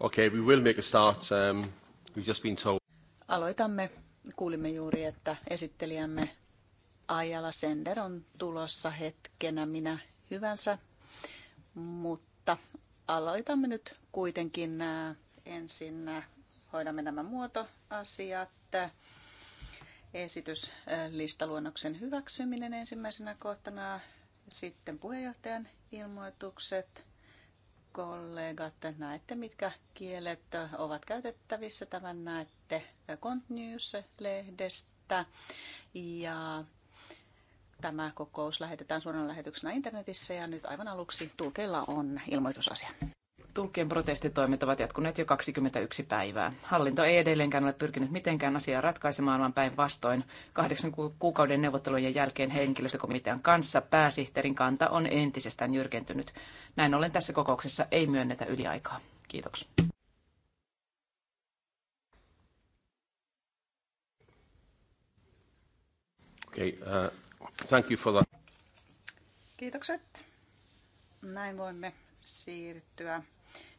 Okay, we will make a start. Um, we've just been told. Aloitamme. Kuulimme juuri, että esittelijämme Ajala Sender on tulossa hetkenä minä hyvänsä, mutta aloitamme nyt kuitenkin äh, ensin äh, hoidamme nämä muotoasiat. Esityslistaluonnoksen hyväksyminen ensimmäisenä kohtana, sitten puheenjohtajan ilmoitukset, kollegat, näette mitkä kielet ovat käytettävissä. Tämän näette contnews lehdestä Ja tämä kokous lähetetään suoran lähetyksenä internetissä ja nyt aivan aluksi tulkeilla on ilmoitusasia. Tulkien protestitoimet ovat jatkuneet jo 21 päivää. Hallinto ei edelleenkään ole pyrkinyt mitenkään asiaa ratkaisemaan, vaan päinvastoin. Kahdeksan kuukauden neuvottelujen jälkeen henkilöstökomitean kanssa pääsihteerin kanta on entisestään jyrkentynyt. Näin ollen tässä kokouksessa ei myönnetä yliaikaa. Kiitoksia. Okay, uh, thank you for that. Kiitokset. Näin voimme siirtyä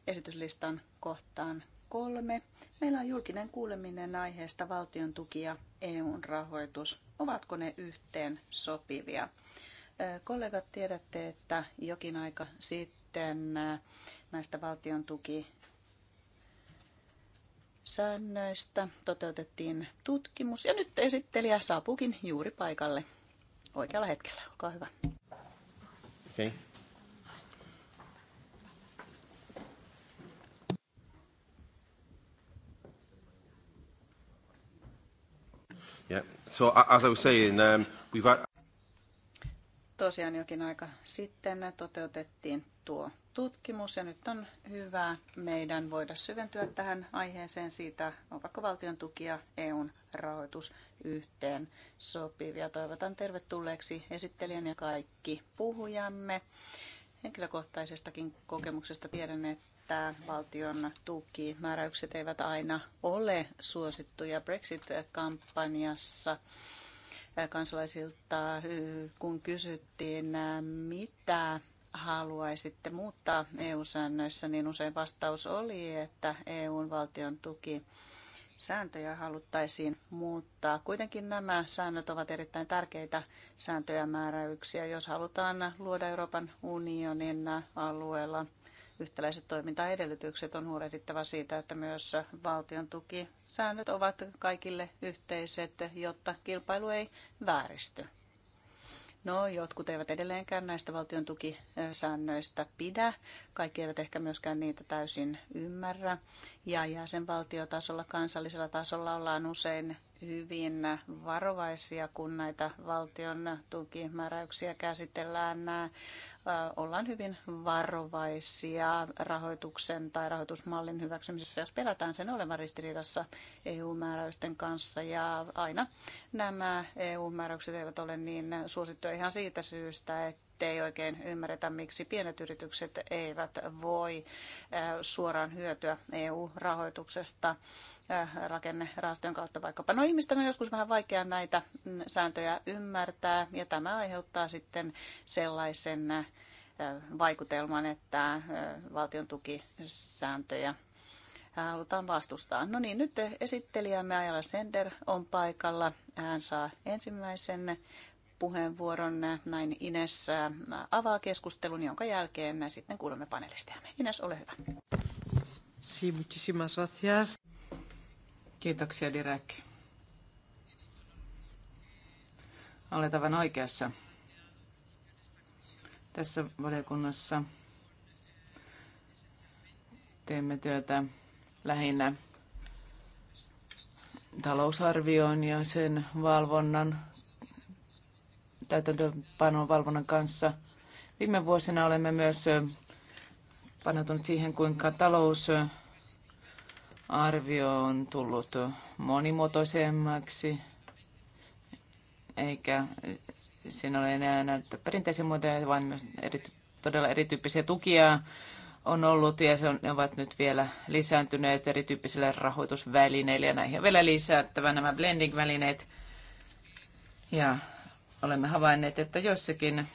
esityslistan kohtaan kolme. Meillä on julkinen kuuleminen aiheesta valtion tuki ja EUn rahoitus. Ovatko ne yhteen sopivia? Kollegat, tiedätte, että jokin aika sitten näistä valtion tuki säännöistä toteutettiin tutkimus ja nyt esittelijä saapuukin juuri paikalle oikealla hetkellä. Olkaa hyvä. Okay. Yeah. So, as I was saying, um, we've... Tosiaan jokin aika sitten toteutettiin tuo tutkimus ja nyt on hyvä meidän voida syventyä tähän aiheeseen siitä, onko valtion tuki ja EUn rahoitus yhteen sopivia. Toivotan tervetulleeksi esittelijän ja kaikki puhujamme. Henkilökohtaisestakin kokemuksesta tiedän, että että valtion tukimääräykset eivät aina ole suosittuja Brexit-kampanjassa kansalaisilta, kun kysyttiin, mitä haluaisitte muuttaa EU-säännöissä, niin usein vastaus oli, että EUn valtion tuki sääntöjä haluttaisiin muuttaa. Kuitenkin nämä säännöt ovat erittäin tärkeitä sääntöjä määräyksiä, jos halutaan luoda Euroopan unionin alueella – yhtäläiset toimintaedellytykset, on huolehdittava siitä, että myös valtion tukisäännöt ovat kaikille yhteiset, jotta kilpailu ei vääristy. No, jotkut eivät edelleenkään näistä valtion tukisäännöistä pidä. Kaikki eivät ehkä myöskään niitä täysin ymmärrä. Ja jäsenvaltiotasolla, kansallisella tasolla ollaan usein hyvin varovaisia, kun näitä valtion tukimääräyksiä käsitellään ollaan hyvin varovaisia rahoituksen tai rahoitusmallin hyväksymisessä, jos pelätään sen olevan ristiriidassa EU-määräysten kanssa. Ja aina nämä EU-määräykset eivät ole niin suosittuja ihan siitä syystä, että ei oikein ymmärretä, miksi pienet yritykset eivät voi suoraan hyötyä EU-rahoituksesta rakennerahastojen kautta vaikkapa. No ihmisten on joskus vähän vaikea näitä mm, sääntöjä ymmärtää ja tämä aiheuttaa sitten sellaisen vaikutelman, että valtion tukisääntöjä halutaan vastustaa. No niin, nyt esittelijämme Ajala Sender on paikalla. Hän saa ensimmäisen puheenvuoron. Näin Ines äh, avaa keskustelun, jonka jälkeen sitten kuulemme panelistiamme. Ines, ole hyvä. Sí, muchísimas gracias. Kiitoksia, Direk. Olet aivan oikeassa. Tässä valiokunnassa teemme työtä lähinnä talousarvioon ja sen valvonnan täytäntöpanovalvonnan valvonnan kanssa. Viime vuosina olemme myös paneutunut siihen, kuinka talousarvio on tullut monimuotoisemmaksi, eikä siinä ole enää näitä perinteisiä muotoja, vaan myös eri, todella erityyppisiä tukia on ollut ja se on, ne ovat nyt vielä lisääntyneet erityyppisille rahoitusvälineille ja näihin on vielä lisättävä nämä blending-välineet. Ja olemme havainneet, että joissakin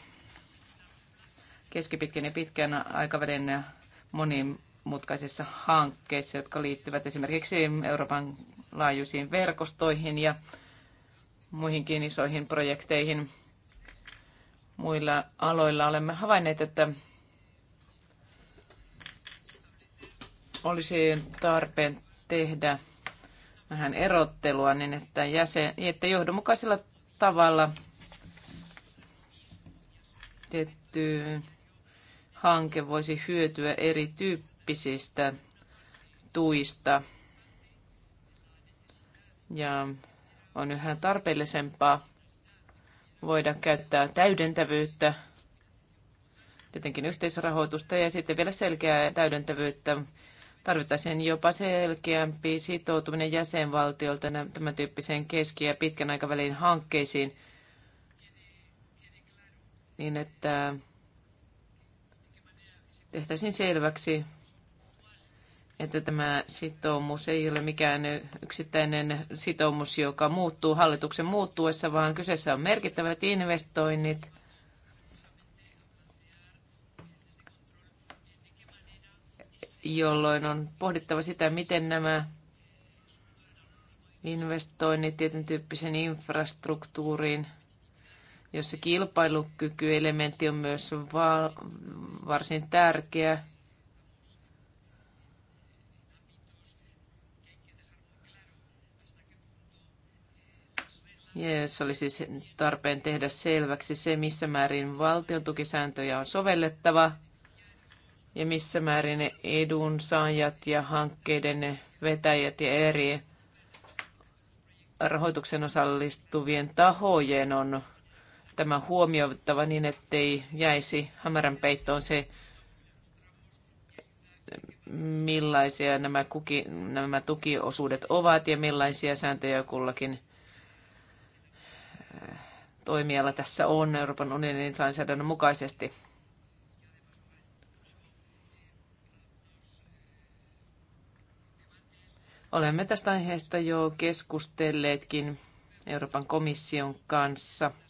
keskipitkän ja pitkän aikavälin monimutkaisissa hankkeissa, jotka liittyvät esimerkiksi Euroopan laajuisiin verkostoihin ja muihinkin isoihin projekteihin muilla aloilla, olemme havainneet, että olisi tarpeen tehdä vähän erottelua niin, että, jäsen, että johdonmukaisella tavalla – kehitetty hanke voisi hyötyä erityyppisistä tuista. Ja on yhä tarpeellisempaa voida käyttää täydentävyyttä, tietenkin yhteisrahoitusta ja sitten vielä selkeää täydentävyyttä. Tarvittaisiin jopa selkeämpi sitoutuminen jäsenvaltiolta tämän tyyppiseen keski- ja pitkän aikavälin hankkeisiin – niin että tehtäisiin selväksi, että tämä sitoumus ei ole mikään yksittäinen sitoumus, joka muuttuu hallituksen muuttuessa, vaan kyseessä on merkittävät investoinnit, jolloin on pohdittava sitä, miten nämä investoinnit tietyn tyyppisen infrastruktuuriin – jossa kilpailukykyelementti on myös va- varsin tärkeä. Ja jos oli siis tarpeen tehdä selväksi se, missä määrin valtion tukisääntöjä on sovellettava ja missä määrin edunsaajat ja hankkeiden vetäjät ja eri rahoituksen osallistuvien tahojen on tämä huomioittava niin, ettei jäisi hämärän peittoon se, millaisia nämä, kuki, nämä tukiosuudet ovat ja millaisia sääntöjä kullakin äh, toimijalla tässä on Euroopan unionin lainsäädännön mukaisesti. Olemme tästä aiheesta jo keskustelleetkin Euroopan komission kanssa –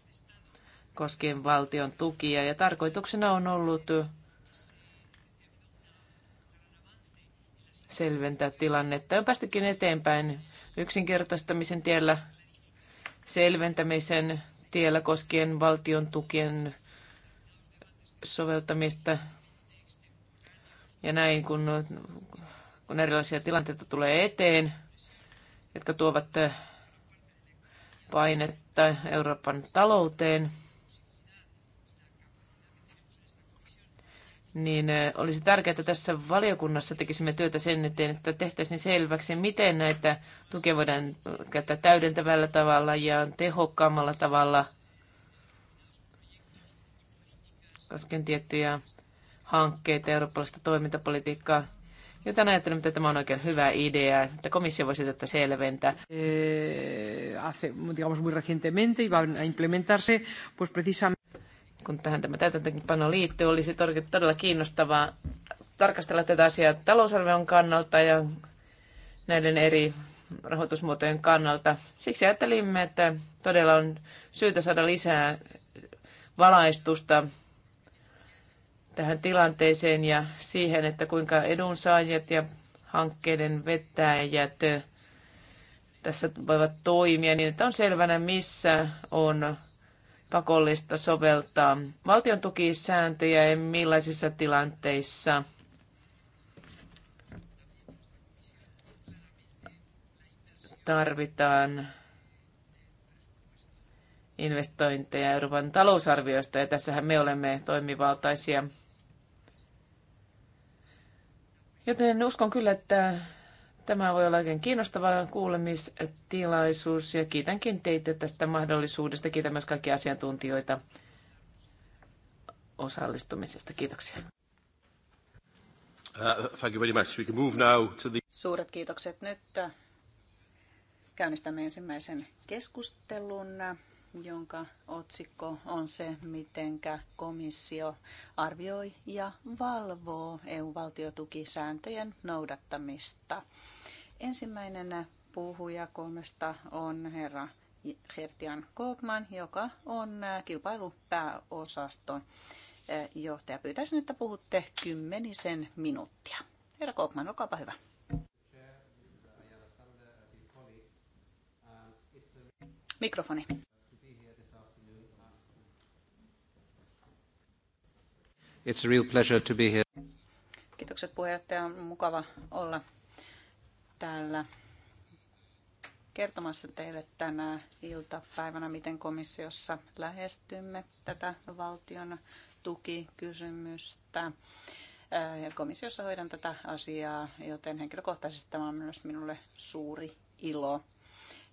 koskien valtion tukia. Ja tarkoituksena on ollut selventää tilannetta ja päästäkin eteenpäin yksinkertaistamisen tiellä, selventämisen tiellä koskien valtion tukien soveltamista. Ja näin, kun, kun erilaisia tilanteita tulee eteen, jotka tuovat painetta Euroopan talouteen – niin olisi tärkeää, että tässä valiokunnassa tekisimme työtä sen eteen, että tehtäisiin selväksi, miten näitä tukia voidaan käyttää täydentävällä tavalla ja tehokkaammalla tavalla koskien tiettyjä hankkeita eurooppalaista toimintapolitiikkaa. Joten ajattelen, että tämä on oikein hyvä idea, että komissio voisi tätä selventää. Eh, hace, digamos, muy recientemente va a implementarse, pues precisamente kun tähän tämä täytäntöönpano liittyy, olisi todella kiinnostavaa tarkastella tätä asiaa talousarvion kannalta ja näiden eri rahoitusmuotojen kannalta. Siksi ajattelimme, että todella on syytä saada lisää valaistusta tähän tilanteeseen ja siihen, että kuinka edunsaajat ja hankkeiden vetäjät tässä voivat toimia niin, että on selvänä, missä on pakollista soveltaa valtion tukisääntöjä ja millaisissa tilanteissa tarvitaan investointeja Euroopan talousarviosta, ja tässähän me olemme toimivaltaisia. Joten uskon kyllä, että Tämä voi olla oikein kiinnostava kuulemistilaisuus ja kiitänkin teitä tästä mahdollisuudesta. Kiitän myös kaikkia asiantuntijoita osallistumisesta. Kiitoksia. Uh, thank you very much. We can move now to the... Suuret kiitokset nyt. Käynnistämme ensimmäisen keskustelun, jonka otsikko on se, miten komissio arvioi ja valvoo EU-valtiotukisääntöjen noudattamista. Ensimmäinen puhuja kolmesta on herra Hertian Koopman, joka on äh, kilpailupääosaston äh, johtaja. Pyytäisin, että puhutte kymmenisen minuuttia. Herra Koopman, olkaapa hyvä. Mikrofoni. It's a real pleasure to be here. Kiitokset puheenjohtaja, on mukava olla täällä kertomassa teille tänä iltapäivänä, miten komissiossa lähestymme tätä valtion tukikysymystä. Äh, komissiossa hoidan tätä asiaa, joten henkilökohtaisesti tämä on myös minulle suuri ilo.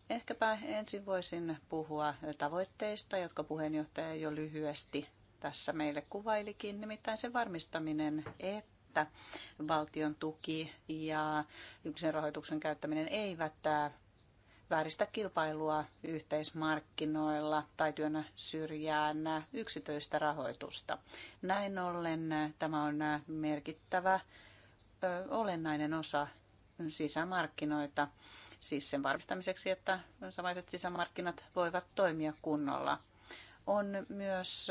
Ehkäpä ensin voisin puhua tavoitteista, jotka puheenjohtaja jo lyhyesti tässä meille kuvailikin, nimittäin sen varmistaminen, että että valtion tuki ja yksin rahoituksen käyttäminen eivät äh, vääristä kilpailua yhteismarkkinoilla tai työnnä syrjään yksityistä rahoitusta. Näin ollen äh, tämä on äh, merkittävä olennainen osa sisämarkkinoita, siis sen varmistamiseksi, että samaiset sisämarkkinat voivat toimia kunnolla. On myös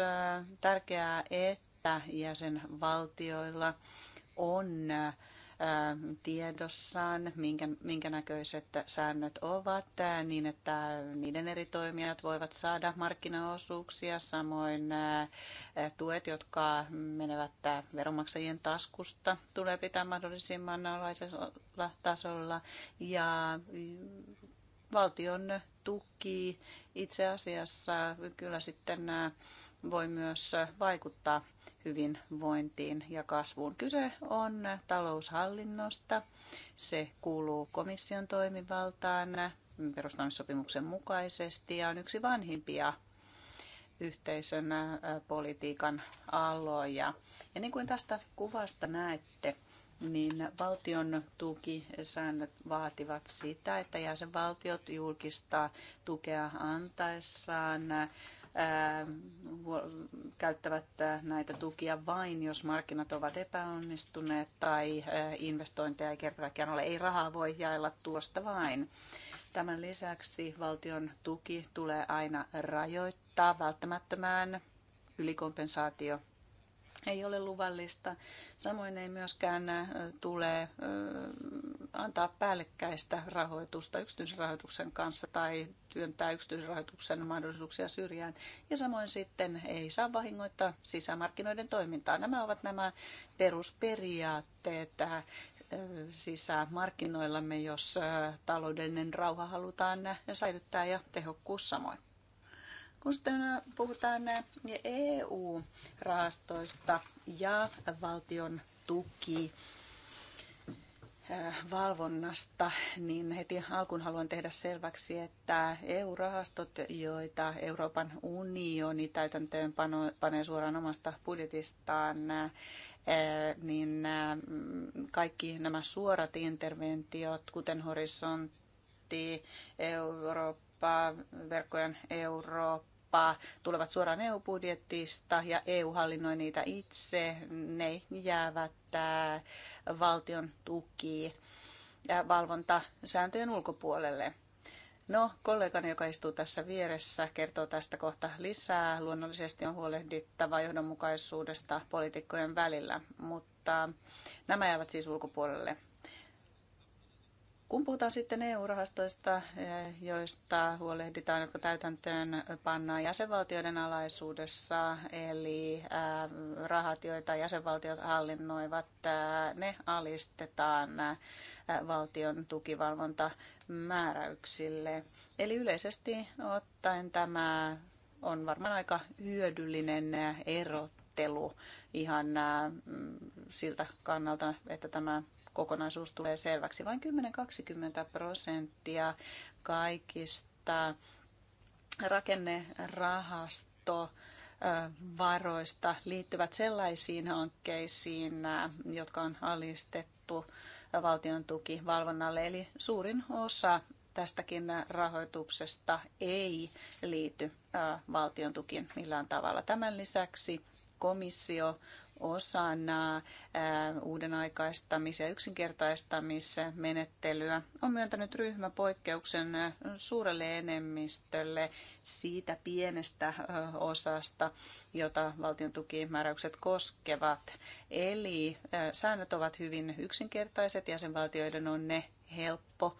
tärkeää, että jäsenvaltioilla on äh, tiedossaan, minkä, minkä näköiset säännöt ovat, äh, niin että niiden eri toimijat voivat saada markkinaosuuksia, samoin äh, tuet, jotka menevät veronmaksajien taskusta, tulee pitää mahdollisimman alhaisella tasolla, ja mm, valtion tuki itse asiassa kyllä sitten voi myös vaikuttaa hyvinvointiin ja kasvuun. Kyse on taloushallinnosta. Se kuuluu komission toimivaltaan perustamissopimuksen mukaisesti ja on yksi vanhimpia yhteisön politiikan aloja. Ja niin kuin tästä kuvasta näette, niin valtion tukisäännöt vaativat sitä, että jäsenvaltiot julkista tukea antaessaan käyttävät näitä tukia vain, jos markkinat ovat epäonnistuneet tai investointeja ei kertakaikkiaan ole. Ei rahaa voi jaella tuosta vain. Tämän lisäksi valtion tuki tulee aina rajoittaa välttämättömään ylikompensaatio ei ole luvallista. Samoin ei myöskään tule antaa päällekkäistä rahoitusta yksityisrahoituksen kanssa tai työntää yksityisrahoituksen mahdollisuuksia syrjään. Ja samoin sitten ei saa vahingoittaa sisämarkkinoiden toimintaa. Nämä ovat nämä perusperiaatteet äh, sisämarkkinoillamme, jos äh, taloudellinen rauha halutaan säilyttää ja tehokkuus samoin. Kun sitten äh, puhutaan EU-rahastoista ja valtion tuki valvonnasta, niin heti alkuun haluan tehdä selväksi, että EU-rahastot, joita Euroopan unioni täytäntöön panee suoraan omasta budjetistaan, niin kaikki nämä suorat interventiot, kuten horisontti, Eurooppa, verkkojen Eurooppa, kauppaa tulevat suoraan EU-budjettista ja EU hallinnoi niitä itse. Ne jäävät äh, valtion tuki valvontasääntöjen ulkopuolelle. No, kollegani, joka istuu tässä vieressä, kertoo tästä kohta lisää. Luonnollisesti on huolehdittava johdonmukaisuudesta poliitikkojen välillä, mutta nämä jäävät siis ulkopuolelle kun puhutaan sitten EU-rahastoista, eh, joista huolehditaan, jotka täytäntöön pannaan jäsenvaltioiden alaisuudessa, eli eh, rahat, joita jäsenvaltiot hallinnoivat, eh, ne alistetaan valtion tukivalvontamääräyksille. Eli yleisesti ottaen tämä on varmaan aika hyödyllinen erottelu ihan siltä kannalta, että tämä kokonaisuus tulee selväksi. Vain 10-20 prosenttia kaikista rakennerahasto varoista liittyvät sellaisiin hankkeisiin, jotka on alistettu valtion tukivalvonnalle. Eli suurin osa tästäkin rahoituksesta ei liity valtion tukiin millään tavalla. Tämän lisäksi komissio osana äh, uuden aikaistamis- ja yksinkertaistamismenettelyä on myöntänyt ryhmäpoikkeuksen äh, suurelle enemmistölle siitä pienestä äh, osasta, jota valtion tukimääräykset koskevat. Eli säännöt ovat hyvin yksinkertaiset, jäsenvaltioiden on ne helppo,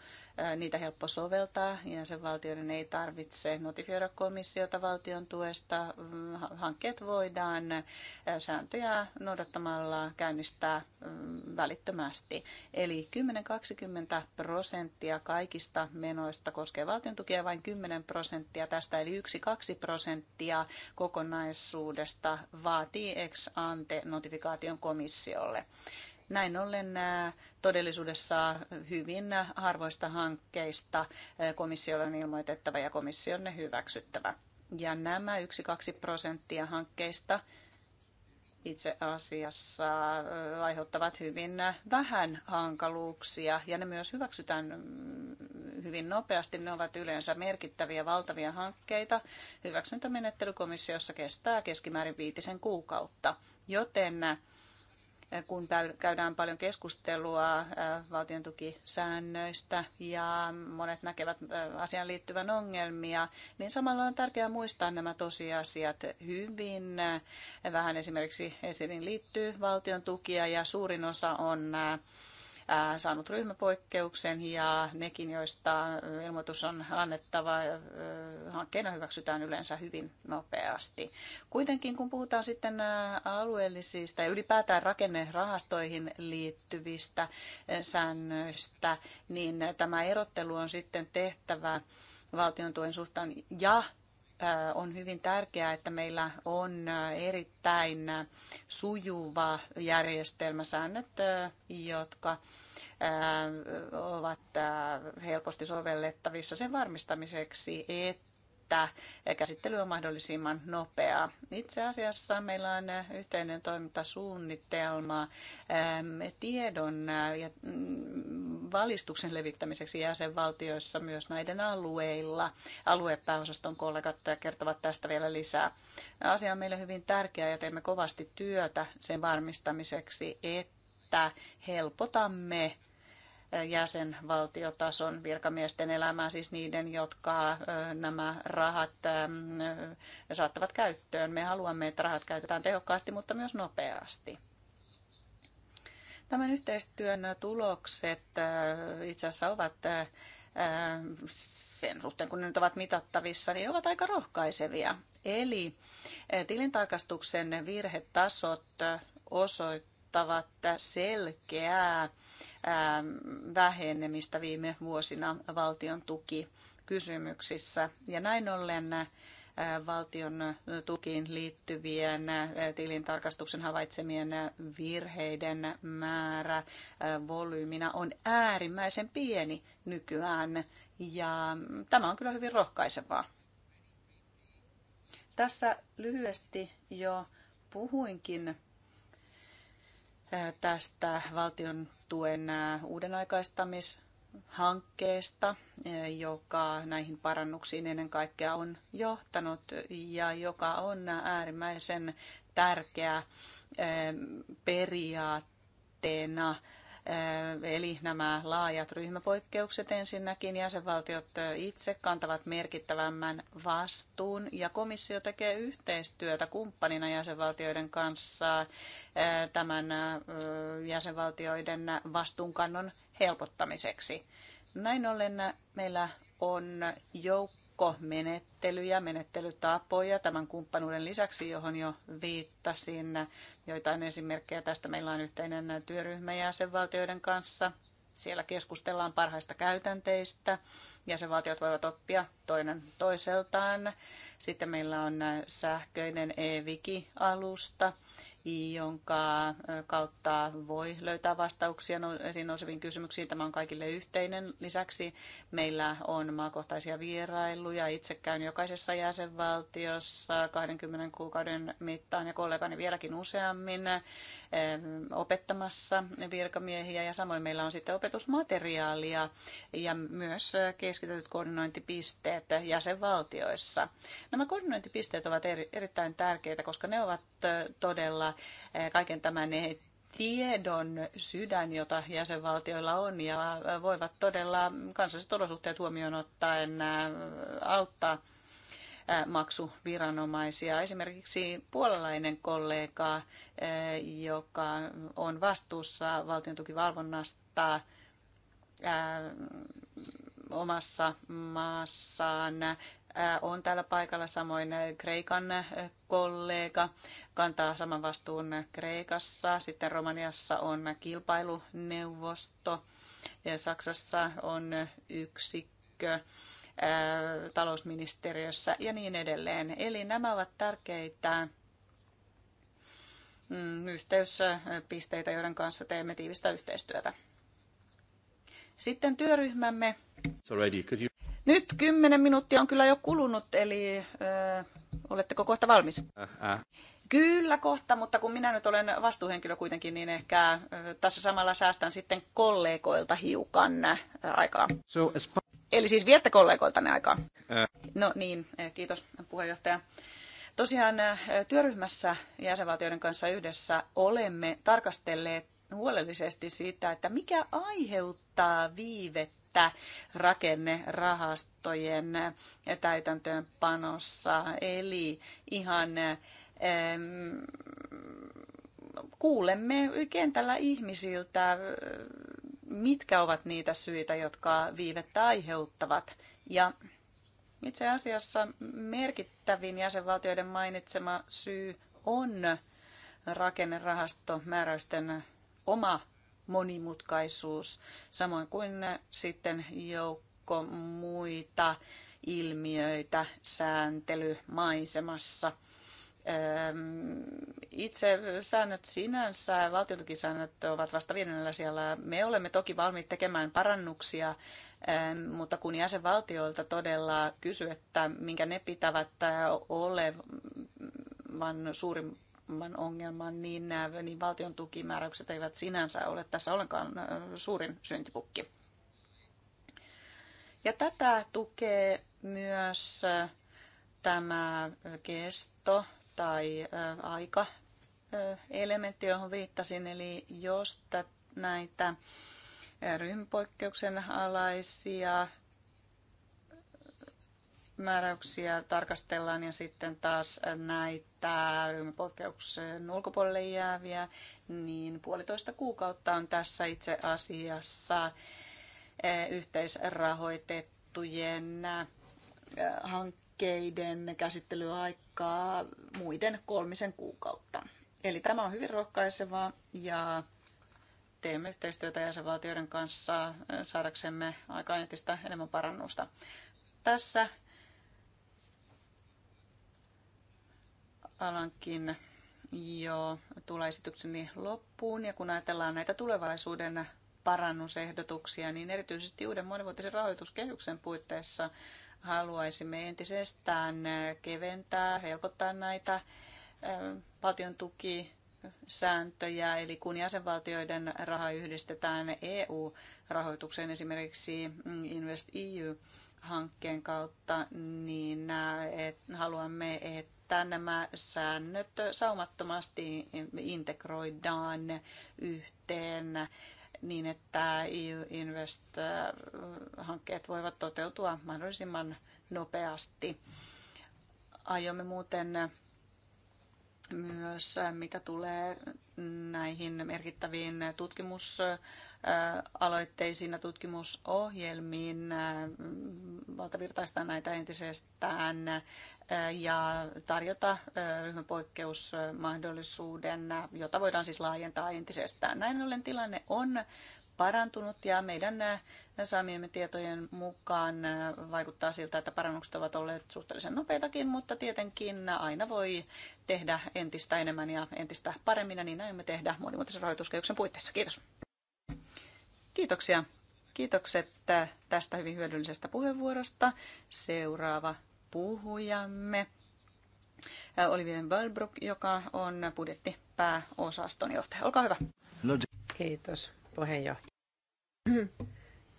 niitä helppo soveltaa. Jäsenvaltioiden ei tarvitse notifioida komissiota valtion tuesta. Mm, hankkeet voidaan sääntöjä noudattamalla käynnistää mm, välittömästi. Eli 10-20 prosenttia kaikista menoista koskee valtion tukia, vain 10 prosenttia tästä, eli 1-2 prosenttia kokonaisuudesta vaatii ex ante notifikaation komissiolle. Näin ollen todellisuudessa hyvin harvoista hankkeista komissiolle on ilmoitettava ja komission ne hyväksyttävä. Ja nämä 1-2 prosenttia hankkeista itse asiassa aiheuttavat hyvin vähän hankaluuksia ja ne myös hyväksytään mm, hyvin nopeasti. Ne ovat yleensä merkittäviä valtavia hankkeita. Hyväksyntämenettelykomissiossa komissiossa kestää keskimäärin viitisen kuukautta, joten kun käydään paljon keskustelua valtion ja monet näkevät asian liittyvän ongelmia, niin samalla on tärkeää muistaa nämä tosiasiat hyvin. Vähän esimerkiksi esiin liittyy valtion tukia ja suurin osa on saanut ryhmäpoikkeuksen ja nekin, joista ilmoitus on annettava, hankkeena hyväksytään yleensä hyvin nopeasti. Kuitenkin kun puhutaan sitten alueellisista ja ylipäätään rakennerahastoihin liittyvistä säännöistä, niin tämä erottelu on sitten tehtävä valtion tuen suhtaan ja Äh, on hyvin tärkeää, että meillä on äh, erittäin äh, sujuva järjestelmä säännöt, jotka ovat helposti sovellettavissa sen varmistamiseksi, että että käsittely on mahdollisimman nopeaa. Itse asiassa meillä on yhteinen toimintasuunnitelma ähm, tiedon ja mm, valistuksen levittämiseksi jäsenvaltioissa myös näiden alueilla. Aluepääosaston kollegat kertovat tästä vielä lisää. Asia on meille hyvin tärkeä ja teemme kovasti työtä sen varmistamiseksi, että helpotamme jäsenvaltiotason virkamiesten elämää, siis niiden, jotka nämä rahat saattavat käyttöön. Me haluamme, että rahat käytetään tehokkaasti, mutta myös nopeasti. Tämän yhteistyön tulokset äh, itse asiassa ovat äh, sen suhteen, kun ne nyt ovat mitattavissa, niin ovat aika rohkaisevia. Eli äh, tilintarkastuksen virhetasot osoittavat selkeää vähenemistä viime vuosina valtion tuki kysymyksissä. Ja näin ollen valtion tukiin liittyvien tilintarkastuksen havaitsemien virheiden määrä volyyminä on äärimmäisen pieni nykyään ja mm, tämä on kyllä hyvin rohkaisevaa. Tässä lyhyesti jo puhuinkin tästä valtion tuen uudenaikaistamisesta hankkeesta, e, joka näihin parannuksiin ennen kaikkea on johtanut ja joka on äärimmäisen tärkeä e, periaatteena. E, eli nämä laajat ryhmäpoikkeukset ensinnäkin jäsenvaltiot itse kantavat merkittävämmän vastuun ja komissio tekee yhteistyötä kumppanina jäsenvaltioiden kanssa tämän jäsenvaltioiden vastuunkannon helpottamiseksi. Näin ollen meillä on joukko menettelyjä, menettelytapoja tämän kumppanuuden lisäksi, johon jo viittasin. Joitain esimerkkejä tästä meillä on yhteinen työryhmä jäsenvaltioiden kanssa. Siellä keskustellaan parhaista käytänteistä. Jäsenvaltiot voivat oppia toinen toiseltaan. Sitten meillä on sähköinen e-wiki-alusta, jonka kautta voi löytää vastauksia no, esiin nouseviin kysymyksiin. Tämä on kaikille yhteinen. Lisäksi meillä on maakohtaisia vierailuja. Itse käyn jokaisessa jäsenvaltiossa 20 kuukauden mittaan ja kollegani vieläkin useammin opettamassa virkamiehiä. Ja samoin meillä on sitten opetusmateriaalia ja myös keskitetyt koordinointipisteet jäsenvaltioissa. Nämä koordinointipisteet ovat erittäin tärkeitä, koska ne ovat Eh, todella eh, kaiken tämän tiedon sydän, jota jäsenvaltioilla on, ja eh, voivat todella kansalliset olosuhteet huomioon ottaen auttaa maksuviranomaisia. Esimerkiksi puolalainen kollega, joka on vastuussa tukivalvonnasta omassa maassaan, Äh, on täällä paikalla, samoin äh, Kreikan äh, kollega kantaa saman vastuun Kreikassa. Sitten Romaniassa on kilpailuneuvosto, ja Saksassa on yksikkö talousministeriössä ja niin edelleen. Eli nämä ovat tärkeitä mm, yhteyspisteitä, joiden kanssa teemme tiivistä yhteistyötä. Sitten työryhmämme. Nyt kymmenen minuuttia on kyllä jo kulunut, eli ö, oletteko kohta valmis? Äh, äh. Kyllä kohta, mutta kun minä nyt olen vastuuhenkilö kuitenkin, niin ehkä tässä samalla säästän sitten kollegoilta hiukan aikaa. So, Eli siis viette kollegoilta ne aikaa. Äh. No niin, kiitos puheenjohtaja. Tosiaan työryhmässä jäsenvaltioiden kanssa yhdessä olemme tarkastelleet huolellisesti sitä, että mikä aiheuttaa viivettä että rakennerahastojen täytäntöönpanossa, eli ihan kuulemme kentällä ihmisiltä, mitkä ovat niitä syitä, jotka viivettä aiheuttavat. Ja itse asiassa merkittävin jäsenvaltioiden mainitsema syy on rakennerahasto määräysten oma monimutkaisuus, samoin kuin sitten joukko muita ilmiöitä sääntelymaisemassa. Itse säännöt sinänsä, valtiotukisäännöt ovat vasta viidennellä siellä. Me olemme toki valmiit tekemään parannuksia, mutta kun jäsenvaltioilta todella kysyy, että minkä ne pitävät olevan suurin suurimman ongelman, niin, niin valtion tukimääräykset eivät sinänsä ole tässä ollenkaan suurin syntipukki. Ja tätä tukee myös tämä kesto tai aika elementti, johon viittasin. Eli jos näitä ryhmäpoikkeuksen alaisia määräyksiä tarkastellaan ja sitten taas näitä ryhmäpoikkeuksen ulkopuolelle jääviä, niin puolitoista kuukautta on tässä itse asiassa eh, yhteisrahoitettujen eh, hankkeiden käsittelyaikaa muiden kolmisen kuukautta. Eli tämä on hyvin rohkaisevaa ja teemme yhteistyötä jäsenvaltioiden kanssa eh, saadaksemme aika entistä enemmän parannusta. Tässä Alankin jo tulaesitykseni loppuun. Ja kun ajatellaan näitä tulevaisuuden parannusehdotuksia, niin erityisesti uuden monivuotisen rahoituskehyksen puitteissa haluaisimme entisestään keventää, helpottaa näitä valtion tuki sääntöjä, eli kun jäsenvaltioiden raha yhdistetään EU-rahoitukseen esimerkiksi Invest EU hankkeen kautta, niin haluamme, että että nämä säännöt saumattomasti integroidaan yhteen niin, että EU-invest-hankkeet voivat toteutua mahdollisimman nopeasti. Aiomme muuten myös, mitä tulee näihin merkittäviin tutkimus- aloitteisiin ja tutkimusohjelmiin valtavirtaistaa näitä entisestään ja tarjota ryhmäpoikkeusmahdollisuuden, jota voidaan siis laajentaa entisestään. Näin ollen tilanne on parantunut ja meidän saamiemme tietojen mukaan vaikuttaa siltä, että parannukset ovat olleet suhteellisen nopeitakin, mutta tietenkin aina voi tehdä entistä enemmän ja entistä paremmin ja niin näin me tehdä monimuotoisen rahoituskehyksen puitteissa. Kiitos. Kiitoksia. Kiitokset tästä hyvin hyödyllisestä puheenvuorosta. Seuraava puhujamme. Äh, Olivien Balbrook, joka on budjettipääosaston johtaja. Olkaa hyvä. Kiitos puheenjohtaja.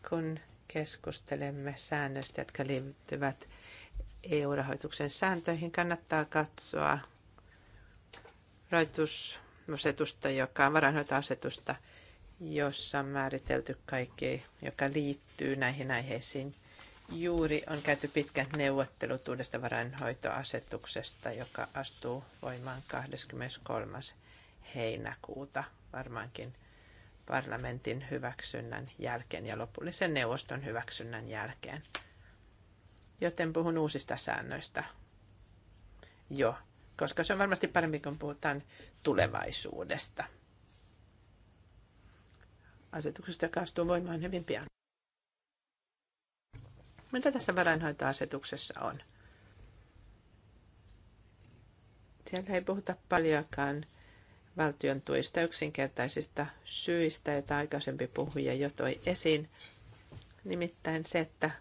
Kun keskustelemme säännöistä, jotka liittyvät EU-rahoituksen sääntöihin, kannattaa katsoa rahoitusasetusta, joka on varainhoitoasetusta – jossa on määritelty kaikki, joka liittyy näihin aiheisiin. Juuri on käyty pitkät neuvottelut uudesta varainhoitoasetuksesta, joka astuu voimaan 23. heinäkuuta varmaankin parlamentin hyväksynnän jälkeen ja lopullisen neuvoston hyväksynnän jälkeen. Joten puhun uusista säännöistä jo, koska se on varmasti parempi, kun puhutaan tulevaisuudesta – asetuksesta, joka astuu voimaan hyvin pian. Mitä tässä varainhoitoasetuksessa on? Siellä ei puhuta paljonkaan valtion tuista yksinkertaisista syistä, joita aikaisempi puhuja jo toi esiin. Nimittäin se, että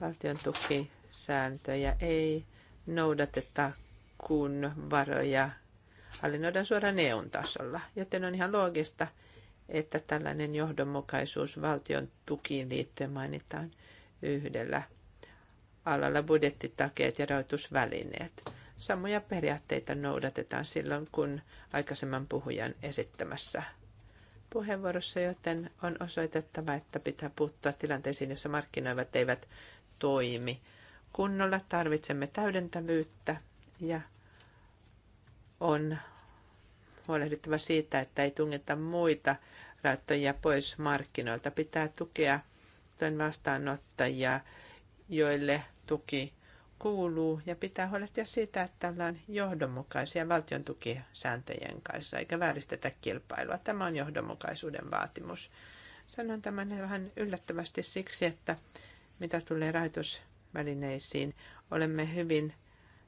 valtion tukisääntöjä ei noudateta, kun varoja hallinnoidaan suoraan eu tasolla. Joten on ihan loogista, että tällainen johdonmukaisuus valtion tukiin liittyen mainitaan yhdellä alalla budjettitakeet ja rahoitusvälineet. Samoja periaatteita noudatetaan silloin, kun aikaisemman puhujan esittämässä puheenvuorossa, joten on osoitettava, että pitää puuttua tilanteisiin, jossa markkinoivat eivät toimi. Kunnolla tarvitsemme täydentävyyttä ja on huolehdittava siitä, että ei tungeta muita rajoittajia pois markkinoilta. Pitää tukea toinen vastaanottajia, joille tuki kuuluu ja pitää huolehtia siitä, että ollaan johdonmukaisia valtion tukisääntöjen kanssa eikä vääristetä kilpailua. Tämä on johdonmukaisuuden vaatimus. Sanon tämän vähän yllättävästi siksi, että mitä tulee rahoitusvälineisiin, olemme hyvin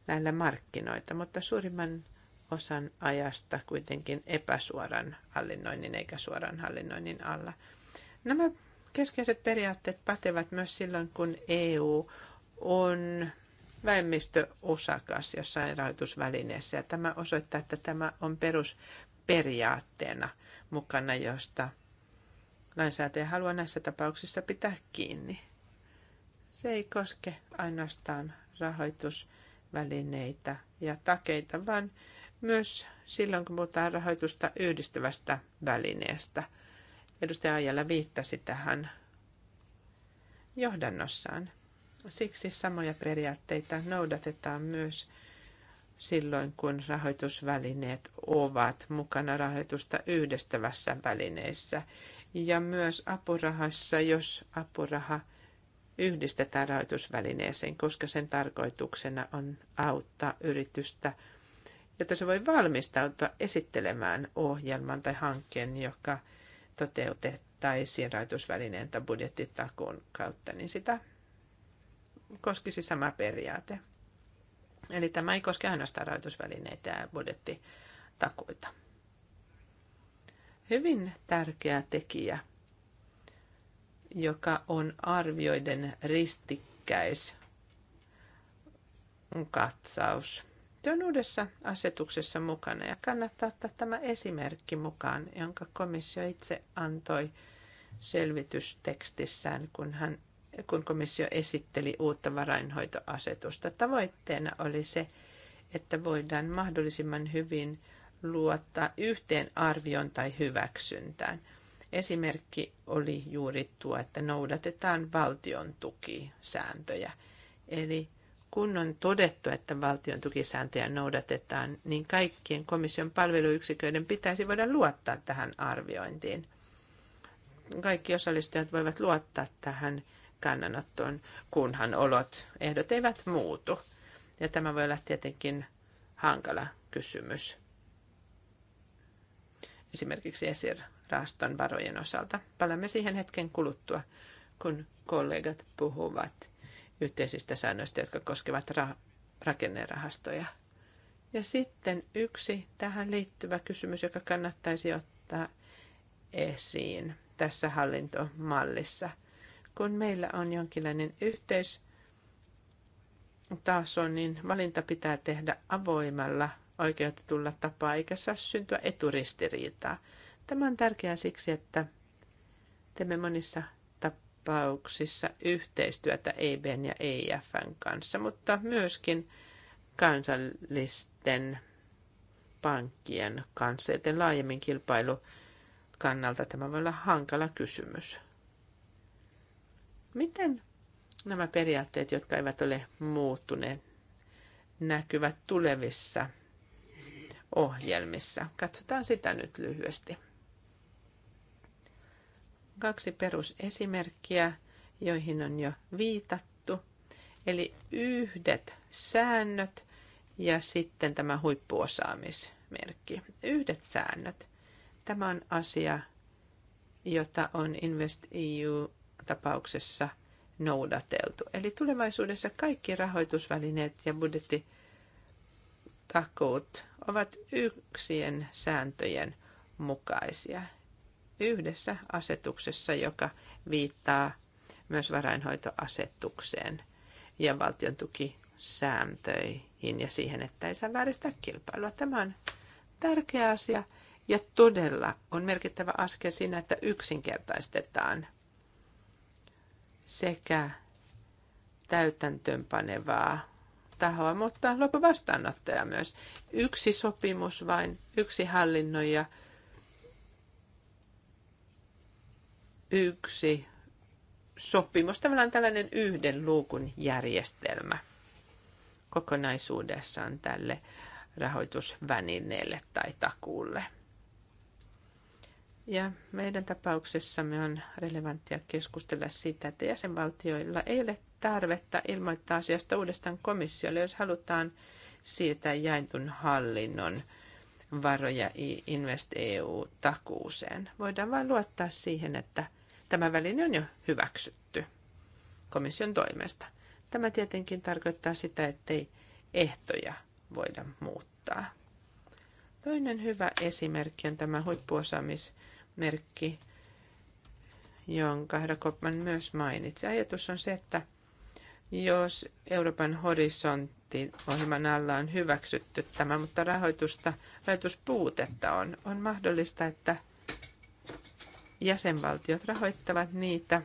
näillä markkinoita, mutta suurimman osan ajasta kuitenkin epäsuoran hallinnoinnin eikä suoran hallinnoinnin alla. Nämä keskeiset periaatteet pätevät myös silloin, kun EU on vähemmistöosakas jossain rahoitusvälineessä. Ja tämä osoittaa, että tämä on perusperiaatteena mukana, josta lainsäätäjä haluaa näissä tapauksissa pitää kiinni. Se ei koske ainoastaan rahoitusvälineitä ja takeita, vaan myös silloin, kun puhutaan rahoitusta yhdistävästä välineestä. Edustaja Ajalla viittasi tähän johdannossaan. Siksi samoja periaatteita noudatetaan myös silloin, kun rahoitusvälineet ovat mukana rahoitusta yhdistävässä välineessä ja myös apurahassa, jos apuraha yhdistetään rahoitusvälineeseen, koska sen tarkoituksena on auttaa yritystä – jotta se voi valmistautua esittelemään ohjelman tai hankkeen, joka toteutettaisiin rahoitusvälineen tai budjettitakuun kautta, niin sitä koskisi sama periaate. Eli tämä ei koske ainoastaan rahoitusvälineitä ja budjettitakuita. Hyvin tärkeä tekijä, joka on arvioiden ristikkäis katsaus Parlamentti on uudessa asetuksessa mukana ja kannattaa ottaa tämä esimerkki mukaan, jonka komissio itse antoi selvitystekstissään, kun, hän, kun komissio esitteli uutta varainhoitoasetusta. Tavoitteena oli se, että voidaan mahdollisimman hyvin luottaa yhteen arvioon tai hyväksyntään. Esimerkki oli juuri tuo, että noudatetaan valtion tukisääntöjä. Eli kun on todettu, että valtion tukisääntöjä noudatetaan, niin kaikkien komission palveluyksiköiden pitäisi voida luottaa tähän arviointiin. Kaikki osallistujat voivat luottaa tähän kannanottoon, kunhan olot, ehdot eivät muutu. Ja tämä voi olla tietenkin hankala kysymys. Esimerkiksi ESIR-rahaston varojen osalta. Palaamme siihen hetken kuluttua, kun kollegat puhuvat yhteisistä säännöistä, jotka koskevat ra- rakennerahastoja. Ja sitten yksi tähän liittyvä kysymys, joka kannattaisi ottaa esiin tässä hallintomallissa. Kun meillä on jonkinlainen yhteis, taso, niin valinta pitää tehdä avoimella oikeutetulla tapaa, eikä saa syntyä eturistiriitaa. Tämä on tärkeää siksi, että teemme monissa tapauksissa yhteistyötä EBn ja EIFn kanssa, mutta myöskin kansallisten pankkien kanssa, joten laajemmin kilpailu kannalta tämä voi olla hankala kysymys. Miten nämä periaatteet, jotka eivät ole muuttuneet, näkyvät tulevissa ohjelmissa? Katsotaan sitä nyt lyhyesti kaksi perusesimerkkiä, joihin on jo viitattu. Eli yhdet säännöt ja sitten tämä huippuosaamismerkki. Yhdet säännöt. Tämä on asia, jota on investeu tapauksessa noudateltu. Eli tulevaisuudessa kaikki rahoitusvälineet ja budjettitakuut ovat yksien sääntöjen mukaisia – yhdessä asetuksessa, joka viittaa myös varainhoitoasetukseen ja valtion tukisääntöihin ja siihen, että ei saa vääristää kilpailua. Tämä on tärkeä asia ja todella on merkittävä askel siinä, että yksinkertaistetaan sekä täytäntöönpanevaa tahoa, mutta loppuvastaanottaja myös. Yksi sopimus vain, yksi hallinnoija, yksi sopimus, tavallaan tällainen yhden luukun järjestelmä kokonaisuudessaan tälle rahoitusvälineelle tai takuulle. Ja meidän tapauksessamme on relevanttia keskustella siitä, että jäsenvaltioilla ei ole tarvetta ilmoittaa asiasta uudestaan komissiolle, jos halutaan siirtää jaetun hallinnon varoja Invest EU-takuuseen. Voidaan vain luottaa siihen, että Tämä väline on jo hyväksytty komission toimesta. Tämä tietenkin tarkoittaa sitä, ettei ehtoja voida muuttaa. Toinen hyvä esimerkki on tämä huippuosaamismerkki, jonka herra myös mainitsi. Ajatus on se, että jos Euroopan horisontti ohjelman alla on hyväksytty tämä, mutta rahoitusta, rahoituspuutetta on, on mahdollista, että jäsenvaltiot rahoittavat niitä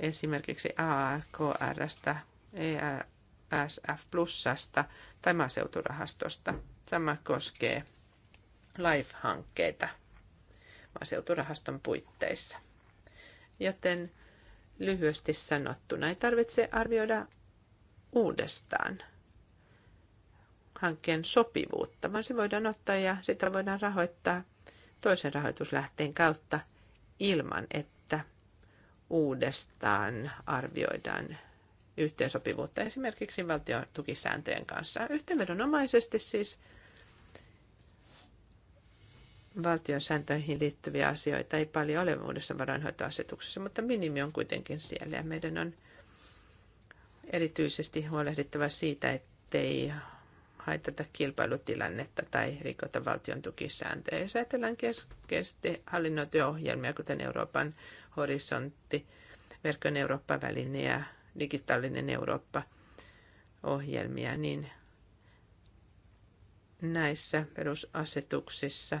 esimerkiksi AKRstä, ESF Plusasta tai maaseuturahastosta. Sama koskee LIFE-hankkeita maaseuturahaston puitteissa. Joten lyhyesti sanottuna ei tarvitse arvioida uudestaan hankkeen sopivuutta, vaan se voidaan ottaa ja sitä voidaan rahoittaa toisen rahoituslähteen kautta ilman, että uudestaan arvioidaan yhteensopivuutta esimerkiksi valtion tukisääntöjen kanssa. Yhteenvedonomaisesti siis valtion sääntöihin liittyviä asioita ei paljon ole uudessa varainhoitoasetuksessa, mutta minimi on kuitenkin siellä ja meidän on erityisesti huolehdittava siitä, ettei haitata kilpailutilannetta tai rikota valtion tukisääntöjä. Jos ajatellaan keskeisesti hallinnointiohjelmia, kuten Euroopan horisontti, verkon Eurooppa-väline ja digitaalinen Eurooppa-ohjelmia, niin näissä perusasetuksissa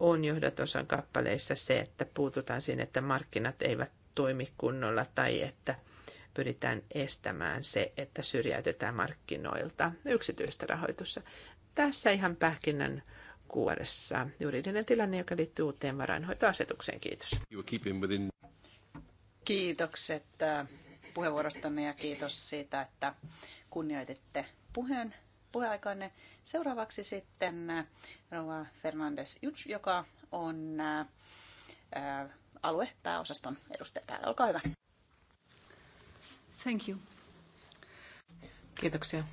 on johdatosan kappaleissa se, että puututaan siihen, että markkinat eivät toimi kunnolla tai että pyritään estämään se, että syrjäytetään markkinoilta yksityistä rahoitusta. Tässä ihan pähkinän kuoressa juridinen tilanne, joka liittyy uuteen varainhoitoasetukseen. Kiitos. Kiitokset äh, puheenvuorostanne ja kiitos siitä, että kunnioititte puheen puheaikanne. Seuraavaksi sitten äh, Rova Fernandes Juts, joka on äh, aluepääosaston edustaja täällä. Olkaa hyvä. Thank you. Kiitoksia.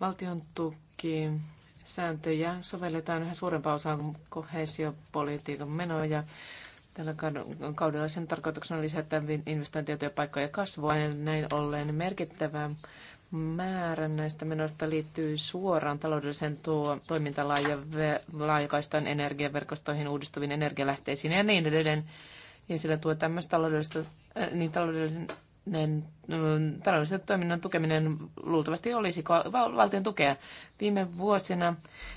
Valtion tuki sääntöjä sovelletaan yhä suurempaan osaan kohesiopolitiikan menoja. Tällä kaudella sen tarkoituksena on lisätä investointeja, työpaikkoja ja kasvua ja näin ollen merkittävä määrä näistä menoista liittyy suoraan taloudelliseen tuo, toimintalaajakaistaan energiaverkostoihin, uudistuviin energialähteisiin ja niin edelleen. Niin sillä tuetaan myös taloudellista, äh, niin taloudellisen äh, taloudellisen toiminnan tukeminen luultavasti olisi valtion tukea. Viime vuosina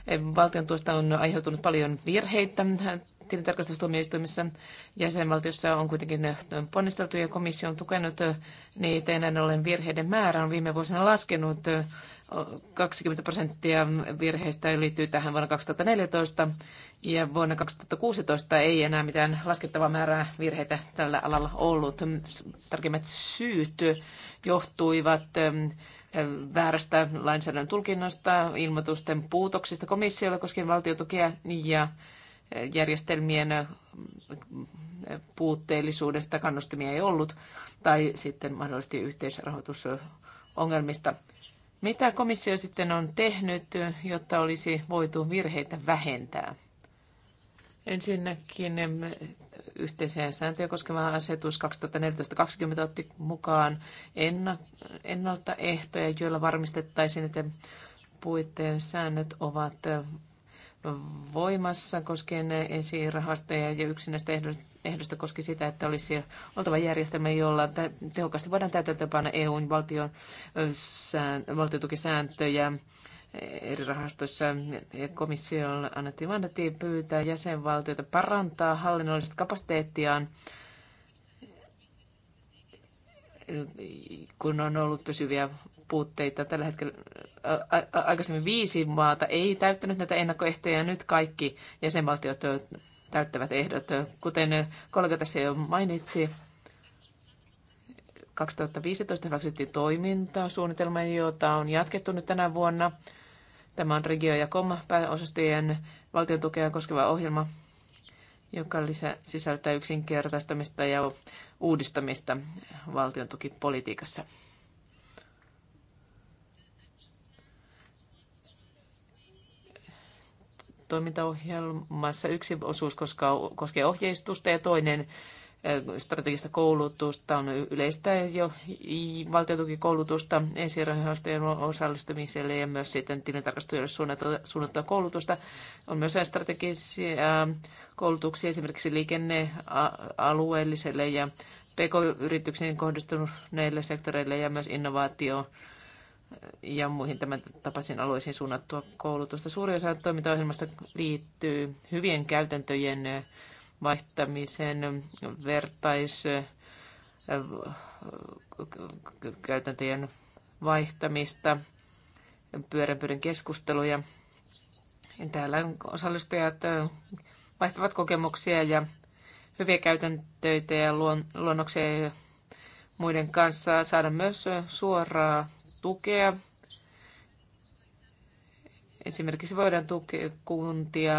eh, valtion tuosta on aiheutunut paljon virheitä tilintarkastustuomioistuimissa. Jäsenvaltiossa on kuitenkin eh, ponnisteltu ja komissio on tukenut eh, niitä näin ollen virheiden määrä on viime vuosina laskenut 20 prosenttia virheistä liittyy tähän vuonna 2014 ja vuonna 2016 ei enää mitään laskettavaa määrää virheitä tällä alalla ollut. Tarkemmat syyt johtuivat ähm, väärästä lainsäädännön tulkinnasta, ilmoitusten puutoksista komissiolle koskien valtiotukea ja äh, järjestelmien äh, puutteellisuudesta kannustimia ei ollut tai sitten mahdollisesti yhteisrahoitusongelmista – mitä komissio sitten on tehnyt, jotta olisi voitu virheitä vähentää? Ensinnäkin yhteisiä sääntöjä koskeva asetus 2014-2020 otti mukaan ennaltaehtoja, joilla varmistettaisiin, että puitteen säännöt ovat voimassa koskien esirahastoja ja yksi näistä ehdoista koski sitä, että olisi oltava järjestelmä, jolla tehokkaasti voidaan täytäntöönpanna EUn valtion, valtiotukisääntöjä eri rahastoissa. Komissiolle annettiin mandaatti pyytää jäsenvaltioita parantaa hallinnollista kapasiteettiaan kun on ollut pysyviä puutteita. Tällä hetkellä ä, ä, aikaisemmin viisi maata ei täyttänyt näitä ennakkoehtoja ja nyt kaikki jäsenvaltiot täyttävät ehdot. Kuten kollega tässä jo mainitsi, 2015 hyväksyttiin toimintasuunnitelma, jota on jatkettu nyt tänä vuonna. Tämä on regio- ja kom pääosastojen valtion tukea koskeva ohjelma, joka lisä, sisältää yksinkertaistamista ja uudistamista valtion tukipolitiikassa. toimintaohjelmassa yksi osuus koskee ohjeistusta ja toinen strategista koulutusta, on yleistä jo valtiotukikoulutusta ensirahoistojen osallistumiselle ja myös sitten tilintarkastajille suunnattua koulutusta. On myös strategisia koulutuksia esimerkiksi liikennealueelliselle ja PK-yrityksiin kohdistuneille sektoreille ja myös innovaatio ja muihin tämän tapaisin alueisiin suunnattua koulutusta. Suuri osa toimintaohjelmasta liittyy hyvien käytäntöjen vaihtamisen, vertais käytäntöjen vaihtamista, pyöränpyörän keskusteluja. Täällä osallistujat vaihtavat kokemuksia ja hyviä käytäntöitä ja luonnoksia muiden kanssa saada myös suoraa tukea. Esimerkiksi voidaan tukea kuntia,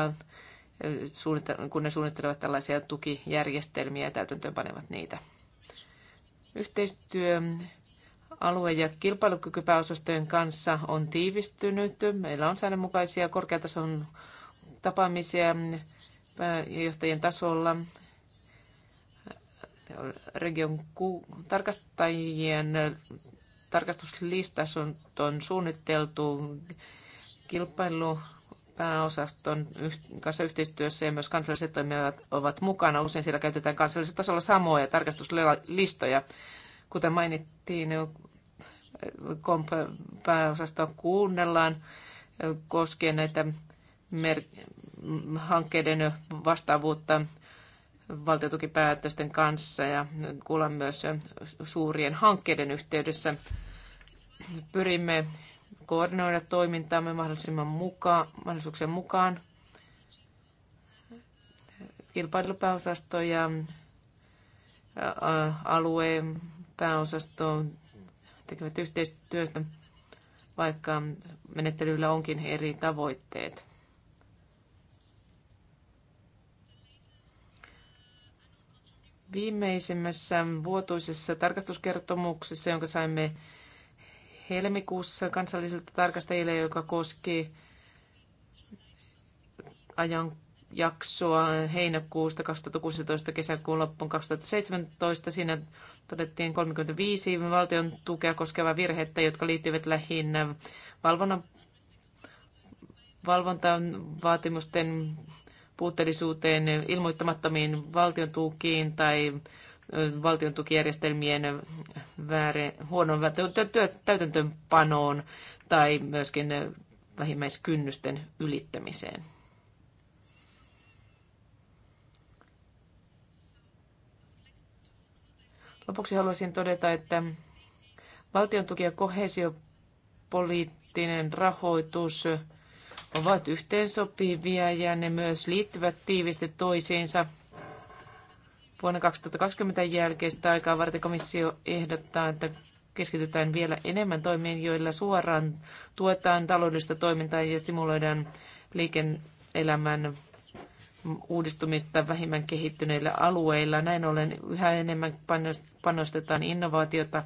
eh, kun ne suunnittelevat tällaisia tukijärjestelmiä ja täytäntöönpanevat niitä. Yhteistyö alue- ja kilpailukykypääosastojen kanssa on tiivistynyt. Meillä on säännönmukaisia korkeatason tapaamisia eh, johtajien tasolla region tarkastajien tarkastuslistassa on, suunniteltu kilpailu pääosaston kanssa yhteistyössä ja myös kansalliset toimijat ovat mukana. Usein siellä käytetään kansallisella tasolla samoja tarkastuslistoja. Kuten mainittiin, pääosasto kuunnellaan koskien näitä hankkeiden vastaavuutta valtiotukipäätösten kanssa ja kuullaan myös suurien hankkeiden yhteydessä pyrimme koordinoida toimintaamme mahdollisimman mukaan, mahdollisuuksien mukaan. Kilpailupääosasto ja alueen pääosasto tekevät yhteistyöstä, vaikka menettelyillä onkin eri tavoitteet. Viimeisimmässä vuotuisessa tarkastuskertomuksessa, jonka saimme helmikuussa kansallisilta tarkastajille, joka koski ajan jaksoa heinäkuusta 2016 kesäkuun loppuun 2017. Siinä todettiin 35 valtion tukea koskevaa virhettä, jotka liittyvät lähinnä valvonnan, vaatimusten puutteellisuuteen, ilmoittamattomiin valtion tukiin tai valtion tukijärjestelmien väärin, huonon täytäntöönpanoon tai myöskin vähimmäiskynnysten ylittämiseen. Lopuksi haluaisin todeta, että valtion tuki ja kohesiopoliittinen rahoitus ovat yhteensopivia ja ne myös liittyvät tiivisti toisiinsa – Vuonna 2020 jälkeistä aikaa varten komissio ehdottaa, että keskitytään vielä enemmän toimiin, joilla suoraan tuetaan taloudellista toimintaa ja stimuloidaan liike-elämän uudistumista vähemmän kehittyneillä alueilla. Näin ollen yhä enemmän panostetaan innovaatiota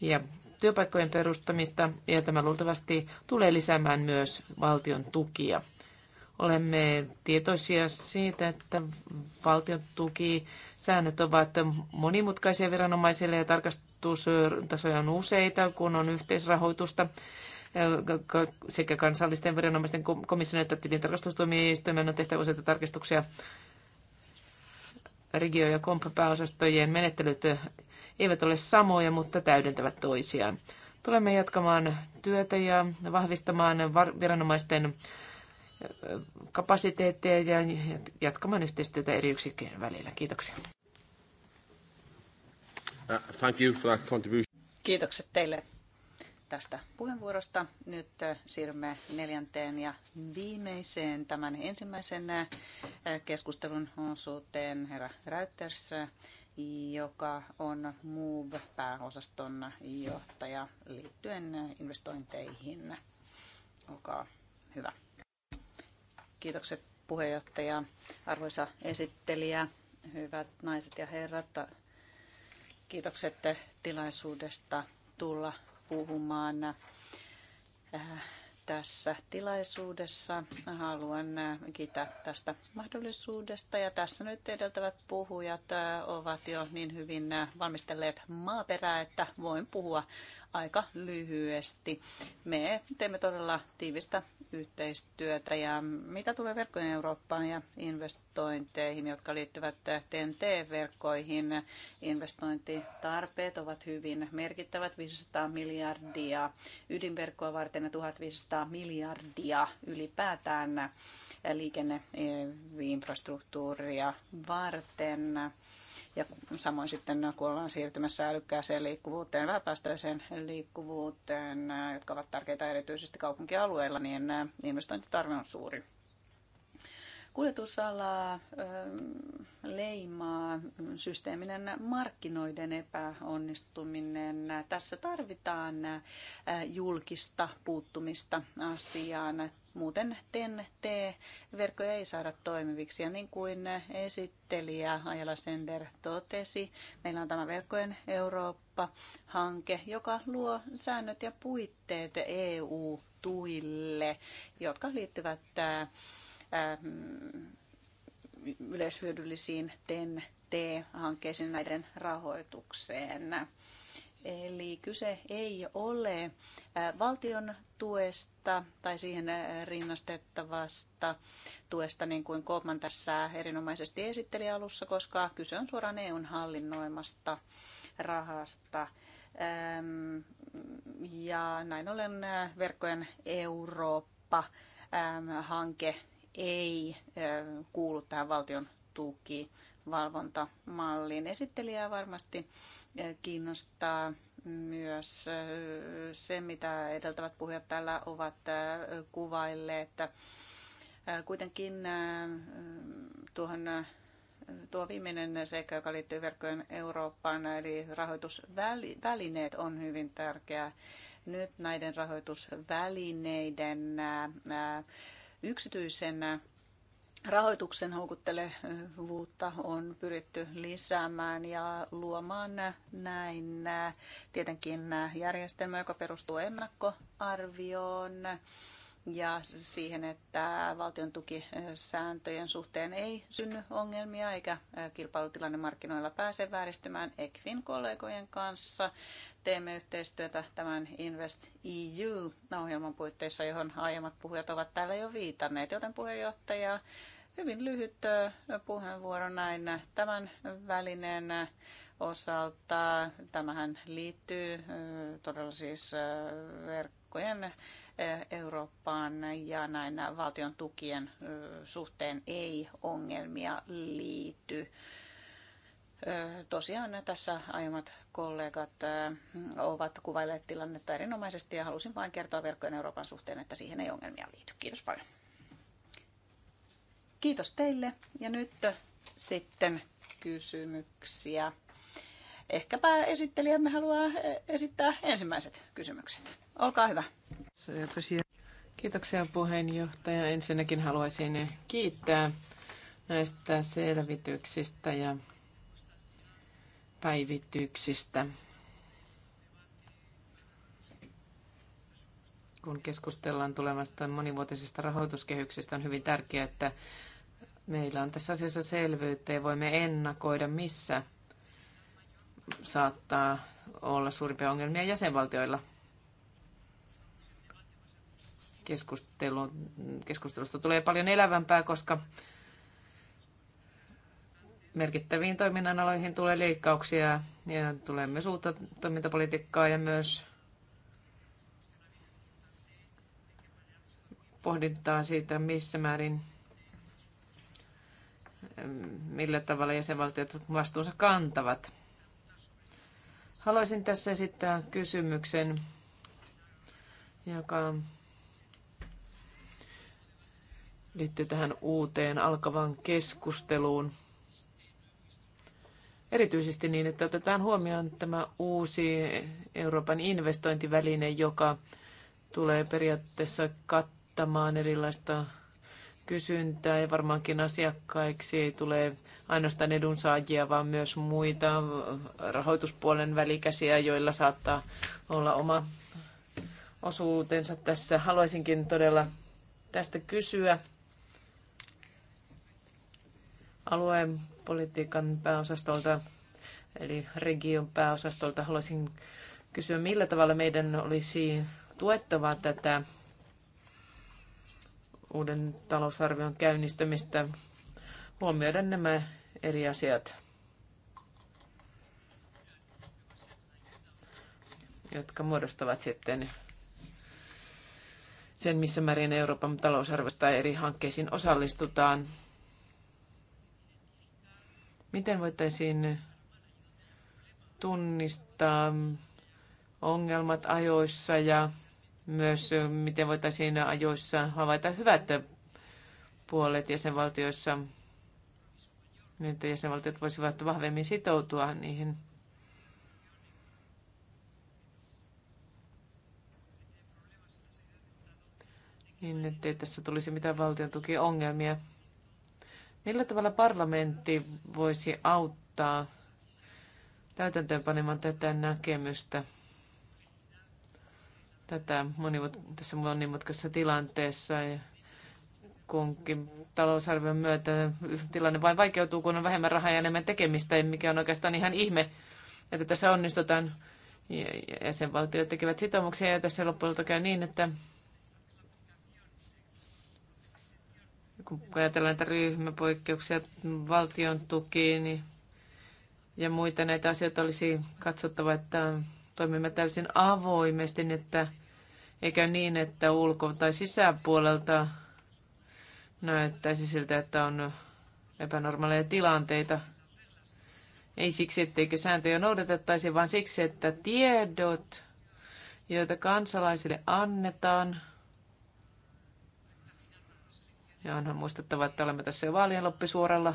ja työpaikkojen perustamista, ja tämä luultavasti tulee lisäämään myös valtion tukia. Olemme tietoisia siitä, että valtion tukisäännöt ovat monimutkaisia viranomaisille ja tarkastustasoja on useita, kun on yhteisrahoitusta sekä kansallisten viranomaisten komission että tilintarkastustuomioistuimen on tehtävä useita tarkistuksia. Regio- ja komppapääosastojen menettelyt eivät ole samoja, mutta täydentävät toisiaan. Tulemme jatkamaan työtä ja vahvistamaan viranomaisten kapasiteetteja ja jatkamaan yhteistyötä eri yksikköjen välillä. Kiitoksia. Uh, thank you for that contribution. Kiitokset teille tästä puheenvuorosta. Nyt uh, siirrymme neljänteen ja viimeiseen tämän ensimmäisen uh, keskustelun osuuteen herra Reuters, joka on MOVE-pääosaston johtaja liittyen investointeihin. Olkaa hyvä. Kiitokset puheenjohtaja, arvoisa esittelijä, hyvät naiset ja herrat. Kiitokset tilaisuudesta tulla puhumaan äh, tässä tilaisuudessa. Haluan äh, kiittää tästä mahdollisuudesta ja tässä nyt edeltävät puhujat äh, ovat jo niin hyvin valmistelleet maaperää, että voin puhua aika lyhyesti. Me teemme todella tiivistä yhteistyötä ja mitä tulee verkkojen Eurooppaan ja investointeihin, jotka liittyvät TNT-verkkoihin, investointitarpeet ovat hyvin merkittävät, 500 miljardia ydinverkkoa varten ja 1500 miljardia ylipäätään liikenneinfrastruktuuria varten ja samoin sitten no, kun ollaan siirtymässä älykkääseen liikkuvuuteen, vähäpäästöiseen liikkuvuuteen, jotka ovat tärkeitä erityisesti kaupunkialueilla, niin investointitarve on suuri. Kuljetusala leimaa systeeminen markkinoiden epäonnistuminen. Tässä tarvitaan julkista puuttumista asiaan. Muuten TEN-T-verkkoja ei saada toimiviksi. Ja niin kuin esittelijä Ajala Sender totesi, meillä on tämä Verkkojen Eurooppa-hanke, joka luo säännöt ja puitteet EU-tuille, jotka liittyvät ähm, yleishyödyllisiin TEN-T-hankkeisiin näiden rahoitukseen. Eli kyse ei ole äh, valtion tuesta tai siihen äh, rinnastettavasta tuesta, niin kuin Koopman tässä erinomaisesti esitteli alussa, koska kyse on suoraan EUn hallinnoimasta rahasta. Ähm, ja näin ollen äh, verkkojen Eurooppa-hanke ähm, ei kuulu tähän valtion tuki valvontamalliin. Esittelijää varmasti eh, kiinnostaa myös eh, se, mitä edeltävät puhujat täällä ovat eh, kuvailleet. Kuitenkin tuohon tuo viimeinen seikka, joka liittyy verkkojen Eurooppaan, eli rahoitusvälineet on hyvin tärkeä. Nyt näiden rahoitusvälineiden yksityisen rahoituksen houkuttelevuutta on pyritty lisäämään ja luomaan näin tietenkin järjestelmä, joka perustuu ennakkoarvioon ja siihen, että valtion tukisääntöjen suhteen ei synny ongelmia eikä kilpailutilanne markkinoilla pääse vääristymään ECFin kollegojen kanssa teemme yhteistyötä tämän Invest EU-ohjelman puitteissa, johon aiemmat puhujat ovat täällä jo viitanneet. Joten puheenjohtaja, hyvin lyhyt puheenvuoro näin tämän välineen osalta. Tämähän liittyy todella siis verkkojen Eurooppaan ja näin valtion tukien suhteen ei ongelmia liity. Tosiaan tässä aiemmat kollegat äh, ovat kuvailleet tilannetta erinomaisesti ja halusin vain kertoa verkkojen Euroopan suhteen, että siihen ei ongelmia liity. Kiitos paljon. Kiitos teille ja nyt sitten kysymyksiä. Ehkäpä esittelijämme haluaa äh, esittää ensimmäiset kysymykset. Olkaa hyvä. Kiitoksia puheenjohtaja. Ensinnäkin haluaisin kiittää näistä selvityksistä ja päivityksistä. Kun keskustellaan tulevasta monivuotisesta rahoituskehyksestä, on hyvin tärkeää, että meillä on tässä asiassa selvyyttä ja voimme ennakoida, missä saattaa olla suurimpia ongelmia jäsenvaltioilla. Keskustelu, keskustelusta tulee paljon elävämpää, koska merkittäviin toiminnanaloihin tulee leikkauksia ja tulee myös uutta toimintapolitiikkaa ja myös pohdintaa siitä, missä määrin, millä tavalla jäsenvaltiot vastuunsa kantavat. Haluaisin tässä esittää kysymyksen, joka liittyy tähän uuteen alkavaan keskusteluun – Erityisesti niin, että otetaan huomioon tämä uusi Euroopan investointiväline, joka tulee periaatteessa kattamaan erilaista kysyntää ja varmaankin asiakkaiksi ei tule ainoastaan edunsaajia, vaan myös muita rahoituspuolen välikäsiä, joilla saattaa olla oma osuutensa tässä. Haluaisinkin todella tästä kysyä alueen politiikan pääosastolta, eli region pääosastolta, haluaisin kysyä, millä tavalla meidän olisi tuettava tätä uuden talousarvion käynnistämistä, huomioida nämä eri asiat, jotka muodostavat sitten sen, missä määrin Euroopan talousarvosta eri hankkeisiin osallistutaan. Miten voitaisiin tunnistaa ongelmat ajoissa ja myös miten voitaisiin ajoissa havaita hyvät puolet jäsenvaltioissa, niin että jäsenvaltiot voisivat vahvemmin sitoutua niihin Niin, ettei tässä tulisi mitään valtion tukiongelmia. ongelmia. Millä tavalla parlamentti voisi auttaa täytäntöönpanemaan tätä näkemystä tätä monimut- tässä monimutkaisessa tilanteessa? Ja kunkin talousarvion myötä tilanne vain vaikeutuu, kun on vähemmän rahaa ja enemmän tekemistä, mikä on oikeastaan ihan ihme, että tässä onnistutaan. ja Jäsenvaltiot tekevät sitoumuksia ja tässä loppujen käy niin, että kun ajatellaan näitä ryhmäpoikkeuksia valtion tukiin niin, ja muita näitä asioita olisi katsottava, että toimimme täysin avoimesti, niin että eikä niin, että ulko- tai sisäpuolelta näyttäisi siltä, että on epänormaaleja tilanteita. Ei siksi, etteikö sääntöjä noudatettaisi, vaan siksi, että tiedot, joita kansalaisille annetaan – ja onhan muistettava, että olemme tässä jo vaalien loppisuoralla.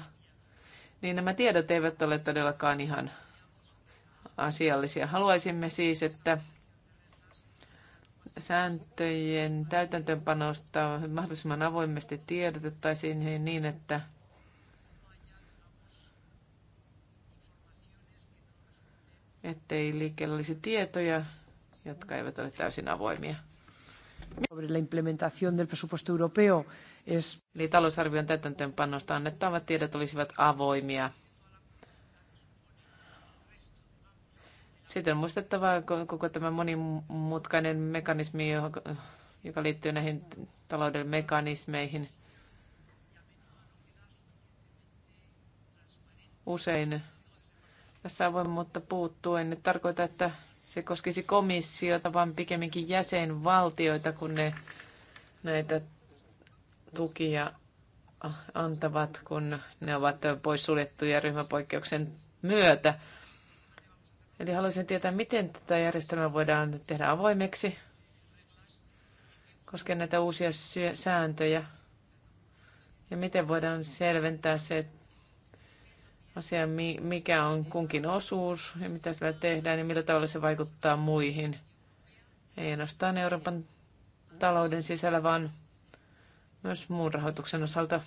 Niin nämä tiedot eivät ole todellakaan ihan asiallisia. Haluaisimme siis, että sääntöjen täytäntöönpanosta mahdollisimman avoimesti tiedotettaisiin niin, niin että ettei liikkeellä olisi tietoja, jotka eivät ole täysin avoimia. Sobre la implementación del presupuesto europeo Eli talousarvion täytäntöönpannosta annettavat tiedot olisivat avoimia. Sitten on muistettava koko tämä monimutkainen mekanismi, joka liittyy näihin talouden mekanismeihin. Usein tässä avoimuutta puuttuu. En nyt tarkoita, että se koskisi komissiota, vaan pikemminkin jäsenvaltioita, kun ne näitä tukia antavat, kun ne ovat poissuljettuja ryhmäpoikkeuksen myötä. Eli haluaisin tietää, miten tätä järjestelmää voidaan tehdä avoimeksi koskien näitä uusia sääntöjä. Ja miten voidaan selventää se asia, mikä on kunkin osuus ja mitä sillä tehdään ja millä tavalla se vaikuttaa muihin. Ei ainoastaan Euroopan talouden sisällä, vaan myös muun rahoituksen osalta.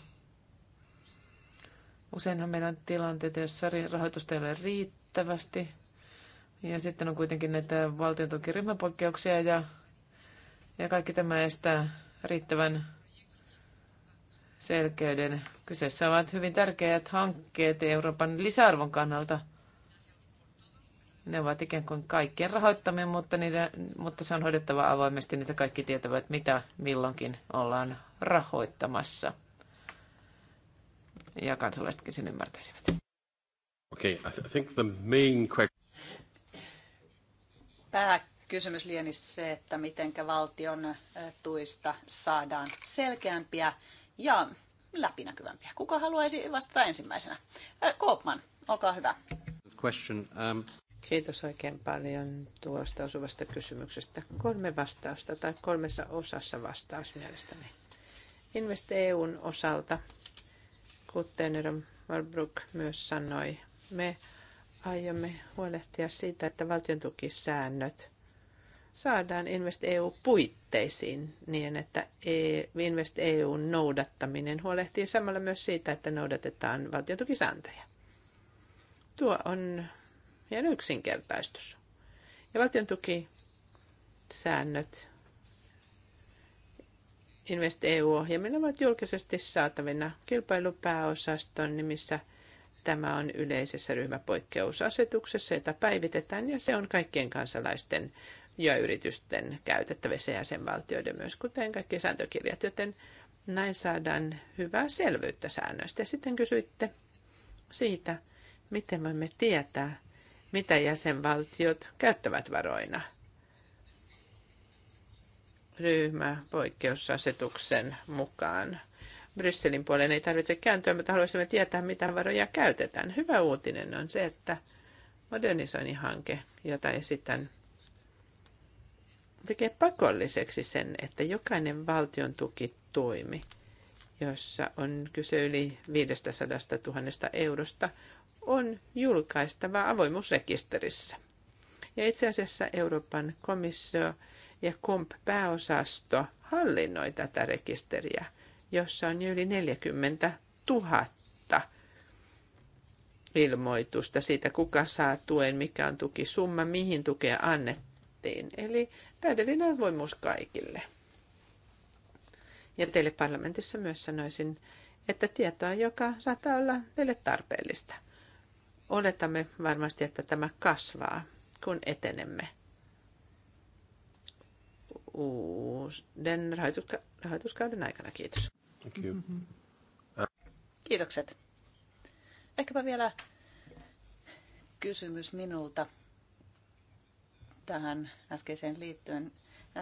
Useinhan meillä on tilanteita, joissa rahoitusta ei ole riittävästi. Ja sitten on kuitenkin näitä valtiontukiryhmäpoikkeuksia ja, ja kaikki tämä estää riittävän selkeyden. Kyseessä ovat hyvin tärkeät hankkeet Euroopan lisäarvon kannalta – ne ovat ikään kuin kaikkien rahoittamia, mutta, niiden, mutta se on hoidettava avoimesti, niitä kaikki tietävät, mitä milloinkin ollaan rahoittamassa. Ja kansalaisetkin sen ymmärtäisivät. Okay, I think the main question... Pääkysymys lieni se, että miten valtion tuista saadaan selkeämpiä ja läpinäkyvämpiä. Kuka haluaisi vastata ensimmäisenä? Koopman, olkaa hyvä. Question, um... Kiitos oikein paljon tuosta osuvasta kysymyksestä. Kolme vastausta tai kolmessa osassa vastaus mielestäni. Invest EUn osalta, kuten Marbrook myös sanoi, me aiomme huolehtia siitä, että valtion tukisäännöt saadaan Invest EU-puitteisiin niin, että e, Invest EUn noudattaminen huolehtii samalla myös siitä, että noudatetaan valtion tukisääntöjä. Tuo on ja yksinkertaistus. Ja valtion säännöt, Invest EU-ohjelmilla ovat julkisesti saatavina kilpailupääosaston nimissä. Tämä on yleisessä ryhmäpoikkeusasetuksessa, jota päivitetään, ja se on kaikkien kansalaisten ja yritysten käytettävissä jäsenvaltioiden myös, kuten kaikki sääntökirjat, joten näin saadaan hyvää selvyyttä säännöistä. Ja sitten kysyitte siitä, miten voimme tietää, mitä jäsenvaltiot käyttävät varoina. Ryhmä poikkeusasetuksen mukaan. Brysselin puoleen ei tarvitse kääntyä, mutta haluaisimme tietää, mitä varoja käytetään. Hyvä uutinen on se, että modernisoinnihanke, jota esitän, tekee pakolliseksi sen, että jokainen valtion tuki toimi, jossa on kyse yli 500 000 eurosta, on julkaistava avoimuusrekisterissä. Ja itse asiassa Euroopan komissio ja KOMP-pääosasto hallinnoi tätä rekisteriä, jossa on yli 40 000 ilmoitusta siitä, kuka saa tuen, mikä on tukisumma, mihin tukea annettiin. Eli täydellinen avoimuus kaikille. Ja teille parlamentissa myös sanoisin, että tietoa, joka saattaa olla teille tarpeellista. Oletamme varmasti, että tämä kasvaa, kun etenemme uuden rahoituska- rahoituskauden aikana. Kiitos. Mm-hmm. Kiitokset. Ehkäpä vielä kysymys minulta tähän äskeiseen liittyen.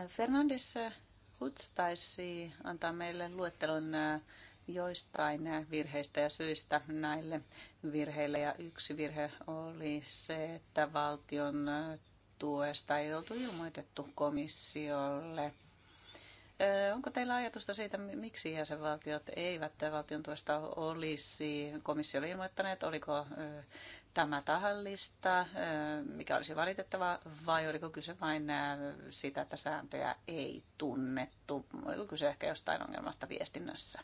Fernandes Huts taisi antaa meille luettelon äh, joistain virheistä ja syistä näille virheille. Ja yksi virhe oli se, että valtion tuesta ei oltu ilmoitettu komissiolle Onko teillä ajatusta siitä, miksi jäsenvaltiot eivät valtion tuosta olisi komissiolle ilmoittaneet? Oliko tämä tahallista, mikä olisi valitettava, vai oliko kyse vain siitä, että sääntöjä ei tunnettu? Oliko kyse ehkä jostain ongelmasta viestinnässä?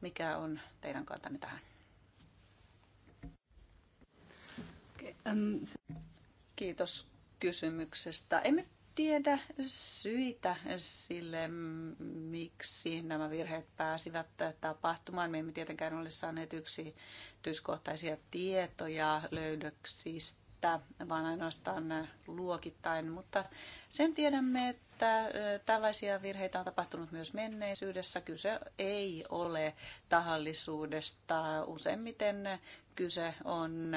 Mikä on teidän kantanne tähän? Um, Kiitos kysymyksestä. Emme tiedä syitä sille, miksi nämä virheet pääsivät tapahtumaan. Me emme tietenkään ole saaneet yksityiskohtaisia tietoja löydöksistä, vaan ainoastaan luokittain. Mutta sen tiedämme, että tällaisia virheitä on tapahtunut myös menneisyydessä. Kyse ei ole tahallisuudesta. Useimmiten kyse on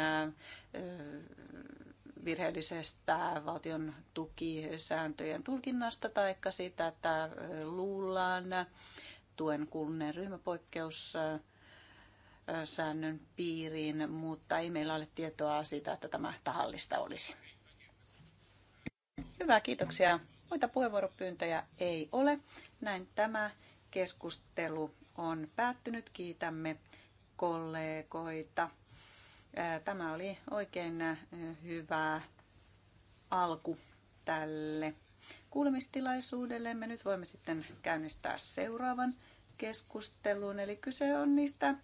virheellisestä valtion tukisääntöjen tulkinnasta tai sitä, että luullaan tuen kuuluneen ryhmäpoikkeus säännön piiriin, mutta ei meillä ole tietoa siitä, että tämä tahallista olisi. Hyvä, kiitoksia. Muita puheenvuoropyyntöjä ei ole. Näin tämä keskustelu on päättynyt. Kiitämme kollegoita. Tämä oli oikein hyvä alku tälle kuulemistilaisuudelle. Me nyt voimme sitten käynnistää seuraavan keskustelun, Eli kyse on niistä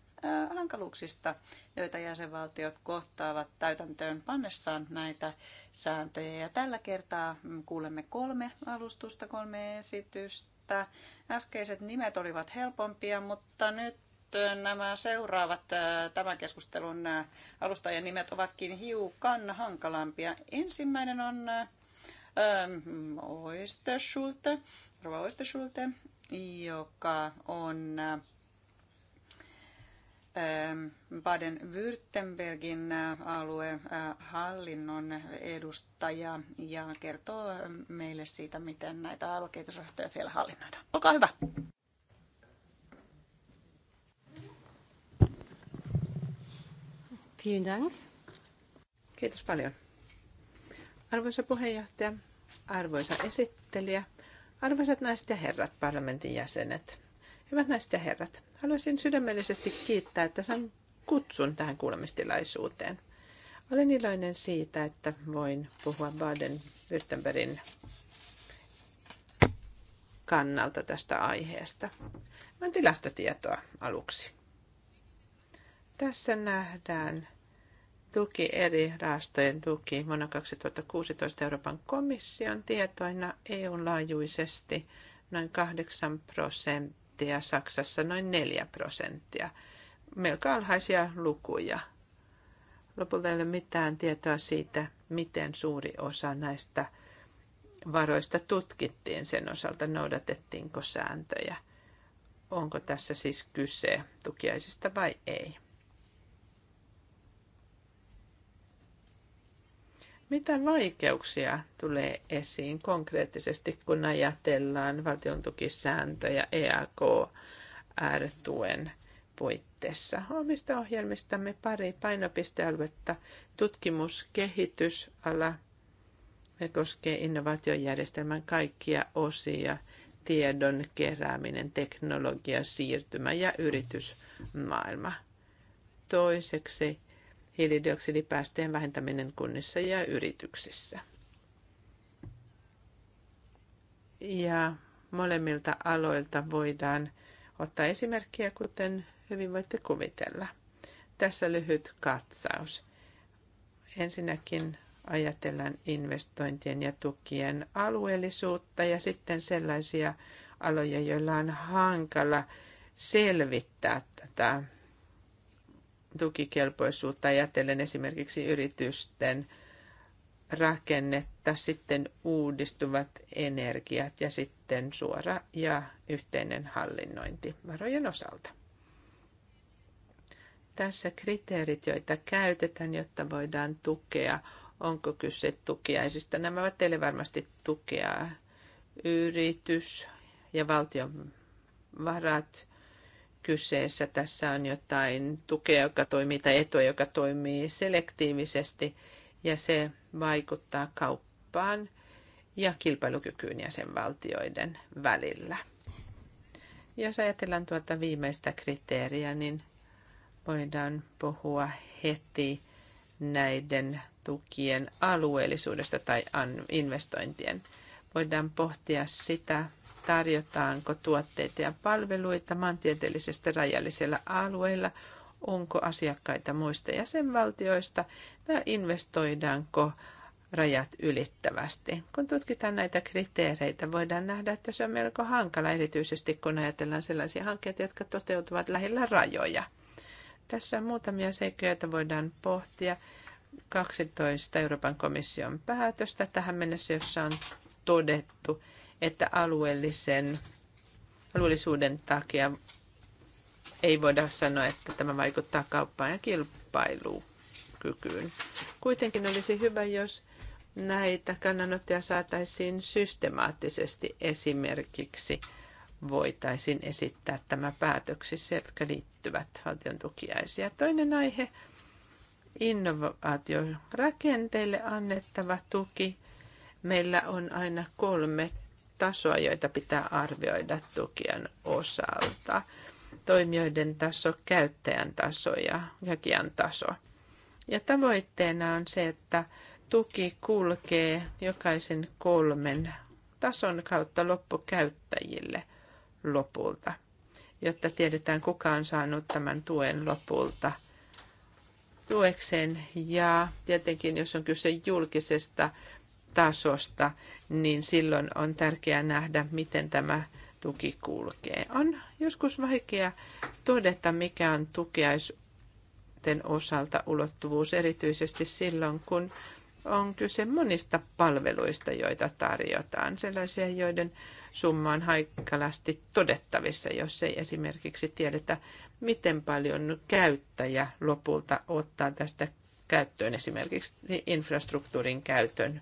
hankaluuksista, joita jäsenvaltiot kohtaavat täytäntöön pannessaan näitä sääntöjä. Ja tällä kertaa mm, kuulemme kolme alustusta, kolme esitystä. Äskeiset nimet olivat helpompia, mutta nyt nämä seuraavat äh, tämän keskustelun äh, alustajien nimet ovatkin hiukan hankalampia. Ensimmäinen on äh, ähm, Oisterschulte, Rova Oisterschulte, joka on ähm, Baden-Württembergin aluehallinnon edustaja ja kertoo meille siitä, miten näitä aluekehitysrahastoja siellä hallinnoidaan. Olkaa hyvä. Vielen Dank. Kiitos paljon. Arvoisa puheenjohtaja, arvoisa esittelijä, arvoisat naiset ja herrat, parlamentin jäsenet. Hyvät naiset ja herrat, haluaisin sydämellisesti kiittää, että saan kutsun tähän kuulemistilaisuuteen. Olen iloinen siitä, että voin puhua Baden-Württembergin kannalta tästä aiheesta. Mä tilastotietoa aluksi. Tässä nähdään tuki eri rahastojen tuki vuonna 2016 Euroopan komission tietoina EUn laajuisesti noin 8 prosenttia, Saksassa noin 4 prosenttia. Melko alhaisia lukuja. Lopulta ei ole mitään tietoa siitä, miten suuri osa näistä varoista tutkittiin sen osalta, noudatettiinko sääntöjä. Onko tässä siis kyse tukiaisista vai ei? Mitä vaikeuksia tulee esiin konkreettisesti, kun ajatellaan valtion tukisääntöjä EAKR-tuen puitteissa? Omista ohjelmistamme pari painopistealuetta, tutkimus, kehitysala, ne koskee innovaatiojärjestelmän kaikkia osia, tiedon kerääminen, teknologia, siirtymä ja yritysmaailma. Toiseksi hiilidioksidipäästöjen vähentäminen kunnissa ja yrityksissä. Ja molemmilta aloilta voidaan ottaa esimerkkiä, kuten hyvin voitte kuvitella. Tässä lyhyt katsaus. Ensinnäkin ajatellaan investointien ja tukien alueellisuutta ja sitten sellaisia aloja, joilla on hankala selvittää tätä tukikelpoisuutta ajatellen esimerkiksi yritysten rakennetta, sitten uudistuvat energiat ja sitten suora ja yhteinen hallinnointi varojen osalta. Tässä kriteerit, joita käytetään, jotta voidaan tukea, onko kyse tukiaisista. Nämä ovat teille varmasti tukea yritys ja valtion varat, kyseessä. Tässä on jotain tukea, joka toimii, tai etua, joka toimii selektiivisesti, ja se vaikuttaa kauppaan ja kilpailukykyyn jäsenvaltioiden välillä. Jos ajatellaan tuota viimeistä kriteeriä, niin voidaan puhua heti näiden tukien alueellisuudesta tai investointien. Voidaan pohtia sitä, tarjotaanko tuotteita ja palveluita maantieteellisesti rajallisella alueella onko asiakkaita muista jäsenvaltioista ja investoidaanko rajat ylittävästi. Kun tutkitaan näitä kriteereitä, voidaan nähdä, että se on melko hankala, erityisesti kun ajatellaan sellaisia hankkeita, jotka toteutuvat lähellä rajoja. Tässä on muutamia seikkoja, joita voidaan pohtia. 12 Euroopan komission päätöstä tähän mennessä, jossa on todettu, että alueellisen, alueellisuuden takia ei voida sanoa, että tämä vaikuttaa kauppaan ja kilpailukykyyn. Kuitenkin olisi hyvä, jos näitä kannanottoja saataisiin systemaattisesti esimerkiksi voitaisiin esittää tämä päätöksissä, jotka liittyvät valtion tukiaisia. Toinen aihe, innovaatiorakenteille annettava tuki. Meillä on aina kolme tasoa, joita pitää arvioida tukien osalta. Toimijoiden taso, käyttäjän taso ja hakijan taso. Ja tavoitteena on se, että tuki kulkee jokaisen kolmen tason kautta loppukäyttäjille lopulta, jotta tiedetään kuka on saanut tämän tuen lopulta tuekseen. Ja tietenkin, jos on kyse julkisesta tasosta, niin silloin on tärkeää nähdä, miten tämä tuki kulkee. On joskus vaikea todeta, mikä on tukiaisten osalta ulottuvuus, erityisesti silloin, kun on kyse monista palveluista, joita tarjotaan, sellaisia, joiden summa on haikkalasti todettavissa, jos ei esimerkiksi tiedetä, miten paljon käyttäjä lopulta ottaa tästä käyttöön, esimerkiksi infrastruktuurin käytön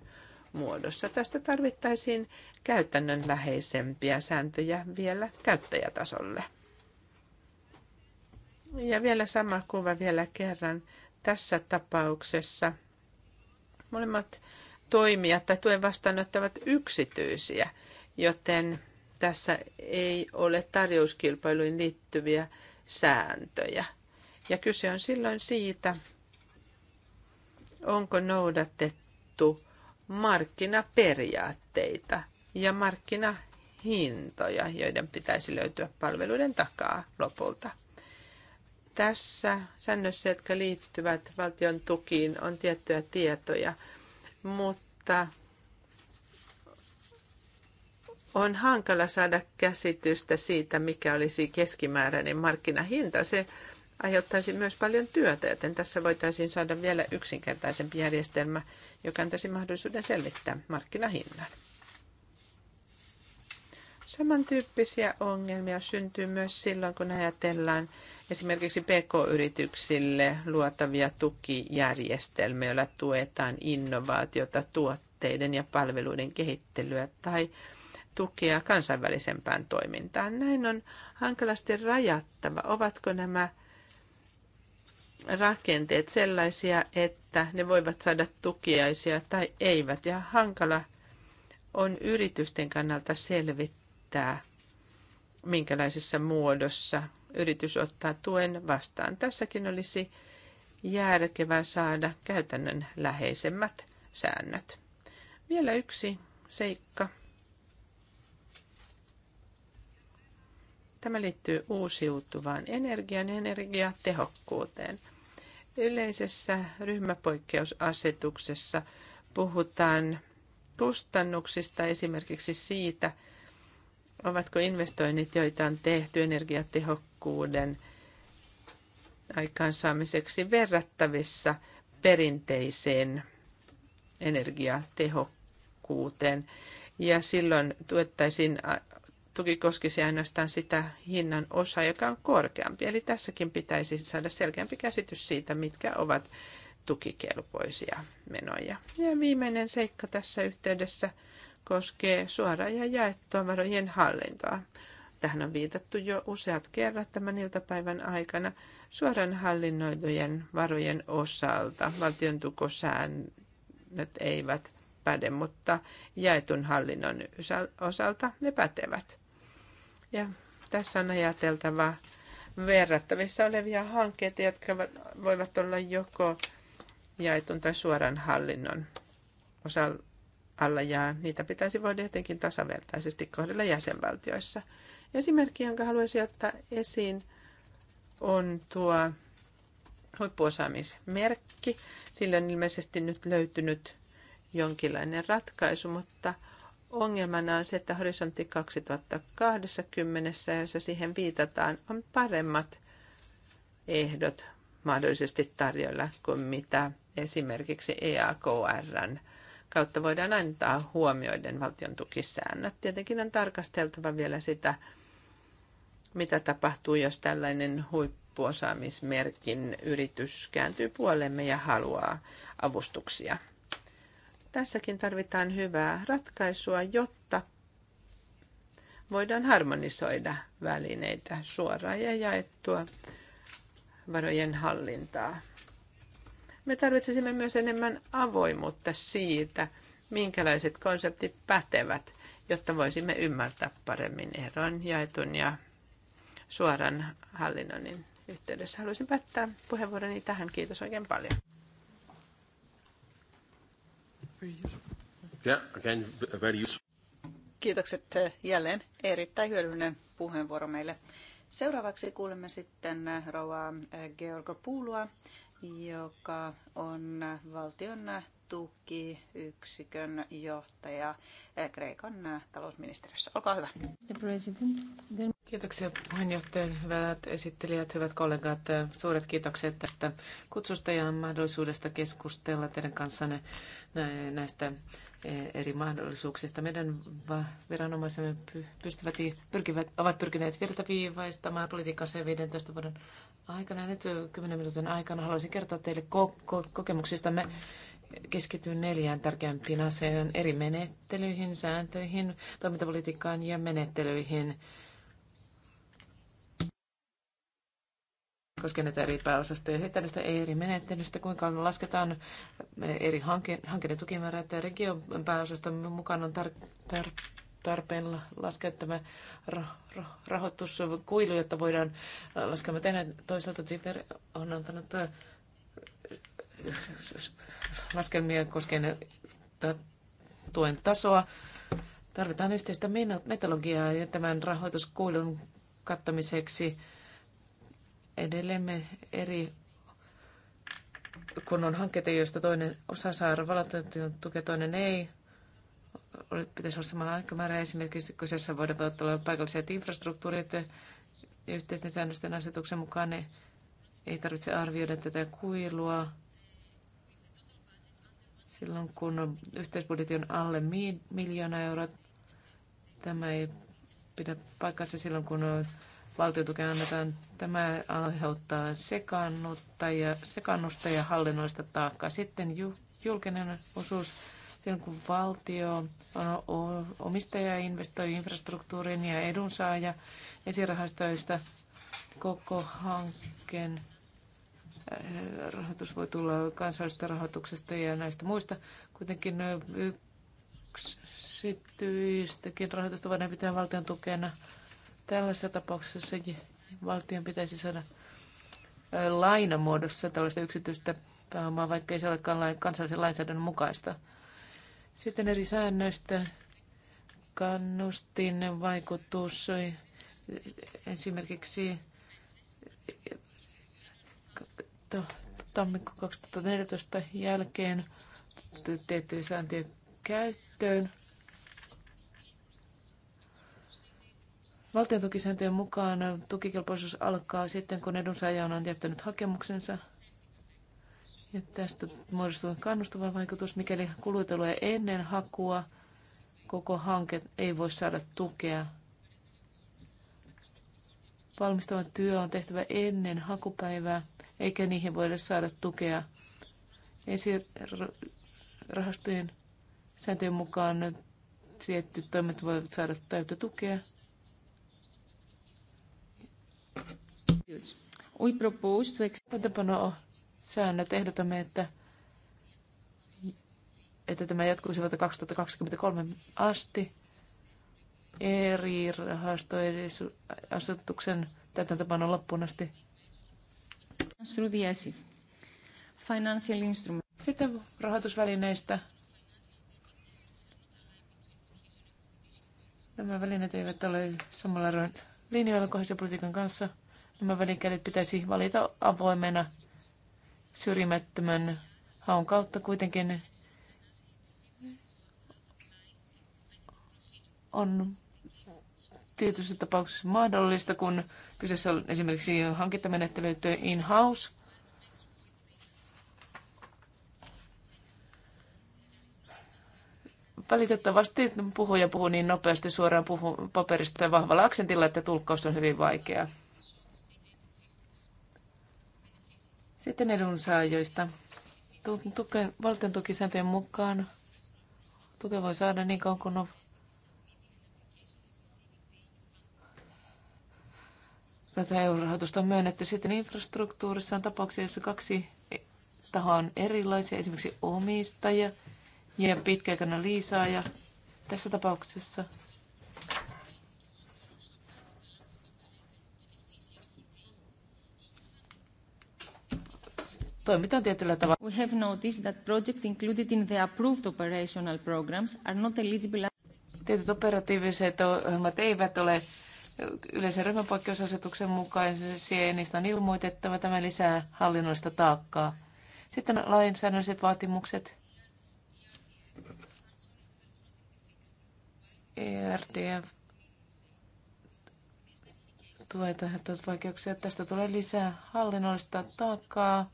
muodossa. Tästä tarvittaisiin käytännönläheisempiä sääntöjä vielä käyttäjätasolle. Ja vielä sama kuva vielä kerran. Tässä tapauksessa molemmat toimijat tai tuen vastaanottavat yksityisiä, joten tässä ei ole tarjouskilpailuihin liittyviä sääntöjä. Ja kyse on silloin siitä, onko noudatettu markkinaperiaatteita ja markkinahintoja, joiden pitäisi löytyä palveluiden takaa lopulta. Tässä säännössä, jotka liittyvät valtion tukiin, on tiettyjä tietoja, mutta on hankala saada käsitystä siitä, mikä olisi keskimääräinen markkinahinta. Se aiheuttaisi myös paljon työtä, joten tässä voitaisiin saada vielä yksinkertaisempi järjestelmä, joka antaisi mahdollisuuden selvittää markkinahinnan. Samantyyppisiä ongelmia syntyy myös silloin, kun ajatellaan esimerkiksi PK-yrityksille luotavia tukijärjestelmiä, joilla tuetaan innovaatiota, tuotteiden ja palveluiden kehittelyä tai tukea kansainvälisempään toimintaan. Näin on hankalasti rajattava, ovatko nämä rakenteet sellaisia, että ne voivat saada tukiaisia tai eivät. Ja hankala on yritysten kannalta selvittää, minkälaisessa muodossa yritys ottaa tuen vastaan. Tässäkin olisi järkevää saada käytännön läheisemmät säännöt. Vielä yksi seikka. Tämä liittyy uusiutuvaan energiaan ja energiatehokkuuteen. Yleisessä ryhmäpoikkeusasetuksessa puhutaan kustannuksista, esimerkiksi siitä, ovatko investoinnit, joita on tehty energiatehokkuuden aikaansaamiseksi verrattavissa perinteiseen energiatehokkuuteen. Ja silloin tuettaisiin tuki koskisi ainoastaan sitä hinnan osaa, joka on korkeampi. Eli tässäkin pitäisi saada selkeämpi käsitys siitä, mitkä ovat tukikelpoisia menoja. Ja viimeinen seikka tässä yhteydessä koskee suoraa ja jaettua varojen hallintoa. Tähän on viitattu jo useat kerrat tämän iltapäivän aikana suoran hallinnoidujen varojen osalta. Valtion tukosäännöt eivät päde, mutta jaetun hallinnon osalta ne pätevät. Ja tässä on ajateltava verrattavissa olevia hankkeita, jotka voivat olla joko jaetun tai suoran hallinnon osalla, alla, ja niitä pitäisi voida jotenkin tasavertaisesti kohdella jäsenvaltioissa. Esimerkki, jonka haluaisin ottaa esiin, on tuo huippuosaamismerkki. Sillä on ilmeisesti nyt löytynyt jonkinlainen ratkaisu, mutta – ongelmana on se, että horisontti 2020, jossa siihen viitataan, on paremmat ehdot mahdollisesti tarjolla kuin mitä esimerkiksi EAKRn kautta voidaan antaa huomioiden valtion tukisäännöt. Tietenkin on tarkasteltava vielä sitä, mitä tapahtuu, jos tällainen huippuosaamismerkin yritys kääntyy puolemme ja haluaa avustuksia Tässäkin tarvitaan hyvää ratkaisua, jotta voidaan harmonisoida välineitä suoraa ja jaettua varojen hallintaa. Me tarvitsisimme myös enemmän avoimuutta siitä, minkälaiset konseptit pätevät, jotta voisimme ymmärtää paremmin eron jaetun ja suoran hallinnonin yhteydessä. Haluaisin päättää puheenvuoroni tähän. Kiitos oikein paljon. Kiitokset eh, jälleen. Erittäin hyödyllinen puheenvuoro meille. Seuraavaksi kuulemme sitten eh, rouva eh, Georgo Puulua, joka on valtion tukiyksikön johtaja Kreikan talousministeriössä. Olkaa hyvä. Kiitoksia puheenjohtaja, hyvät esittelijät, hyvät kollegat. Suuret kiitokset tästä kutsusta ja mahdollisuudesta keskustella teidän kanssanne näistä e, eri mahdollisuuksista. Meidän viranomaisemme pystyvät, pyrkivät, ovat pyrkineet virtaviivaistamaan politiikkansa 15 vuoden aikana. Nyt 10 minuutin aikana haluaisin kertoa teille ko- ko- kokemuksistamme keskityn neljään tärkeämpiin asiaan, eri menettelyihin, sääntöihin, toimintapolitiikkaan ja menettelyihin. koskee näitä eri pääosastoja ja tällaista eri menettelystä, kuinka lasketaan eri hankkeiden tukimäärät ja region pääosasta mukaan on tar, tar, tarpeen laskea tämä ra, ra, rahoituskuilu, jotta voidaan laskelma tehdä. Toisaalta Zipper on antanut laskelmia koskien tuen tasoa. Tarvitaan yhteistä metodologiaa ja tämän rahoituskuilun kattamiseksi edelleen me eri kun on hankkeita, joista toinen osa saa valtion tukea, toinen ei. Pitäisi olla sama aikamäärä esimerkiksi kun kyseessä voida olla paikalliset infrastruktuurit yhteisten säännösten asetuksen mukaan. Ne ei tarvitse arvioida tätä kuilua Silloin kun yhteisbudjetti on alle miljoona euroa, tämä ei pidä paikkansa silloin, kun valtiotukea annetaan. Tämä aiheuttaa sekannutta ja, sekannusta ja hallinnollista taakkaa. Sitten julkinen osuus, silloin kun valtio on omistaja, investoi infrastruktuuriin ja edunsaaja esirahastoista koko hankkeen rahoitus voi tulla kansallisesta rahoituksesta ja näistä muista. Kuitenkin yksityistäkin rahoitusta voidaan pitää valtion tukena. Tällaisessa tapauksessa valtion pitäisi saada lainamuodossa tällaista yksityistä pääomaa, vaikka ei se olekaan kansallisen lainsäädännön mukaista. Sitten eri säännöistä kannustin vaikutus esimerkiksi tammikuun 2014 jälkeen tiettyjen sääntöjen käyttöön. Valtion tukisääntöjen mukaan tukikelpoisuus alkaa sitten, kun edunsaaja on jättänyt hakemuksensa. Ja tästä muodostuu kannustava vaikutus, mikäli kuluteluja ennen hakua koko hanke ei voi saada tukea Valmistava työ on tehtävä ennen hakupäivää, eikä niihin voida saada tukea. Esirahastojen sääntöjen mukaan tietyt toimet voivat saada täyttä tukea. We säännöt ehdotamme, että, että tämä jatkuisi vuotta 2023 asti eri rahastoasetuksen täytäntöpanon loppuun asti. Financial instrument. Sitten rahoitusvälineistä. Nämä välineet eivät ole samalla linjoilla kohdallisen kanssa. Nämä välikädet pitäisi valita avoimena syrjimättömän haun kautta kuitenkin on tietyissä tapauksissa mahdollista, kun kyseessä on esimerkiksi hankintamenettelyt in-house. Valitettavasti puhuja puhuu niin nopeasti suoraan puhu, paperista vahvalla aksentilla, että tulkkaus on hyvin vaikeaa. Sitten edunsaajoista. Tuken, valtion tukisääntöjen mukaan tuke voi saada niin kauan kuin on tätä EU-rahoitusta on myönnetty. Sitten infrastruktuurissa on tapauksia, joissa kaksi tahoa on erilaisia, esimerkiksi omistaja ja pitkäaikainen liisaaja. Tässä tapauksessa toimitaan tietyllä tavalla. We have noticed that projects included in the approved operational programs are not eligible. Tietyt operatiiviset ohjelmat eivät ole yleisen ryhmäpoikkeusasetuksen mukaan ja niistä on ilmoitettava. Tämä lisää hallinnollista taakkaa. Sitten lainsäädännölliset vaatimukset. ERDF tuet aiheuttavat vaikeuksia. Tästä tulee lisää hallinnollista taakkaa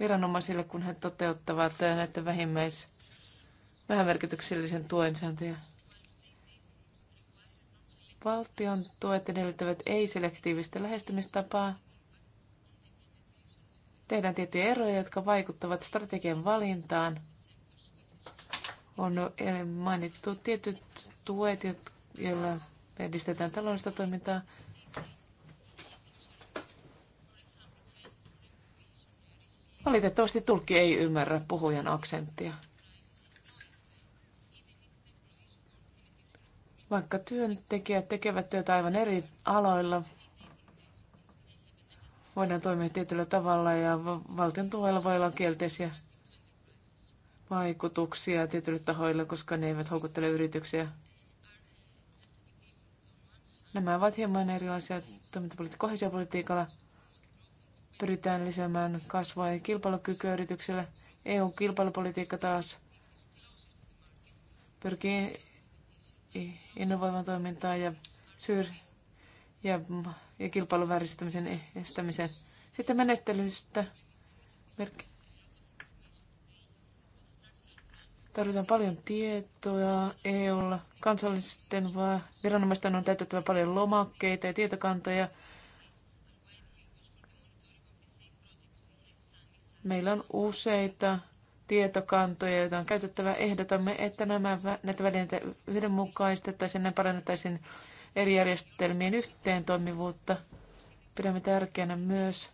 viranomaisille, kun he toteuttavat näiden vähimmäis, vähämerkityksellisen tuen sääntöjä. Valtion tuet edellyttävät ei-selektiivistä lähestymistapaa. Tehdään tiettyjä eroja, jotka vaikuttavat strategian valintaan. On mainittu tietyt tuet, joilla edistetään taloudellista toimintaa. Valitettavasti tulkki ei ymmärrä puhujan aksenttia. Vaikka työntekijät tekevät työtä aivan eri aloilla, voidaan toimia tietyllä tavalla ja valtion tuella voi olla kielteisiä vaikutuksia tietyille tahoille, koska ne eivät houkuttele yrityksiä. Nämä ovat hieman erilaisia toimintapolitiikkoja politiikalla. pyritään lisäämään kasvua ja kilpailukykyä yrityksille. EU-kilpailupolitiikka taas pyrkii innovoivan toimintaan ja, syr- ja, ja kilpailun vääristämisen estämiseen. Sitten menettelystä merkki. Tarvitaan paljon tietoja EUlla. Kansallisten viranomaisten on täytettävä paljon lomakkeita ja tietokantoja. Meillä on useita tietokantoja, joita on käytettävä. Ehdotamme, että nämä, näitä välineitä yhdenmukaistettaisiin ja parannettaisiin eri järjestelmien yhteen toimivuutta. Pidämme tärkeänä myös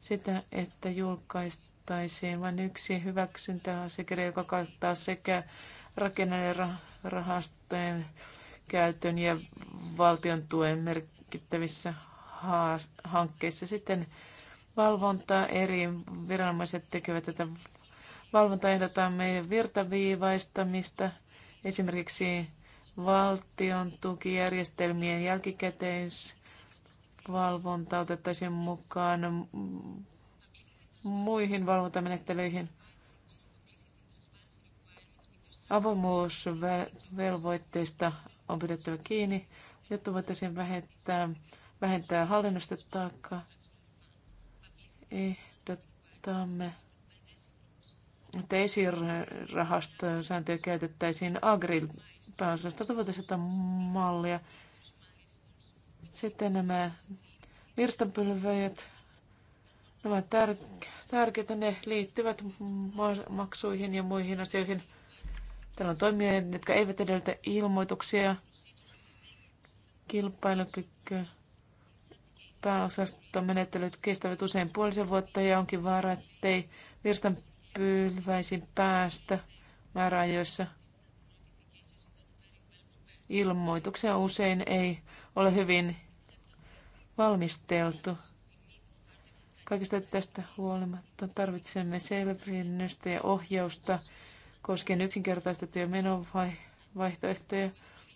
sitä, että julkaistaisiin vain yksi hyväksyntäasiakirja, joka kattaa sekä rakennelijan rahastojen käytön ja valtion tuen merkittävissä hankkeissa. Sitten valvontaa eri viranomaiset tekevät tätä Valvonta meidän virtaviivaistamista, esimerkiksi valtion tukijärjestelmien valvonta otettaisiin mukaan muihin valvontamenettelyihin. Avoimuusvelvoitteista on pidettävä kiinni, jotta voitaisiin vähentää, vähentää hallinnosta taakkaa. Ehdotamme että esirahastosääntöjä käytettäisiin Agril pääosastolta voitaisiin mallia. Sitten nämä virstanpylväjät, ne ovat tär- tärkeitä, ne liittyvät maksuihin ja muihin asioihin. Täällä on toimijoita, jotka eivät edellytä ilmoituksia, kilpailukyky, pääosastomenettelyt kestävät usein puolisen vuotta ja onkin vaara, ettei virstan Pylväisin päästä määräajoissa ilmoituksia usein ei ole hyvin valmisteltu. Kaikesta tästä huolimatta tarvitsemme selvinnystä ja ohjausta koskien yksinkertaistettuja menovaihtoehtoja.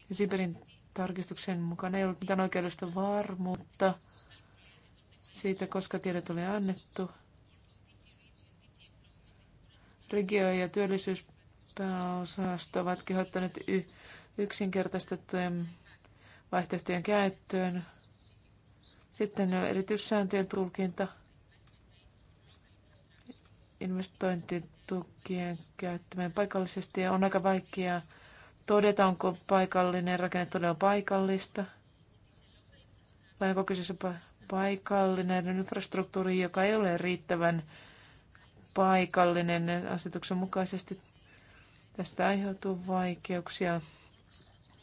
Ja Siberin tarkistuksen mukaan ei ollut mitään oikeudellista varmuutta siitä, koska tiedot oli annettu. Regio- ja työllisyyspääosasto ovat kehottaneet y- yksinkertaistettujen vaihtoehtojen käyttöön. Sitten erityissääntöjen tulkinta, investointitukien käyttäminen paikallisesti. On aika vaikea todeta, onko paikallinen rakenne todella paikallista vai onko kyseessä paikallinen infrastruktuuri, joka ei ole riittävän paikallinen asetuksen mukaisesti. Tästä aiheutuu vaikeuksia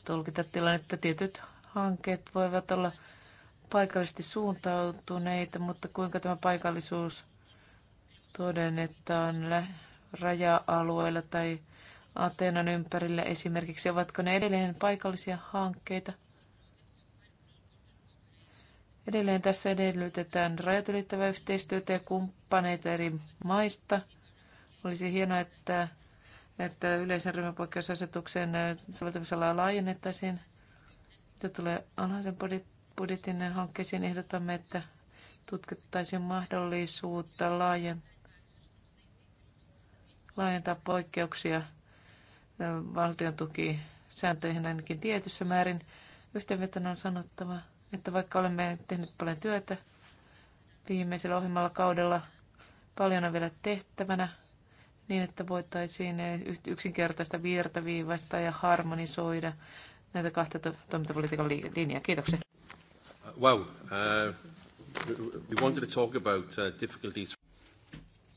tulkita tilannetta. Tietyt hankkeet voivat olla paikallisesti suuntautuneita, mutta kuinka tämä paikallisuus todennetaan raja-alueilla tai Ateenan ympärillä esimerkiksi, ovatko ne edelleen paikallisia hankkeita – Edelleen tässä edellytetään rajat ylittävää yhteistyötä ja kumppaneita eri maista. Olisi hienoa, että, että yleisen ryhmäpoikkeusasetuksen äh, soveltamisalaa laajennettaisiin. Mitä tulee alhaisen budjetin hankkeisiin, ehdotamme, että tutkittaisiin mahdollisuutta laajentaa poikkeuksia äh, valtion tukisääntöihin ainakin tietyssä määrin. Yhteenvetona on sanottava, että vaikka olemme tehneet paljon työtä viimeisellä ohjelmalla kaudella, paljon on vielä tehtävänä niin, että voitaisiin yksinkertaista virtaviivaista ja harmonisoida näitä kahta to- toimintapolitiikan linjaa. Kiitoksia. Uh, wow. Uh, we wanted to talk about uh, difficulties.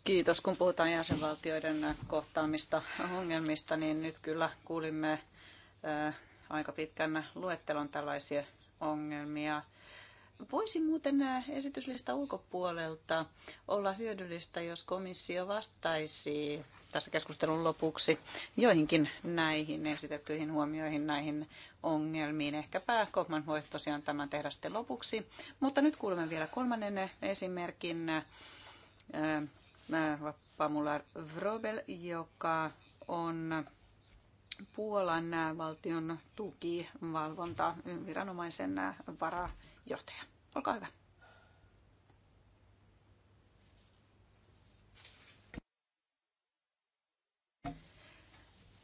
Kiitos, kun puhutaan jäsenvaltioiden kohtaamista ongelmista, niin nyt kyllä kuulimme uh, aika pitkän luettelon tällaisia ongelmia. Voisi muuten äh, esityslista ulkopuolelta olla hyödyllistä, jos komissio vastaisi tässä keskustelun lopuksi joihinkin näihin esitettyihin huomioihin, näihin ongelmiin. Ehkäpä Kopman voi tosiaan tämän tehdä sitten lopuksi. Mutta nyt kuulemme vielä kolmannen äh, esimerkin äh, Pamula Vrobel, joka on Puolan valtion tukivalvonta viranomaisen varajohtaja. Olkaa hyvä.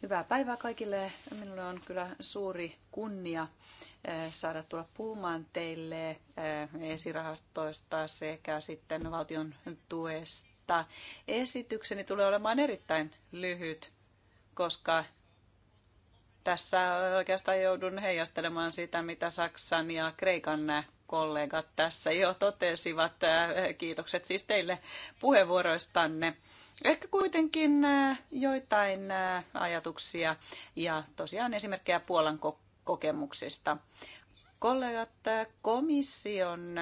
Hyvää päivää kaikille. Minulle on kyllä suuri kunnia saada tulla puhumaan teille esirahastoista sekä sitten valtion tuesta. Esitykseni tulee olemaan erittäin lyhyt, koska tässä oikeastaan joudun heijastelemaan sitä, mitä Saksan ja Kreikan kollegat tässä jo totesivat. Kiitokset siis teille puheenvuoroistanne. Ehkä kuitenkin joitain ajatuksia ja tosiaan esimerkkejä Puolan kokemuksista. Kollegat komission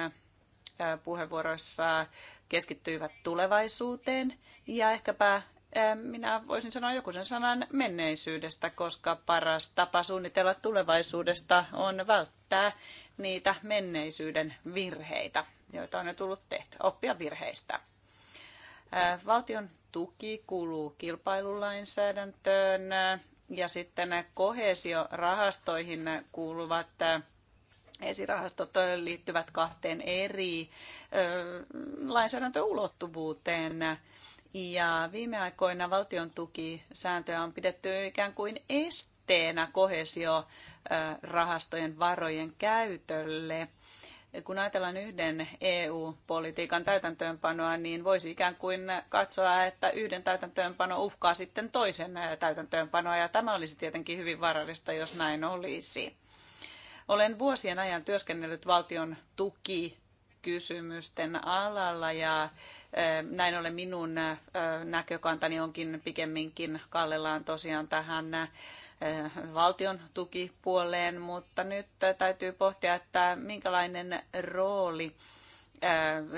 puheenvuoroissa keskittyivät tulevaisuuteen ja ehkäpä minä voisin sanoa joku sen sanan menneisyydestä, koska paras tapa suunnitella tulevaisuudesta on välttää niitä menneisyyden virheitä, joita on jo tullut tehty, oppia virheistä. Valtion tuki kuuluu kilpailulainsäädäntöön ja sitten kohesiorahastoihin kuuluvat esirahastot liittyvät kahteen eri lainsäädäntöulottuvuuteen. Ja viime aikoina valtion tukisääntöä on pidetty ikään kuin esteenä kohesiorahastojen varojen käytölle kun ajatellaan yhden EU-politiikan täytäntöönpanoa, niin voisi ikään kuin katsoa, että yhden täytäntöönpano uhkaa sitten toisen täytäntöönpanoa, ja tämä olisi tietenkin hyvin vaarallista, jos näin olisi. Olen vuosien ajan työskennellyt valtion tuki kysymysten alalla ja näin ollen minun näkökantani onkin pikemminkin kallellaan tosiaan tähän valtion tukipuoleen, mutta nyt täytyy pohtia, että minkälainen rooli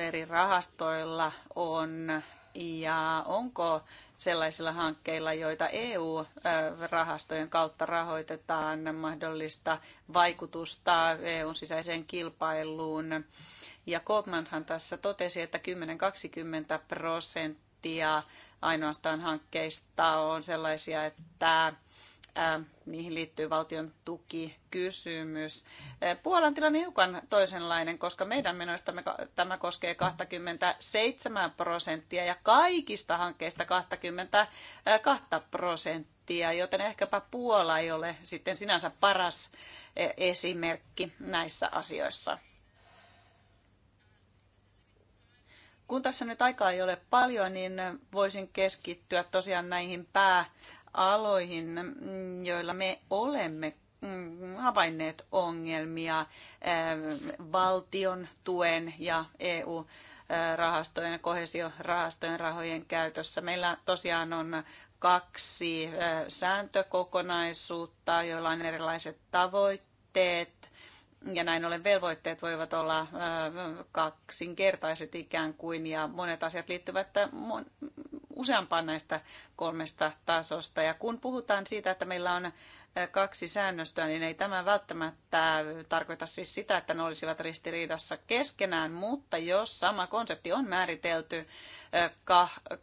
eri rahastoilla on ja onko sellaisilla hankkeilla, joita EU-rahastojen kautta rahoitetaan, mahdollista vaikutusta EUn sisäiseen kilpailuun ja Koopmanhan tässä totesi, että 10-20 prosenttia ainoastaan hankkeista on sellaisia, että niihin liittyy valtion tukikysymys. Puolan tilanne hiukan toisenlainen, koska meidän menoista tämä koskee 27 prosenttia ja kaikista hankkeista 22 prosenttia, joten ehkäpä Puola ei ole sitten sinänsä paras esimerkki näissä asioissa. Kun tässä nyt aikaa ei ole paljon, niin voisin keskittyä tosiaan näihin pääaloihin, joilla me olemme mm, havainneet ongelmia eh, valtion tuen ja EU- rahastojen ja kohesiorahastojen rahojen käytössä. Meillä tosiaan on kaksi eh, sääntökokonaisuutta, joilla on erilaiset tavoitteet ja näin ollen velvoitteet voivat olla kaksinkertaiset ikään kuin ja monet asiat liittyvät useampaan näistä kolmesta tasosta. Ja kun puhutaan siitä, että meillä on kaksi säännöstöä, niin ei tämä välttämättä tarkoita siis sitä, että ne olisivat ristiriidassa keskenään, mutta jos sama konsepti on määritelty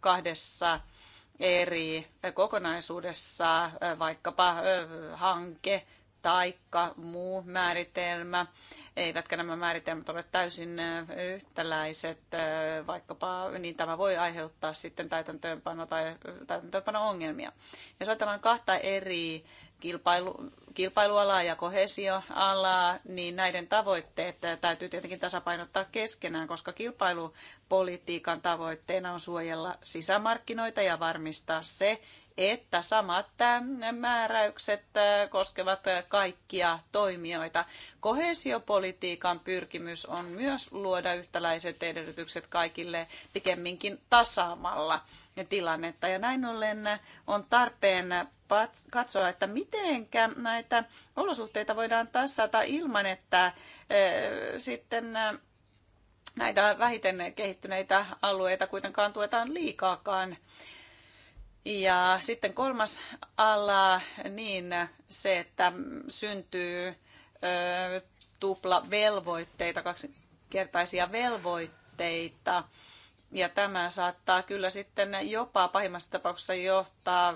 kahdessa eri kokonaisuudessa, vaikkapa hanke, taikka muu määritelmä. Eivätkä nämä määritelmät ole täysin yhtäläiset, vaikkapa niin tämä voi aiheuttaa sitten täytäntöönpano tai täytäntöönpano-ongelmia. Jos ajatellaan kahta eri kilpailu, kilpailualaa ja kohesioalaa, niin näiden tavoitteet täytyy tietenkin tasapainottaa keskenään, koska kilpailupolitiikan tavoitteena on suojella sisämarkkinoita ja varmistaa se, että samat määräykset koskevat kaikkia toimijoita. Kohesiopolitiikan pyrkimys on myös luoda yhtäläiset edellytykset kaikille pikemminkin tasaamalla tilannetta. Ja näin ollen on tarpeen katsoa, että miten näitä olosuhteita voidaan tasata ilman, että sitten näitä vähiten kehittyneitä alueita kuitenkaan tuetaan liikaakaan. Ja sitten kolmas ala, niin se, että syntyy ö, tupla velvoitteita, kaksinkertaisia velvoitteita. Ja tämä saattaa kyllä sitten jopa pahimmassa tapauksessa johtaa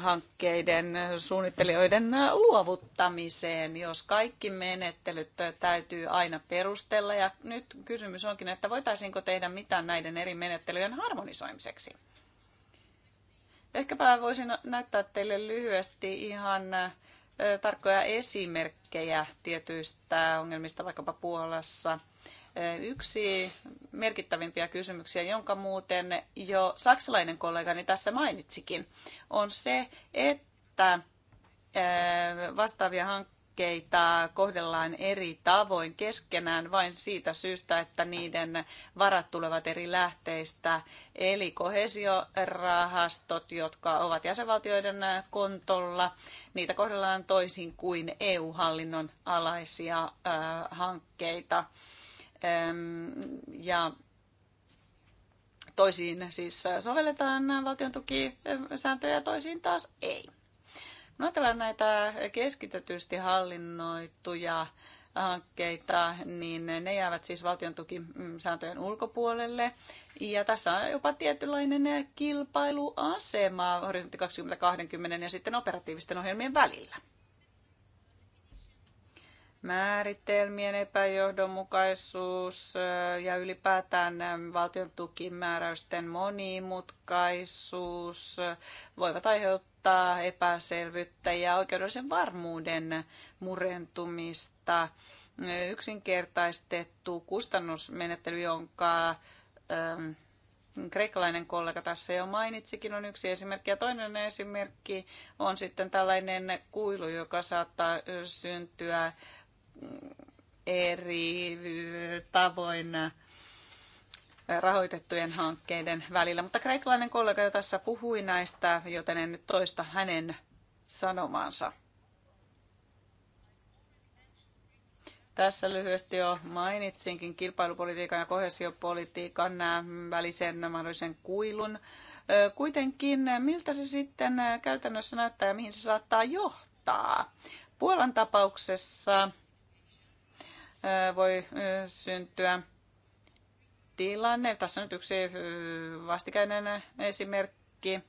hankkeiden suunnittelijoiden luovuttamiseen, jos kaikki menettelyt täytyy aina perustella. Ja nyt kysymys onkin, että voitaisiinko tehdä mitään näiden eri menettelyjen harmonisoimiseksi? Ehkäpä voisin näyttää teille lyhyesti ihan tarkkoja esimerkkejä tietyistä ongelmista vaikkapa Puolassa. Yksi merkittävimpiä kysymyksiä, jonka muuten jo saksalainen kollegani tässä mainitsikin, on se, että vastaavia hankkeita lajikkeita kohdellaan eri tavoin keskenään vain siitä syystä, että niiden varat tulevat eri lähteistä. Eli kohesiorahastot, jotka ovat jäsenvaltioiden kontolla, niitä kohdellaan toisin kuin EU-hallinnon alaisia hankkeita. ja toisiin siis sovelletaan valtion tukisääntöjä ja toisiin taas ei. No ajatellaan näitä keskitetysti hallinnoituja hankkeita, niin ne jäävät siis valtion tukisääntöjen ulkopuolelle. Ja tässä on jopa tietynlainen kilpailuasema horisontti 2020 ja sitten operatiivisten ohjelmien välillä. Määritelmien epäjohdonmukaisuus äh, ja ylipäätään ähm, valtion tukimääräysten monimutkaisuus äh, voivat aiheuttaa aiheuttaa epäselvyyttä ja oikeudellisen varmuuden murentumista. Yksinkertaistettu kustannusmenettely, jonka ähm, kreikkalainen kollega tässä jo mainitsikin, on yksi esimerkki. Ja toinen esimerkki on sitten tällainen kuilu, joka saattaa syntyä eri tavoin rahoitettujen hankkeiden välillä. Mutta kreikkalainen kollega jo tässä puhui näistä, joten en nyt toista hänen sanomaansa. Tässä lyhyesti jo mainitsinkin kilpailupolitiikan ja kohesiopolitiikan välisen mahdollisen kuilun. Kuitenkin miltä se sitten käytännössä näyttää ja mihin se saattaa johtaa? Puolan tapauksessa voi syntyä tilanne. Tässä nyt yksi vastikäinen esimerkki.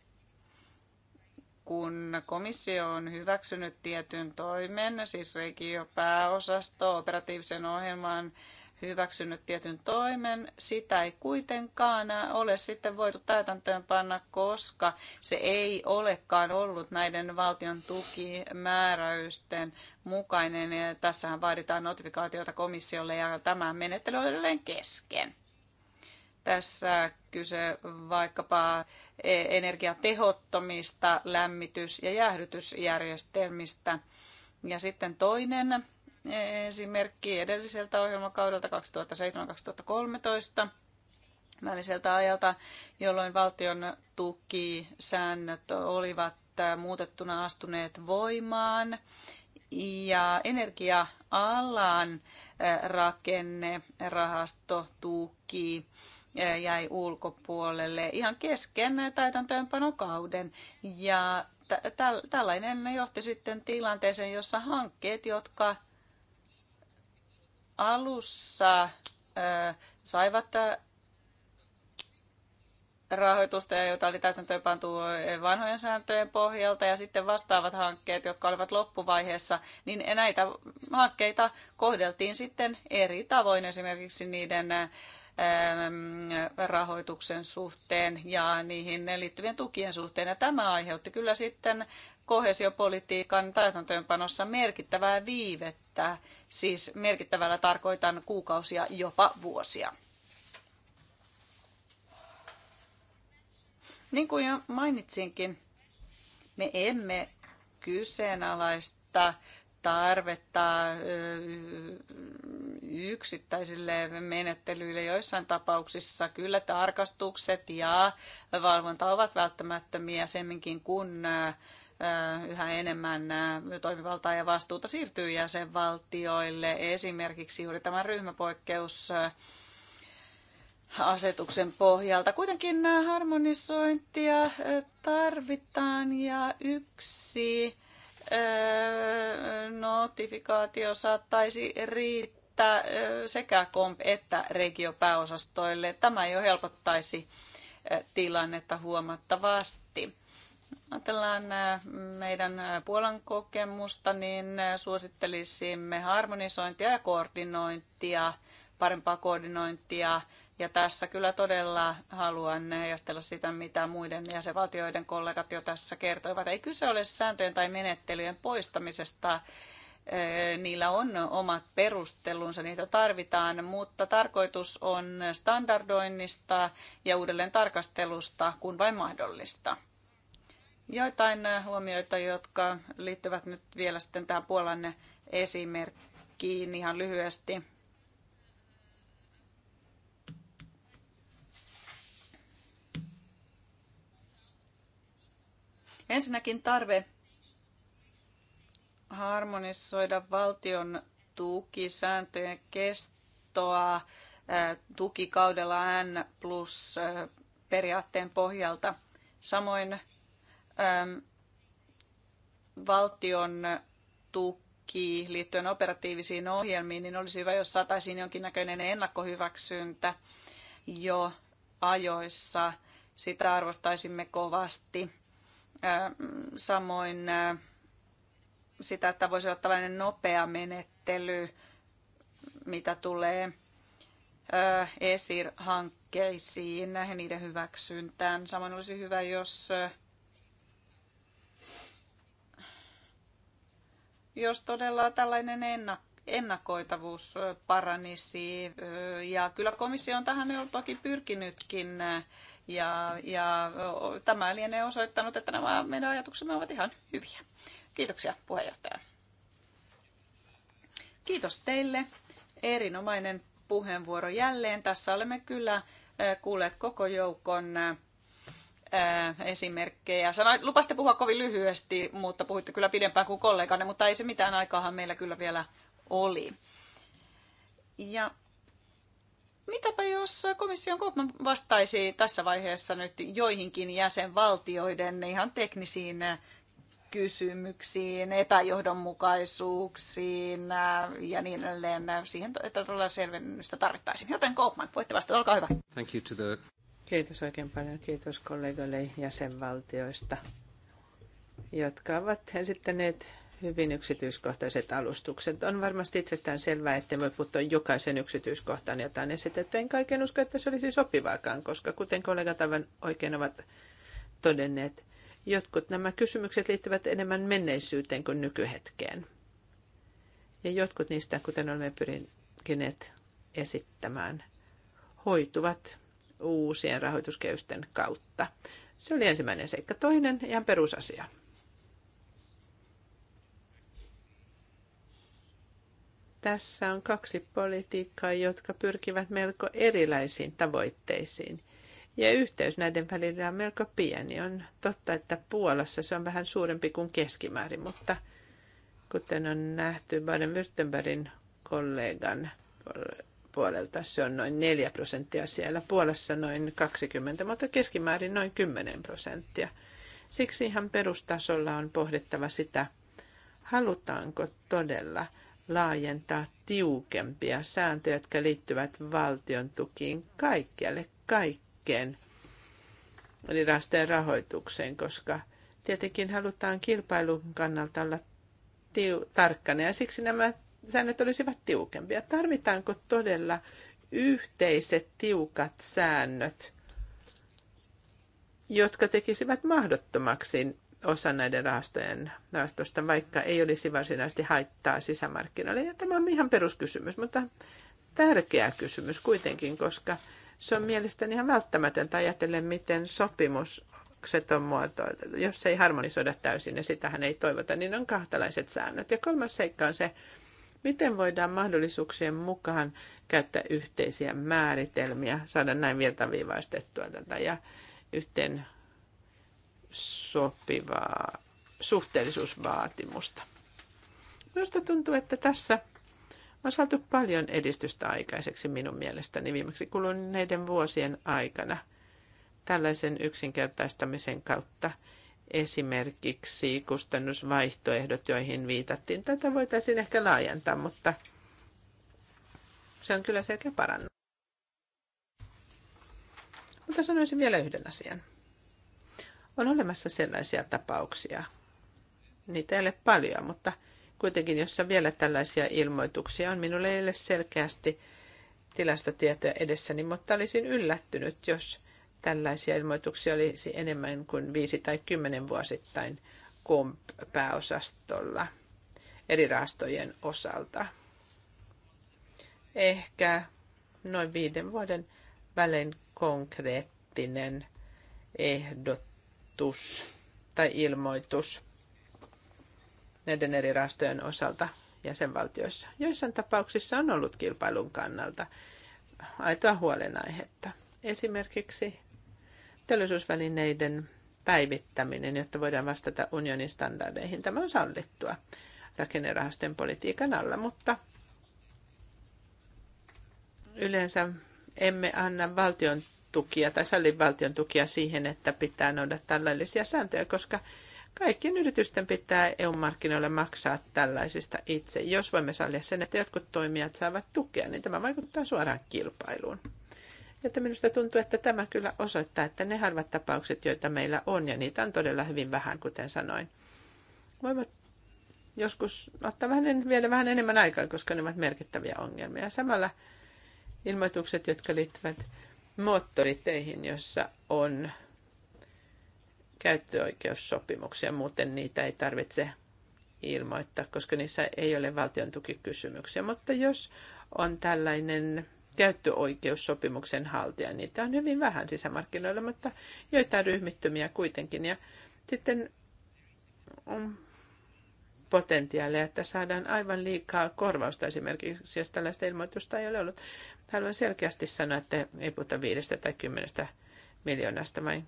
Kun komissio on hyväksynyt tietyn toimen, siis regiopääosasto operatiivisen ohjelman hyväksynyt tietyn toimen, sitä ei kuitenkaan ole sitten voitu täytäntöön panna, koska se ei olekaan ollut näiden valtion tukimääräysten mukainen. Tässähän vaaditaan notifikaatiota komissiolle ja tämä menettely on edelleen kesken tässä kyse vaikkapa e- energiatehottomista lämmitys- ja jäähdytysjärjestelmistä. Ja sitten toinen esimerkki edelliseltä ohjelmakaudelta 2007-2013 väliseltä ajalta, jolloin valtion tukisäännöt olivat muutettuna astuneet voimaan ja energia-alan rakennerahastotuki tuki jäi ulkopuolelle ihan kesken täytäntöönpanokauden. Ja tällainen johti sitten tilanteeseen, jossa hankkeet, jotka alussa saivat rahoitusta, jota oli täytäntöönpantu vanhojen sääntöjen pohjalta ja sitten vastaavat hankkeet, jotka olivat loppuvaiheessa, niin näitä hankkeita kohdeltiin sitten eri tavoin esimerkiksi niiden rahoituksen suhteen ja niihin liittyvien tukien suhteen. Ja tämä aiheutti kyllä sitten kohesiopolitiikan täytäntöönpanossa merkittävää viivettä, siis merkittävällä tarkoitan kuukausia, jopa vuosia. Niin kuin jo mainitsinkin, me emme kyseenalaista tarvetta yksittäisille menettelyille. Joissain tapauksissa kyllä tarkastukset ja valvonta ovat välttämättömiä semminkin, kun yhä enemmän toimivaltaa ja vastuuta siirtyy jäsenvaltioille. Esimerkiksi juuri tämä ryhmäpoikkeus asetuksen pohjalta. Kuitenkin harmonisointia tarvitaan ja yksi notifikaatio saattaisi riittää sekä komp- että regiopääosastoille. Tämä jo helpottaisi tilannetta huomattavasti. Ajatellaan meidän Puolan kokemusta, niin suosittelisimme harmonisointia ja koordinointia, parempaa koordinointia ja tässä kyllä todella haluan heijastella sitä, mitä muiden jäsenvaltioiden kollegat jo tässä kertoivat. Ei kyse ole sääntöjen tai menettelyjen poistamisesta. Niillä on omat perustelunsa, niitä tarvitaan, mutta tarkoitus on standardoinnista ja uudelleen tarkastelusta, kun vain mahdollista. Joitain huomioita, jotka liittyvät nyt vielä sitten tähän Puolan esimerkkiin ihan lyhyesti Ensinnäkin tarve harmonisoida valtion tukisääntöjen kestoa tukikaudella N plus periaatteen pohjalta. Samoin valtion tuki liittyen operatiivisiin ohjelmiin, niin olisi hyvä, jos saataisiin jonkinnäköinen ennakkohyväksyntä jo ajoissa. Sitä arvostaisimme kovasti. Samoin sitä, että voisi olla tällainen nopea menettely, mitä tulee ESIR-hankkeisiin ja niiden hyväksyntään. Samoin olisi hyvä, jos, jos todella tällainen ennakko ennakoitavuus paranisi. Ja kyllä komissio on tähän jo toki pyrkinytkin ja, ja tämä lienee osoittanut, että nämä meidän ajatuksemme ovat ihan hyviä. Kiitoksia puheenjohtaja. Kiitos teille. Erinomainen puheenvuoro jälleen. Tässä olemme kyllä kuulleet koko joukon esimerkkejä. Sanoit, lupasitte puhua kovin lyhyesti, mutta puhuitte kyllä pidempään kuin kolleganne, mutta ei se mitään aikaahan meillä kyllä vielä oli. Ja Mitäpä jos komission Koopman vastaisi tässä vaiheessa nyt joihinkin jäsenvaltioiden ihan teknisiin kysymyksiin, epäjohdonmukaisuuksiin äh, ja niin edelleen. Siihen todella selvennystä tarvittaisiin. Joten Koopman, voitte vastata, olkaa hyvä. Thank you to the... Kiitos oikein paljon. Kiitos kollegoille jäsenvaltioista, jotka ovat esittäneet hyvin yksityiskohtaiset alustukset. On varmasti itsestään selvää, että voi puuttua jokaisen yksityiskohtaan jotain esitettä. En kaiken usko, että se olisi sopivaakaan, koska kuten kollegat aivan oikein ovat todenneet, jotkut nämä kysymykset liittyvät enemmän menneisyyteen kuin nykyhetkeen. Ja jotkut niistä, kuten olemme pyrkineet esittämään, hoituvat uusien rahoituskeysten kautta. Se oli ensimmäinen seikka. Toinen ihan perusasia. Tässä on kaksi politiikkaa, jotka pyrkivät melko erilaisiin tavoitteisiin. Ja yhteys näiden välillä on melko pieni. On totta, että Puolassa se on vähän suurempi kuin keskimäärin, mutta kuten on nähty Baden-Württembergin kollegan puolelta, se on noin 4 prosenttia siellä, Puolassa noin 20, mutta keskimäärin noin 10 prosenttia. Siksi ihan perustasolla on pohdittava sitä, halutaanko todella – laajentaa tiukempia sääntöjä, jotka liittyvät valtion tukiin kaikkialle, kaikkeen rasteen rahoitukseen, koska tietenkin halutaan kilpailun kannalta olla tiu- tarkkana ja siksi nämä säännöt olisivat tiukempia. Tarvitaanko todella yhteiset tiukat säännöt, jotka tekisivät mahdottomaksi osa näiden rahastojen rahastosta, vaikka ei olisi varsinaisesti haittaa sisämarkkinoille. Ja tämä on ihan peruskysymys, mutta tärkeä kysymys kuitenkin, koska se on mielestäni ihan välttämätöntä ajatella, miten sopimukset on muotoiltu. Jos ei harmonisoida täysin, ja sitähän ei toivota, niin on kahtalaiset säännöt. Ja kolmas seikka on se, miten voidaan mahdollisuuksien mukaan käyttää yhteisiä määritelmiä, saada näin virtaviivaistettua tätä ja yhteen sopivaa suhteellisuusvaatimusta. Minusta tuntuu, että tässä on saatu paljon edistystä aikaiseksi minun mielestäni viimeksi kuluneiden vuosien aikana tällaisen yksinkertaistamisen kautta esimerkiksi kustannusvaihtoehdot, joihin viitattiin. Tätä voitaisiin ehkä laajentaa, mutta se on kyllä selkeä parannus. Mutta sanoisin vielä yhden asian. On olemassa sellaisia tapauksia. Niitä ei ole paljon, mutta kuitenkin, on vielä tällaisia ilmoituksia on, minulle ei ole selkeästi tilastotietoja edessäni, mutta olisin yllättynyt, jos tällaisia ilmoituksia olisi enemmän kuin viisi tai kymmenen vuosittain pääosastolla eri rahastojen osalta. Ehkä noin viiden vuoden välein konkreettinen ehdotus ilmoitus tai ilmoitus näiden eri rahastojen osalta jäsenvaltioissa. Joissain tapauksissa on ollut kilpailun kannalta aitoa huolenaihetta. Esimerkiksi teollisuusvälineiden päivittäminen, jotta voidaan vastata unionin standardeihin. Tämä on sallittua rakennerahastojen politiikan alla, mutta yleensä emme anna valtion tukia tai Sallin valtion tukia siihen, että pitää noudattaa laillisia sääntöjä, koska kaikkien yritysten pitää EU-markkinoille maksaa tällaisista itse. Jos voimme sallia sen, että jotkut toimijat saavat tukea, niin tämä vaikuttaa suoraan kilpailuun. Että minusta tuntuu, että tämä kyllä osoittaa, että ne harvat tapaukset, joita meillä on, ja niitä on todella hyvin vähän, kuten sanoin, voivat joskus ottaa vähän, vielä vähän enemmän aikaa, koska ne ovat merkittäviä ongelmia. Samalla ilmoitukset, jotka liittyvät moottoriteihin, jossa on käyttöoikeussopimuksia. Muuten niitä ei tarvitse ilmoittaa, koska niissä ei ole valtion tukikysymyksiä. Mutta jos on tällainen käyttöoikeussopimuksen haltija, niitä on hyvin vähän sisämarkkinoilla, mutta joitain ryhmittymiä kuitenkin. Ja sitten on potentiaalia, että saadaan aivan liikaa korvausta esimerkiksi, jos tällaista ilmoitusta ei ole ollut. Haluan selkeästi sanoa, että ei puhuta viidestä tai kymmenestä miljoonasta, vaan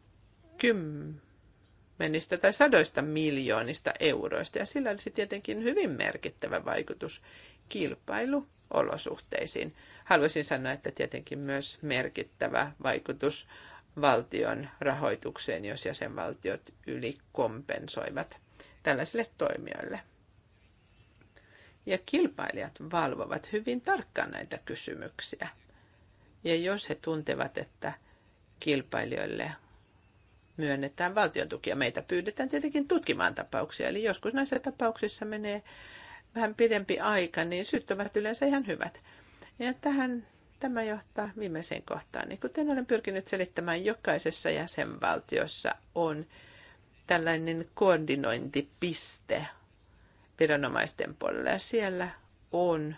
kymmenistä tai sadoista miljoonista euroista. Ja sillä olisi tietenkin hyvin merkittävä vaikutus kilpailuolosuhteisiin. Haluaisin sanoa, että tietenkin myös merkittävä vaikutus valtion rahoitukseen, jos jäsenvaltiot ylikompensoivat tällaisille toimijoille ja kilpailijat valvovat hyvin tarkkaan näitä kysymyksiä. Ja jos he tuntevat, että kilpailijoille myönnetään valtion tukia, meitä pyydetään tietenkin tutkimaan tapauksia. Eli joskus näissä tapauksissa menee vähän pidempi aika, niin syyt ovat yleensä ihan hyvät. Ja tähän tämä johtaa viimeiseen kohtaan. Niin kuten olen pyrkinyt selittämään, jokaisessa jäsenvaltiossa on tällainen koordinointipiste, viranomaisten puolella. Ja siellä on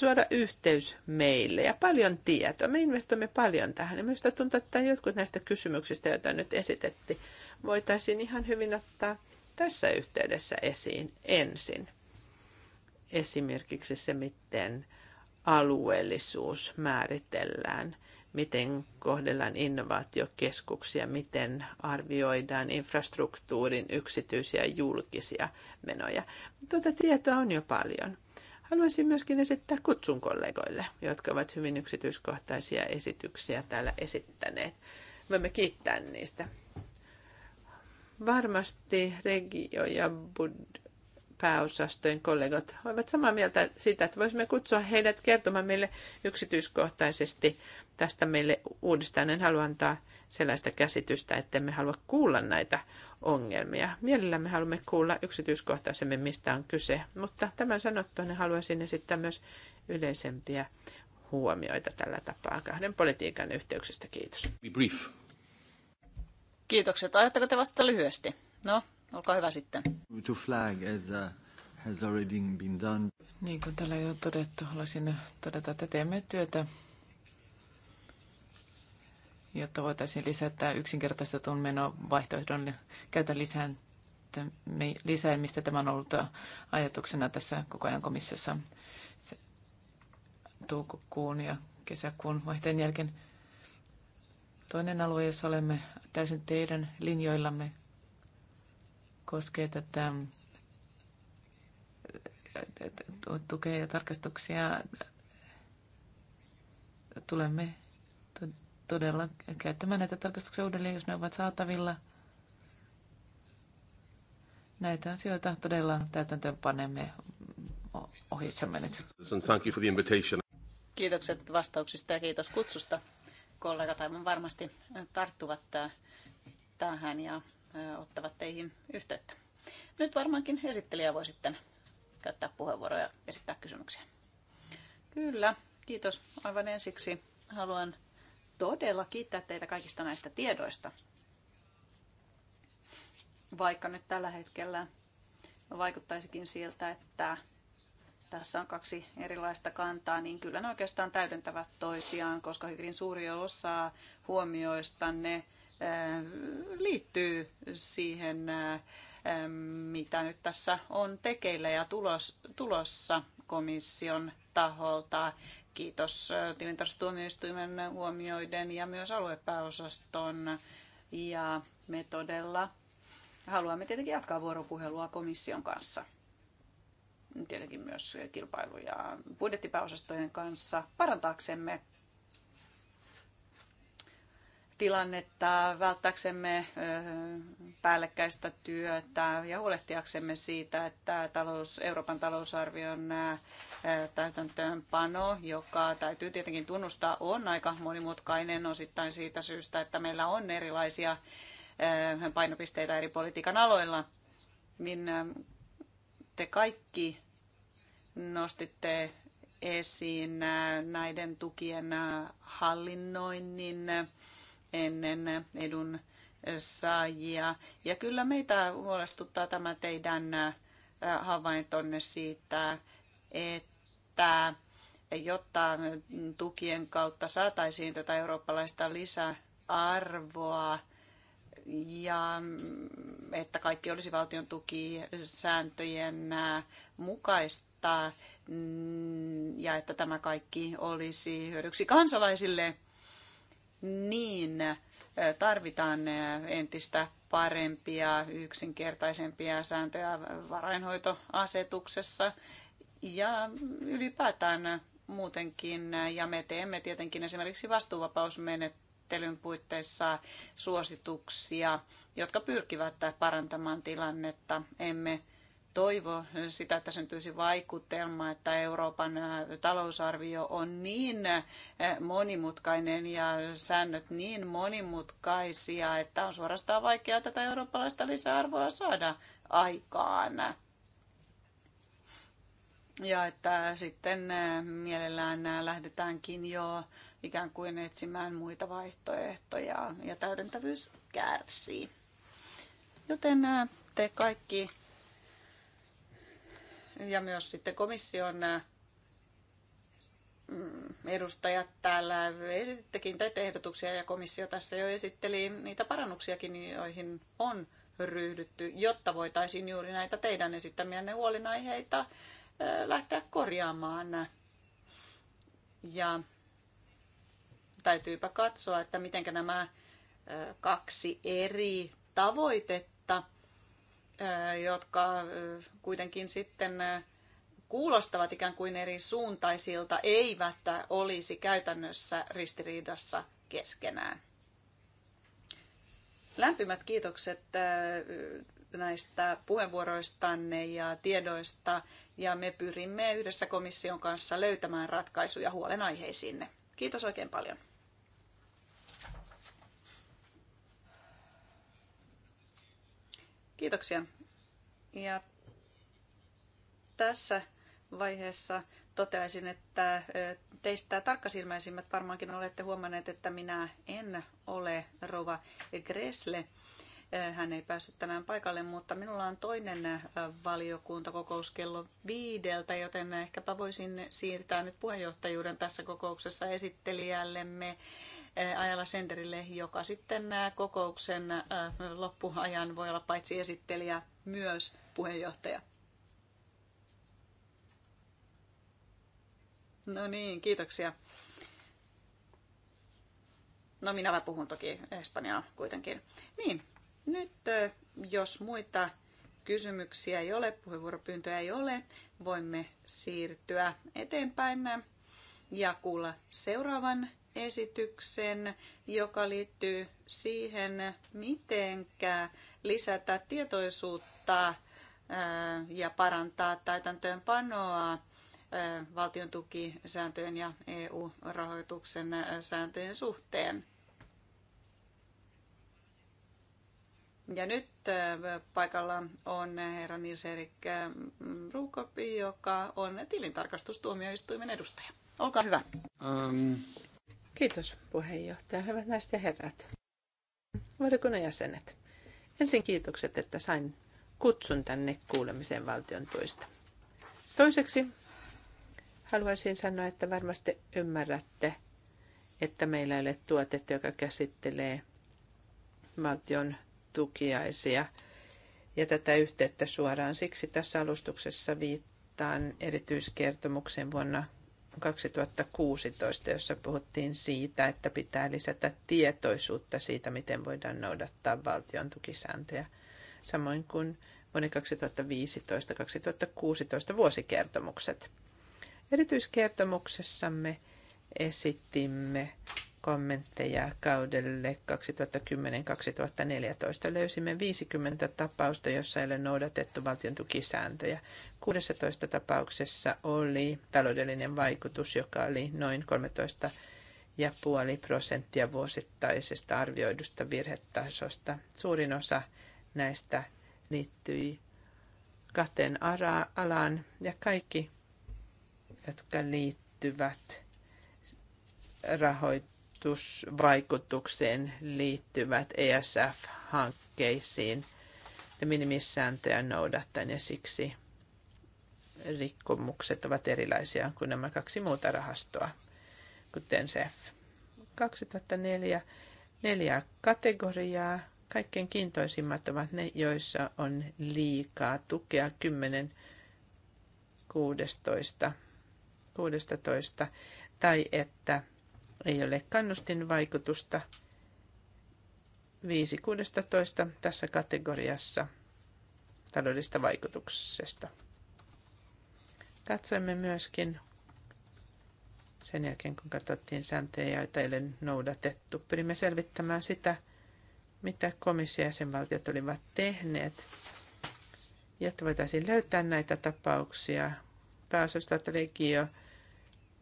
suora yhteys meille ja paljon tietoa. Me investoimme paljon tähän ja minusta tuntuu, että jotkut näistä kysymyksistä, joita nyt esitettiin, voitaisiin ihan hyvin ottaa tässä yhteydessä esiin ensin. Esimerkiksi se, miten alueellisuus määritellään miten kohdellaan innovaatiokeskuksia, miten arvioidaan infrastruktuurin yksityisiä ja julkisia menoja. Tuota tietoa on jo paljon. Haluaisin myöskin esittää kutsun kollegoille, jotka ovat hyvin yksityiskohtaisia esityksiä täällä esittäneet. Voimme kiittää niistä. Varmasti regio- ja bud- pääosastojen kollegat ovat samaa mieltä siitä, että voisimme kutsua heidät kertomaan meille yksityiskohtaisesti – tästä meille uudestaan. En halua antaa sellaista käsitystä, että me halua kuulla näitä ongelmia. Mielellämme haluamme kuulla yksityiskohtaisemmin, mistä on kyse, mutta tämän sanottua niin haluaisin esittää myös yleisempiä huomioita tällä tapaa kahden politiikan yhteyksistä. Kiitos. Brief. Kiitokset. Ajatteko te vastata lyhyesti? No, olkaa hyvä sitten. To flag as a uh, Has already been done. Niin kuin täällä jo todettu, haluaisin todeta, että teemme työtä jotta voitaisiin lisätä yksinkertaistetun menovaihtoehdon käytön lisään, lisäämistä. Tämä on ollut ajatuksena tässä koko ajan komissiossa toukokuun ja kesäkuun vaihteen jälkeen. Toinen alue, jossa olemme täysin teidän linjoillamme, koskee tätä tukea ja tarkastuksia. Tulemme todella käyttämään näitä tarkastuksia uudelleen, jos ne ovat saatavilla. Näitä asioita todella täytäntöön panemme ohissamme nyt. Thank you for the invitation. Kiitokset vastauksista ja kiitos kutsusta. Kollegat aivan varmasti tarttuvat tähän ja ottavat teihin yhteyttä. Nyt varmaankin esittelijä voi sitten käyttää puheenvuoroja ja esittää kysymyksiä. Kyllä, kiitos. Aivan ensiksi haluan todella kiittää teitä kaikista näistä tiedoista. Vaikka nyt tällä hetkellä vaikuttaisikin siltä, että tässä on kaksi erilaista kantaa, niin kyllä ne oikeastaan täydentävät toisiaan, koska hyvin suuri osa huomioista ne eh, liittyy siihen, eh, mitä nyt tässä on tekeillä ja tulos, tulossa komission taholta. Kiitos tilintarkastustuomioistuimen huomioiden ja myös aluepääosaston. Ja me todella haluamme tietenkin jatkaa vuoropuhelua komission kanssa. Tietenkin myös kilpailu- ja budjettipääosastojen kanssa parantaaksemme tilannetta, välttääksemme päällekkäistä työtä ja huolehtiaksemme siitä, että talous, Euroopan talousarvion täytäntöönpano, joka täytyy tietenkin tunnustaa, on aika monimutkainen osittain siitä syystä, että meillä on erilaisia painopisteitä eri politiikan aloilla, niin te kaikki nostitte esiin näiden tukien hallinnoinnin ennen edun saajia. Ja kyllä meitä huolestuttaa tämä teidän havaintonne siitä, että että jotta tukien kautta saataisiin tätä eurooppalaista lisäarvoa ja että kaikki olisi valtion tukisääntöjen mukaista ja että tämä kaikki olisi hyödyksi kansalaisille, niin tarvitaan entistä parempia, yksinkertaisempia sääntöjä varainhoitoasetuksessa ja ylipäätään muutenkin. Ja me teemme tietenkin esimerkiksi vastuuvapausmenettelyn puitteissa suosituksia, jotka pyrkivät parantamaan tilannetta. Emme toivo sitä, että syntyisi vaikutelma, että Euroopan talousarvio on niin monimutkainen ja säännöt niin monimutkaisia, että on suorastaan vaikeaa tätä eurooppalaista lisäarvoa saada aikaan ja että sitten eh, mielellään eh, lähdetäänkin jo ikään kuin etsimään muita vaihtoehtoja ja täydentävyys kärsii. Joten eh, te kaikki ja myös sitten komission mm, edustajat täällä esitittekin tätä ehdotuksia ja komissio tässä jo esitteli niitä parannuksiakin, joihin on ryhdytty, jotta voitaisiin juuri näitä teidän esittämiänne huolenaiheita lähteä korjaamaan. Ja täytyypä katsoa, että miten nämä kaksi eri tavoitetta, jotka kuitenkin sitten kuulostavat ikään kuin eri suuntaisilta, eivät olisi käytännössä ristiriidassa keskenään. Lämpimät kiitokset näistä puheenvuoroistanne ja tiedoista ja me pyrimme yhdessä komission kanssa löytämään ratkaisuja huolenaiheisiinne. Kiitos oikein paljon. Kiitoksia. Ja tässä vaiheessa toteaisin, että teistä tarkkasilmäisimmät varmaankin olette huomanneet, että minä en ole Rova Gresle Eh, hän ei päässyt tänään paikalle, mutta minulla on toinen eh, valiokuntakokous kello viideltä, joten ehkäpä voisin siirtää nyt puheenjohtajuuden tässä kokouksessa esittelijällemme eh, Ajala Senderille, joka sitten kokouksen loppuajan voi olla paitsi esittelijä, myös puheenjohtaja. No niin, kiitoksia. No minä puhun toki Espanjaa kuitenkin. Niin, nyt jos muita kysymyksiä ei ole, puheenvuoropyyntöjä ei ole, voimme siirtyä eteenpäin ja kuulla seuraavan esityksen, joka liittyy siihen, miten lisätä tietoisuutta ja parantaa täytäntöönpanoa valtion tukisääntöjen ja EU-rahoituksen sääntöjen suhteen. Ja nyt äh, paikalla on herra Nils Erik äh, Ruukopi, joka on tilintarkastustuomioistuimen edustaja. Olkaa hyvä. Um. Kiitos puheenjohtaja. Hyvät naiset ja herrat. Valiokunnan jäsenet. Ensin kiitokset, että sain kutsun tänne kuulemiseen valtion tuista. Toiseksi haluaisin sanoa, että varmasti ymmärrätte, että meillä ei ole tuotetta, joka käsittelee valtion tukiaisia ja tätä yhteyttä suoraan. Siksi tässä alustuksessa viittaan erityiskertomuksen vuonna 2016, jossa puhuttiin siitä, että pitää lisätä tietoisuutta siitä, miten voidaan noudattaa valtion tukisääntöjä. Samoin kuin vuonna 2015-2016 vuosikertomukset. Erityiskertomuksessamme esitimme kommentteja kaudelle 2010-2014. Löysimme 50 tapausta, jossa ei ole noudatettu valtion tukisääntöjä. 16 tapauksessa oli taloudellinen vaikutus, joka oli noin 13,5 ja puoli prosenttia vuosittaisesta arvioidusta virhetasosta. Suurin osa näistä liittyi kahteen alaan ja kaikki, jotka liittyvät rahoit rangaistusvaikutukseen liittyvät ESF-hankkeisiin ja minimissääntöjä noudattaen ja siksi rikkomukset ovat erilaisia kuin nämä kaksi muuta rahastoa, kuten SEF. 2004 neljä kategoriaa. Kaikkein kiintoisimmat ovat ne, joissa on liikaa tukea 10, 16, 16 tai että ei ole kannustinvaikutusta. 5.16 tässä kategoriassa taloudellisesta vaikutuksesta. Katsoimme myöskin sen jälkeen, kun katsottiin sääntöjä, joita ei ole noudatettu. Pyrimme selvittämään sitä, mitä komissio valtiot olivat tehneet, jotta voitaisiin löytää näitä tapauksia. Pääosastostrategio,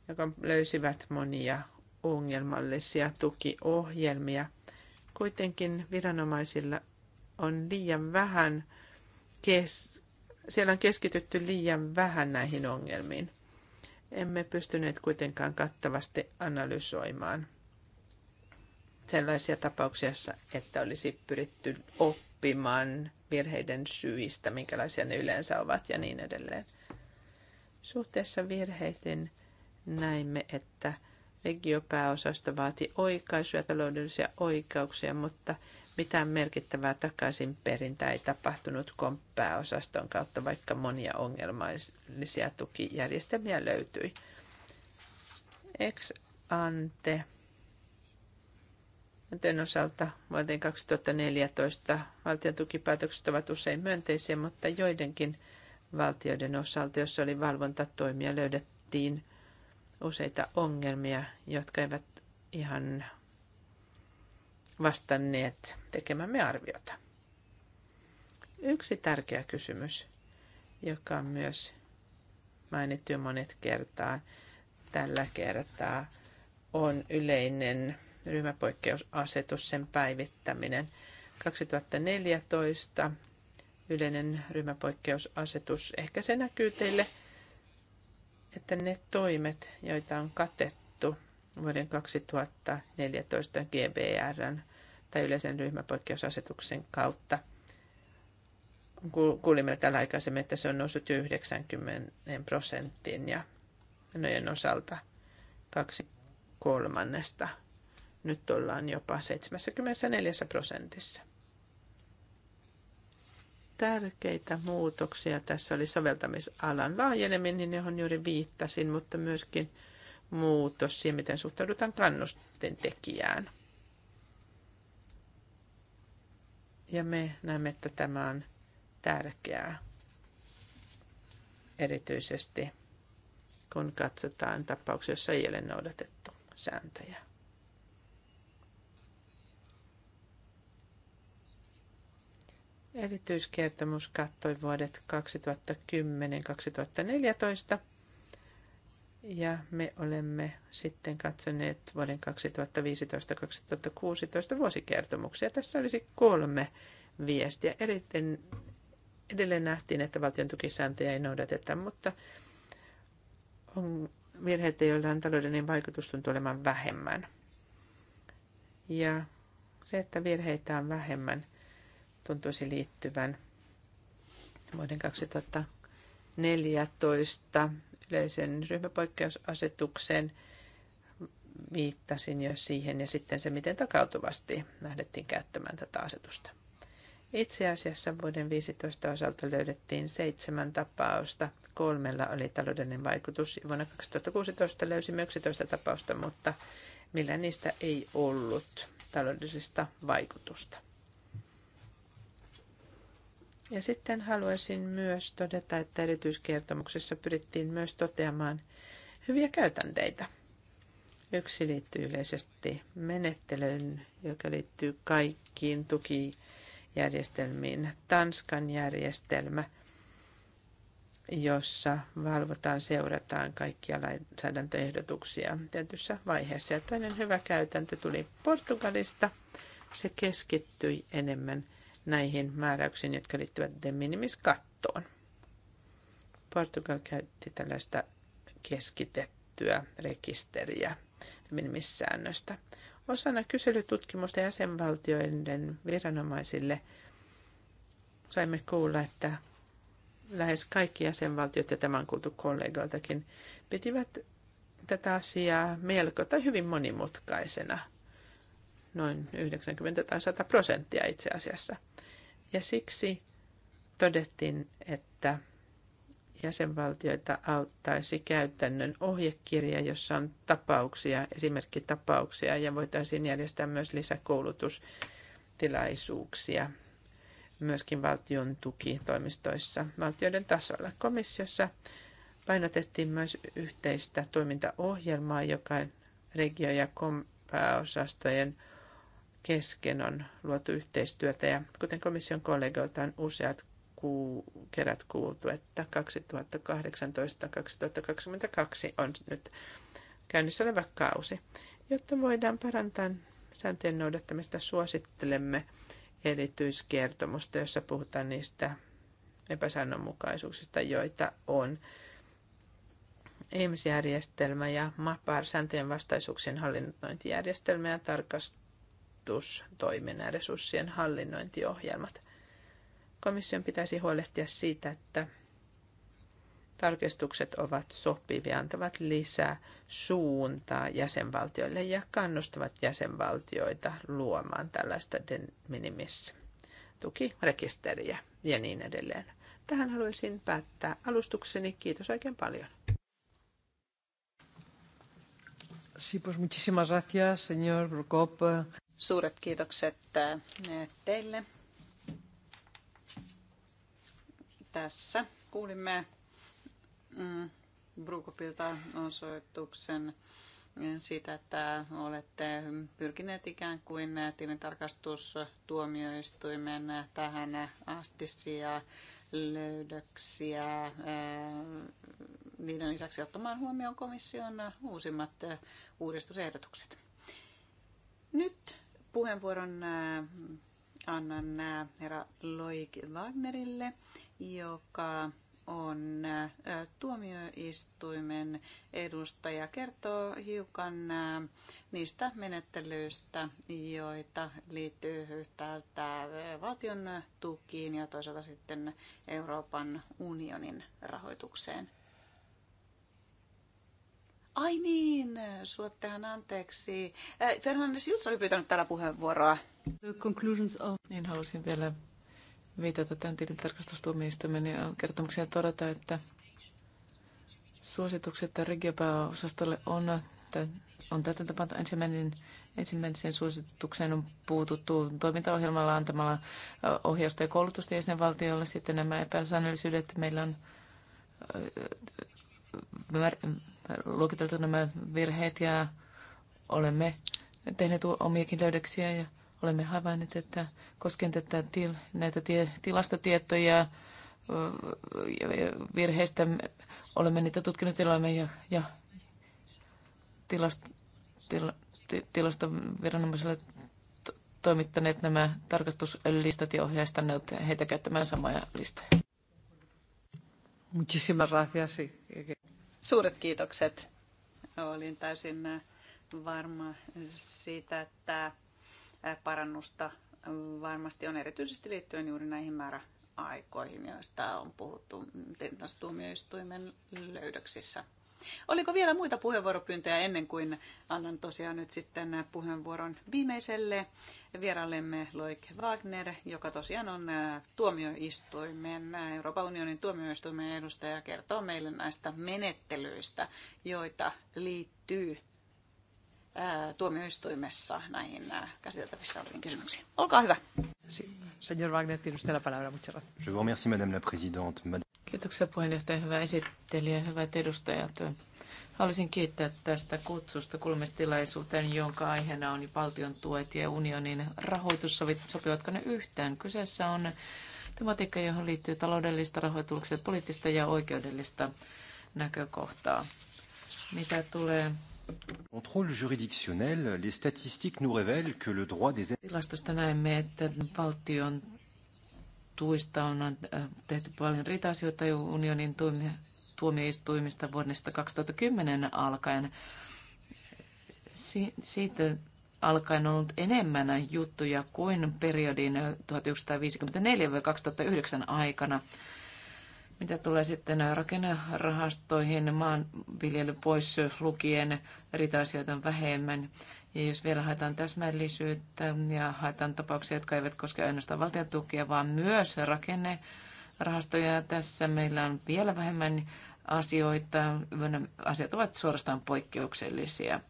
joka löysivät monia ongelmallisia tukiohjelmia. Kuitenkin viranomaisilla on liian vähän, kes, siellä on keskitytty liian vähän näihin ongelmiin. Emme pystyneet kuitenkaan kattavasti analysoimaan sellaisia tapauksia, että olisi pyritty oppimaan virheiden syistä, minkälaisia ne yleensä ovat ja niin edelleen. Suhteessa virheisiin näimme, että Regiopääosasta vaati oikaisuja, taloudellisia oikeuksia, mutta mitään merkittävää takaisin ei tapahtunut pääosaston kautta, vaikka monia ongelmallisia tukijärjestelmiä löytyi. Ex ante Anten osalta vuoteen 2014 valtion tukipäätökset ovat usein myönteisiä, mutta joidenkin valtioiden osalta, jossa oli valvontatoimia, löydettiin useita ongelmia, jotka eivät ihan vastanneet tekemämme arviota. Yksi tärkeä kysymys, joka on myös mainittu monet kertaa tällä kertaa, on yleinen ryhmäpoikkeusasetus, sen päivittäminen. 2014 yleinen ryhmäpoikkeusasetus, ehkä se näkyy teille – että ne toimet, joita on katettu vuoden 2014 GBRn tai yleisen ryhmäpoikkeusasetuksen kautta, kuulimme täällä aikaisemmin, että se on noussut 90 prosenttiin ja menojen osalta kaksi kolmannesta. Nyt ollaan jopa 74 prosentissa tärkeitä muutoksia. Tässä oli soveltamisalan laajeneminen, johon juuri viittasin, mutta myöskin muutos siihen, miten suhtaudutaan kannusten tekijään. Ja me näemme, että tämä on tärkeää, erityisesti kun katsotaan tapauksia, joissa ei ole noudatettu sääntöjä. Erityiskertomus kattoi vuodet 2010-2014 ja me olemme sitten katsoneet vuoden 2015-2016 vuosikertomuksia. Tässä olisi kolme viestiä. Eriten, edelleen nähtiin, että valtion tukisääntöjä ei noudateta, mutta on virheitä, joilla on taloudellinen vaikutus tuntuu olemaan vähemmän. Ja se, että virheitä on vähemmän, tuntuisi liittyvän vuoden 2014 yleisen ryhmäpoikkeusasetukseen viittasin jo siihen ja sitten se, miten takautuvasti lähdettiin käyttämään tätä asetusta. Itse asiassa vuoden 15 osalta löydettiin seitsemän tapausta. Kolmella oli taloudellinen vaikutus. Vuonna 2016 löysimme 11 tapausta, mutta millä niistä ei ollut taloudellista vaikutusta. Ja sitten haluaisin myös todeta, että erityiskertomuksessa pyrittiin myös toteamaan hyviä käytänteitä. Yksi liittyy yleisesti menettelyyn, joka liittyy kaikkiin tukijärjestelmiin. Tanskan järjestelmä, jossa valvotaan, seurataan kaikkia lainsäädäntöehdotuksia tietyssä vaiheessa. Ja toinen hyvä käytäntö tuli Portugalista. Se keskittyi enemmän – näihin määräyksiin, jotka liittyvät de minimis kattoon. Portugal käytti tällaista keskitettyä rekisteriä säännöstä. Osana kyselytutkimusta jäsenvaltioiden viranomaisille saimme kuulla, että lähes kaikki jäsenvaltiot, ja tämän kuultu kollegoiltakin, pitivät tätä asiaa melko tai hyvin monimutkaisena, noin 90 tai 100 prosenttia itse asiassa – ja siksi todettiin, että jäsenvaltioita auttaisi käytännön ohjekirja, jossa on tapauksia, esimerkkitapauksia, ja voitaisiin järjestää myös lisäkoulutustilaisuuksia myöskin valtion tukitoimistoissa valtioiden tasolla. Komissiossa painotettiin myös yhteistä toimintaohjelmaa, joka regio- ja pääosastojen kesken on luotu yhteistyötä ja kuten komission kollegoilta on useat ku, kerät kuultu, että 2018-2022 on nyt käynnissä oleva kausi. Jotta voidaan parantaa sääntöjen noudattamista, suosittelemme erityiskertomusta, jossa puhutaan niistä epäsäännönmukaisuuksista, joita on. Ihmisjärjestelmä e ja MAPAR sääntöjen vastaisuuksien hallinnointijärjestelmä ja tarkast- ja resurssien hallinnointiohjelmat. Komission pitäisi huolehtia siitä, että tarkistukset ovat sopivia, antavat lisää suuntaa jäsenvaltioille ja kannustavat jäsenvaltioita luomaan tällaista de minimis tukirekisteriä ja niin edelleen. Tähän haluaisin päättää alustukseni. Kiitos oikein paljon. Sí, pues muchísimas gracias, señor Brokop. Suuret kiitokset äh, teille. Tässä kuulimme mm, Brukopilta osoituksen äh, siitä, että olette pyrkineet ikään kuin äh, tilintarkastustuomioistuimen tähän astisia löydöksiä niiden lisäksi ottamaan huomioon komission uusimmat uudistusehdotukset. Nyt puheenvuoron äh, annan äh, herra Loik Wagnerille, joka on äh, tuomioistuimen edustaja. Kertoo hiukan niistä menettelyistä, joita liittyy yhtäältä valtion tukiin ja toisaalta sitten Euroopan unionin rahoitukseen. Ai niin, tähän anteeksi. Äh, Fernandes Jutsa oli pyytänyt täällä puheenvuoroa. The conclusions of... Niin halusin vielä viitata tämän tilintarkastustuomioistuimen kertomuksia todeta, että suositukset regiopääosastolle on, on tätä tapahtunut ensimmäinen Ensimmäiseen suositukseen on puututtu toimintaohjelmalla antamalla ohjausta ja koulutusta jäsenvaltiolle. Sitten nämä epäsäännöllisyydet meillä on luokiteltu nämä virheet ja olemme tehneet omiakin löydöksiä ja olemme havainneet, että koskien tätä til, näitä tie, tilastotietoja virheistä olemme niitä tutkineet ja olemme ja, ja tilast, til, tilastoviranomaisille toimittaneet nämä tarkastuslistat ja ohjeistaneet heitä käyttämään samoja listoja. Muchísimas gracias. Suuret kiitokset. Olin täysin varma siitä, että parannusta varmasti on erityisesti liittyen juuri näihin määräaikoihin, joista on puhuttu tuomioistuimen löydöksissä. Oliko vielä muita puheenvuoropyyntöjä ennen kuin annan tosiaan nyt sitten puheenvuoron viimeiselle vierallemme Loik Wagner, joka tosiaan on äh, tuomioistuimen, äh, Euroopan unionin tuomioistuimen edustaja, kertoo meille näistä menettelyistä, joita liittyy äh, tuomioistuimessa näihin käsiteltävissä oleviin kysymyksiin. Olkaa hyvä. Señor Wagner, tiene usted la palabra. Muchas gracias. Je vous remercie, Madame la Présidente. Kiitoksia puheenjohtaja, hyvä esittelijä, hyvät edustajat. Haluaisin kiittää tästä kutsusta kulmistilaisuuteen, jonka aiheena on valtion tuet ja unionin rahoitus. Sopivatko ne yhtään? Kyseessä on tematiikka, johon liittyy taloudellista rahoituksia, poliittista ja oikeudellista näkökohtaa. Mitä tulee Contrôle juridictionnel, les statistiques nous révèlent que le droit des... Tilastosta näemme, että valtion tuista on äh, tehty paljon riita asioita unionin tuomioistuimista vuodesta 2010 alkaen. Si- siitä alkaen on ollut enemmän juttuja kuin periodin 1954-2009 aikana. Mitä tulee sitten rakennerahastoihin, maanviljely pois lukien, riita asioita on vähemmän. Ja jos vielä haetaan täsmällisyyttä ja haetaan tapauksia, jotka eivät koske ainoastaan valtion tukia, vaan myös rakennerahastoja, tässä meillä on vielä vähemmän asioita. Asiat ovat suorastaan poikkeuksellisia.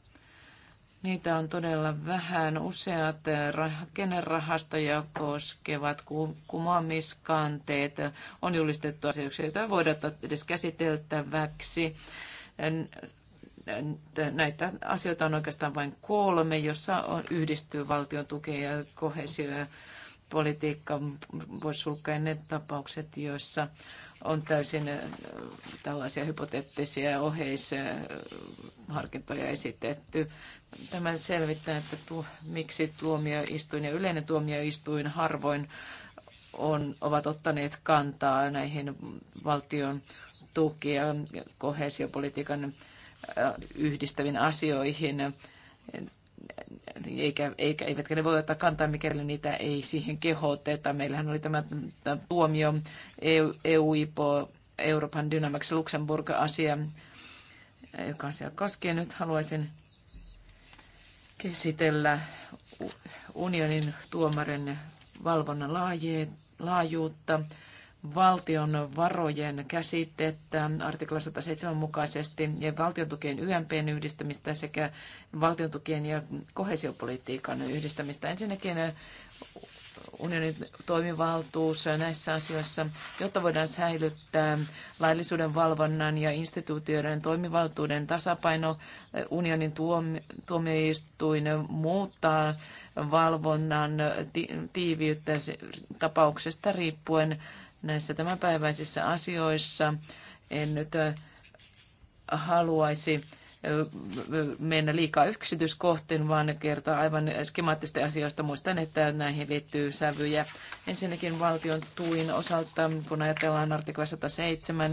Niitä on todella vähän. Useat rakennerahastoja koskevat kumoamiskanteet on julistettu asioiksi, joita voidaan edes käsiteltäväksi näitä asioita on oikeastaan vain kolme, jossa on, yhdistyy valtion tukea ja kohesio ja politiikka voisi sulkea ne tapaukset, joissa on täysin tällaisia hypoteettisia oheisharkintoja esitetty. Tämän selvittää, että tuo, miksi tuomioistuin ja yleinen tuomioistuin harvoin on, ovat ottaneet kantaa näihin valtion tukia kohesiopolitiikan yhdistäviin asioihin, eikä, eikä, eivätkä ne voi ottaa kantaa, mikäli niitä ei siihen kehoteta. Meillähän oli tämä, tämä tuomio EU, e ipo Euroopan Dynamics Luxemburg-asia, joka asia koskee. Nyt haluaisin käsitellä unionin tuomarin valvonnan laajuutta valtion varojen käsitettä artikla 107 mukaisesti ja valtiontukien YMPn yhdistämistä sekä valtiontukien ja kohesiopolitiikan yhdistämistä. Ensinnäkin unionin toimivaltuus näissä asioissa, jotta voidaan säilyttää laillisuuden valvonnan ja instituutioiden toimivaltuuden tasapaino. Unionin tuomioistuin muuttaa valvonnan tiiviyttä tapauksesta riippuen näissä tämänpäiväisissä asioissa. En nyt haluaisi mennä liikaa yksityiskohtiin, vaan kertoa aivan skemaattisten asioista. Muistan, että näihin liittyy sävyjä. Ensinnäkin valtion tuin osalta, kun ajatellaan artikla 107,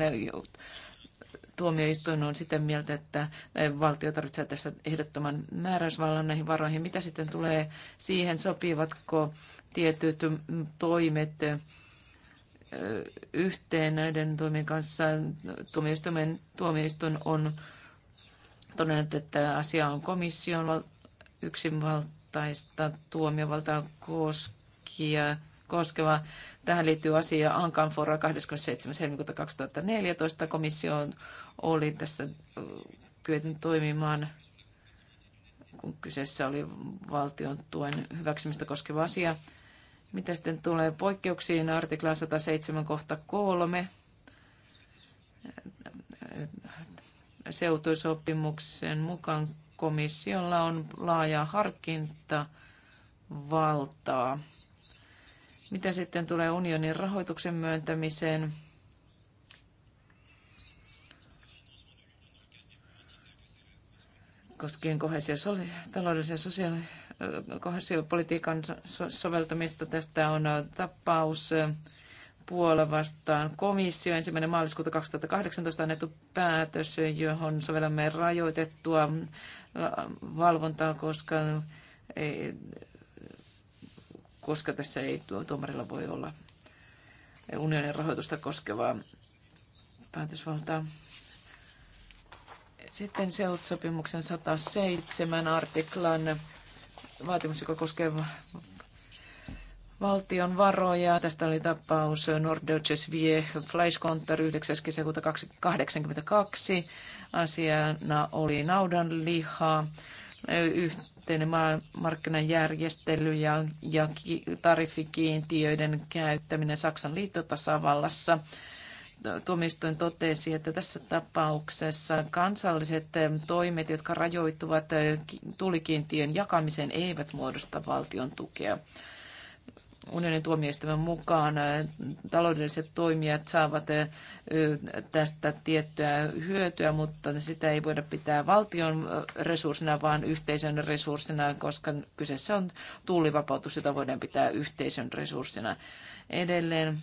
tuomioistuin on sitä mieltä, että valtio tarvitsee tässä ehdottoman määräysvallan näihin varoihin. Mitä sitten tulee siihen, sopivatko tietyt toimet yhteen näiden toimien kanssa. Tuomioistuimen tuomioistuin on todennut, että asia on komission yksinvaltaista tuomiovaltaa koskia, koskeva. Tähän liittyy asia Ankanfora 27. helmikuuta 2014. Komissio oli tässä kyetynyt toimimaan kun kyseessä oli valtion tuen hyväksymistä koskeva asia. Mitä sitten tulee poikkeuksiin, artikla 107 kohta 3, Seutuisopimuksen mukaan komissiolla on laaja harkinta valtaa. Mitä sitten tulee unionin rahoituksen myöntämiseen? Koskien kohdallisia taloudellisen sosiaali- kohesiopolitiikan soveltamista. Tästä on tapaus Puola vastaan komissio ensimmäinen maaliskuuta 2018 annettu päätös, johon sovellamme rajoitettua valvontaa, koska, ei, koska tässä ei tuomarilla voi olla unionin rahoitusta koskevaa päätösvaltaa. Sitten seutsopimuksen 107 artiklan vaatimus, joka koskee valtion varoja. Tästä oli tapaus Norddeutsches Vie Fleischkonter 9. kesäkuuta 1982. Asiana oli naudanliha, yhteinen markkinajärjestely ja, ja tariffikiintiöiden käyttäminen Saksan liittotasavallassa tuomioistuin totesi, että tässä tapauksessa kansalliset toimet, jotka rajoittuvat tulikiintiön jakamiseen, eivät muodosta valtion tukea. Unionin tuomioistuimen mukaan taloudelliset toimijat saavat tästä tiettyä hyötyä, mutta sitä ei voida pitää valtion resurssina, vaan yhteisön resurssina, koska kyseessä on tuulivapautus, jota voidaan pitää yhteisön resurssina. Edelleen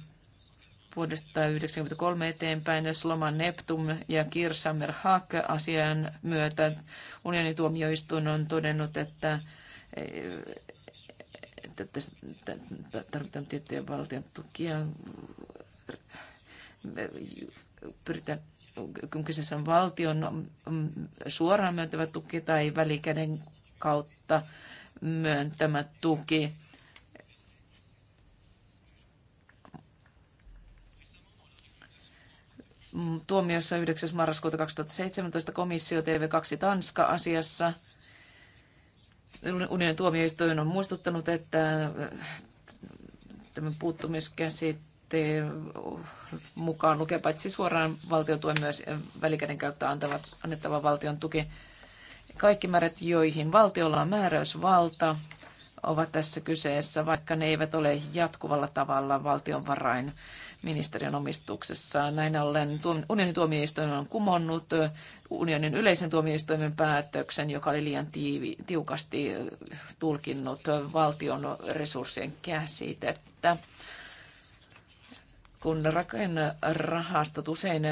vuodesta 1993 eteenpäin Sloman Neptum ja Kirsamer Haak asian myötä unionituomioistuin on todennut, että tarvitaan tiettyjä valtion tukia. Pyritään, kun kyseessä on valtion mm, suoraan myöntävä tuki tai välikäden kautta myöntämä tuki tuomiossa 9. marraskuuta 2017 komissio TV2 Tanska asiassa. Unionin tuomioistuin on muistuttanut, että tämän puuttumiskäsitteen mukaan lukee paitsi suoraan valtiotuen myös välikäden käyttöä antavat, annettava valtion tuki. Kaikki määrät, joihin valtiolla on määräysvalta, ovat tässä kyseessä, vaikka ne eivät ole jatkuvalla tavalla valtionvarain ministeriön omistuksessa. Näin ollen unionin tuomioistuin on kumonnut unionin yleisen tuomioistuimen päätöksen, joka oli liian tiivi, tiukasti tulkinnut valtion resurssien käsitettä. Kun rakennerahastot usein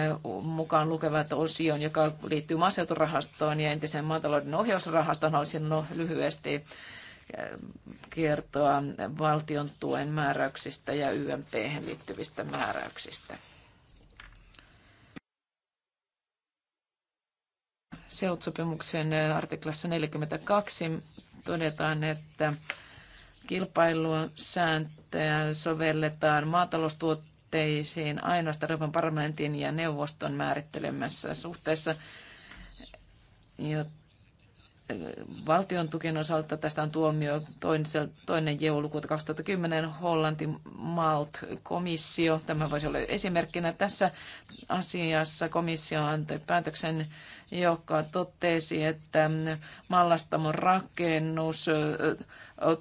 mukaan lukevat osion, joka liittyy maaseuturahastoon ja entiseen maatalouden ohjausrahastoon, olisin no, lyhyesti kertoa valtion tuen määräyksistä ja YMP liittyvistä määräyksistä. Seutsopimuksen artiklassa 42 todetaan, että kilpailun sääntöjä sovelletaan maataloustuotteisiin ainoastaan Euroopan parlamentin ja neuvoston määrittelemässä suhteessa, jotta valtion tukien osalta. Tästä on tuomio toinen joulukuuta 2010 Hollanti Malt-komissio. Tämä voisi olla esimerkkinä tässä asiassa. Komissio antoi päätöksen, joka totesi, että mallastamon rakennus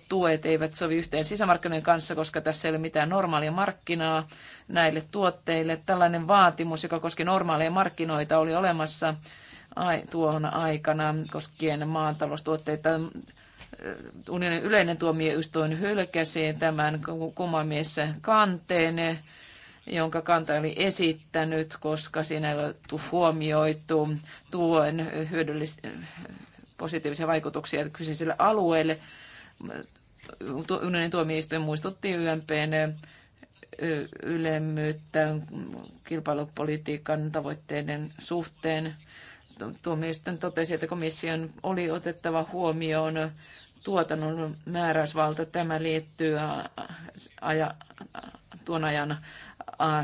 tuet eivät sovi yhteen sisämarkkinoiden kanssa, koska tässä ei ole mitään normaalia markkinaa näille tuotteille. Tällainen vaatimus, joka koski normaaleja markkinoita, oli olemassa tuohon aikana koskien maataloustuotteita. Unionin yleinen tuomioistuin hylkäsi tämän kumamies kanteen, jonka kanta oli esittänyt, koska siinä ei ole huomioitu tuen hyödyllis- positiivisia vaikutuksia kyseiselle alueelle. Unionin tuomioistuin muistutti YMPn ylemmyyttä kilpailupolitiikan tavoitteiden suhteen tuomioistuin totesi, että komission oli otettava huomioon tuotannon määräysvalta. Tämä liittyy aja, tuon ajan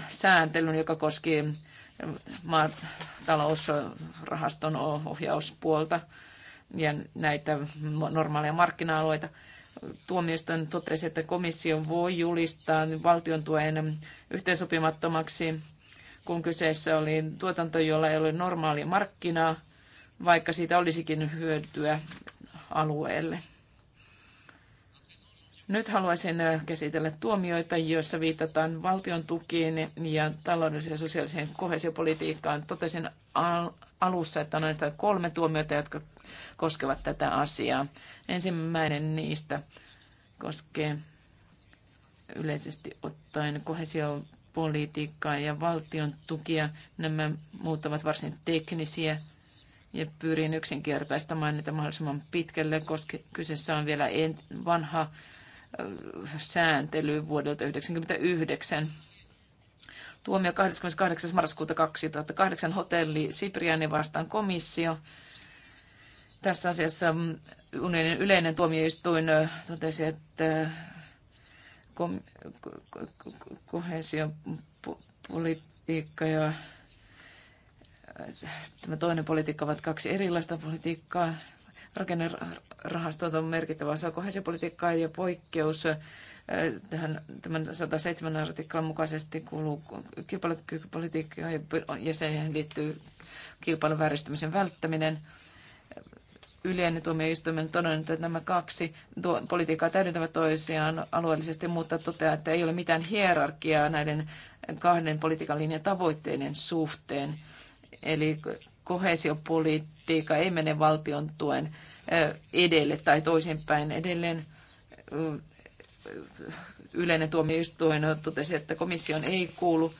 sääntelyn, joka koski maatalousrahaston ohjauspuolta ja näitä normaaleja markkina-alueita. Tuomioistuin totesi, että komissio voi julistaa valtion tuen yhteensopimattomaksi kun kyseessä oli tuotanto, jolla ei ole normaalia markkinaa, vaikka siitä olisikin hyötyä alueelle. Nyt haluaisin äh, käsitellä tuomioita, joissa viitataan valtion tukiin ja taloudelliseen ja sosiaaliseen kohesiopolitiikkaan. Totesin al- alussa, että on näitä kolme tuomiota, jotka koskevat tätä asiaa. Ensimmäinen niistä koskee yleisesti ottaen kohesiopolitiikkaa politiikkaa ja valtion tukia. Nämä muut ovat varsin teknisiä ja pyrin yksinkertaistamaan niitä mahdollisimman pitkälle, koska kyseessä on vielä vanha sääntely vuodelta 1999. Tuomio 28. marraskuuta 2008 hotelli Sipriani vastaan komissio. Tässä asiassa mm, unionin yleinen tuomioistuin totesi, että kohesiopolitiikka ja tämä toinen politiikka ovat kaksi erilaista politiikkaa. Rakennerahastot on merkittävä osa kohesiopolitiikkaa ja poikkeus tähän, tämän 107 artiklan mukaisesti kuuluu kilpailukykypolitiikkaan ja siihen liittyy kilpailun välttäminen – yleinen tuomioistuimen todennut, että nämä kaksi politiikkaa täydentävät toisiaan alueellisesti, mutta toteaa, että ei ole mitään hierarkiaa näiden kahden politiikan linjan tavoitteiden suhteen. Eli kohesiopolitiikka ei mene valtion tuen edelle tai toisinpäin edelleen yleinen tuomioistuin totesi, että komission ei kuulu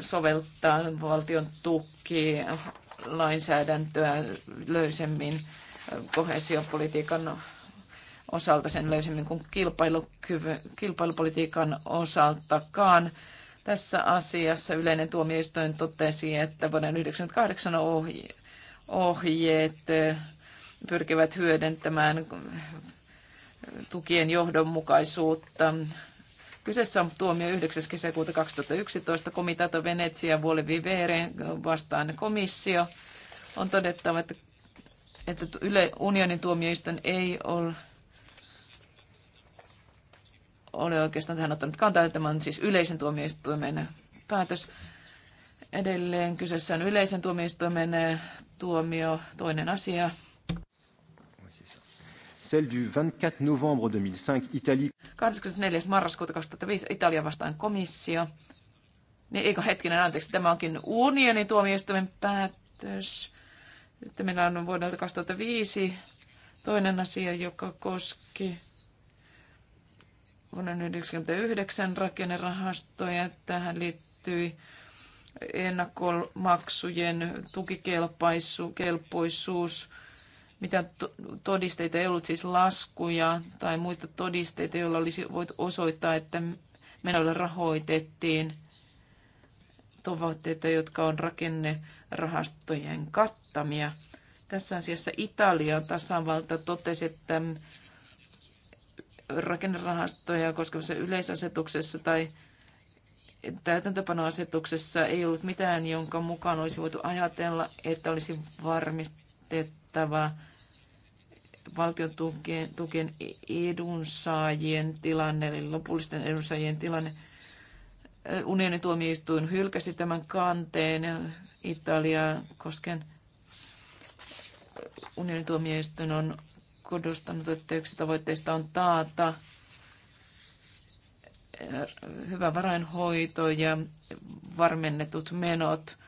soveltaa valtion tukia lainsäädäntöä löysemmin kohesiopolitiikan osalta, sen löysemmin kuin kilpailupolitiikan osaltakaan. Tässä asiassa yleinen tuomioistuin totesi, että vuoden 1998 ohjeet pyrkivät hyödyntämään tukien johdonmukaisuutta Kyseessä on tuomio 9. kesäkuuta 2011 komitato Venetsia Vuoli Vivere vastaan komissio. On todettava, että, että yle, unionin tuomioistuin ei ole ole oikeastaan tähän ottanut kantaa, tämä on siis yleisen tuomioistuimen päätös. Edelleen kyseessä on yleisen tuomioistuimen tuomio, toinen asia, celle du 24 novembre 2005 Italie. 24. marraskuuta 2005 Italia vastaan komissio. Niin eikö hetkinen, anteeksi, tämä onkin unionin tuomioistuimen päätös. Sitten meillä on vuodelta 2005 toinen asia, joka koski vuonna 1999 rakennerahastoja. Tähän liittyi ennakkomaksujen tukikelpoisuus mitä todisteita ei ollut, siis laskuja tai muita todisteita, joilla olisi voitu osoittaa, että menoilla rahoitettiin tavoitteita, jotka on rakennerahastojen kattamia. Tässä asiassa Italian tasavalta totesi, että rakennerahastoja koskevassa yleisasetuksessa tai täytäntöpanoasetuksessa ei ollut mitään, jonka mukaan olisi voitu ajatella, että olisi varmistettava valtion tukien, tukien edunsaajien tilanne, eli lopullisten edunsaajien tilanne. Unionin tuomioistuin hylkäsi tämän kanteen Italiaa kosken. Unionin tuomioistuin on kodostanut, että yksi tavoitteista on taata hyvä varainhoito ja varmennetut menot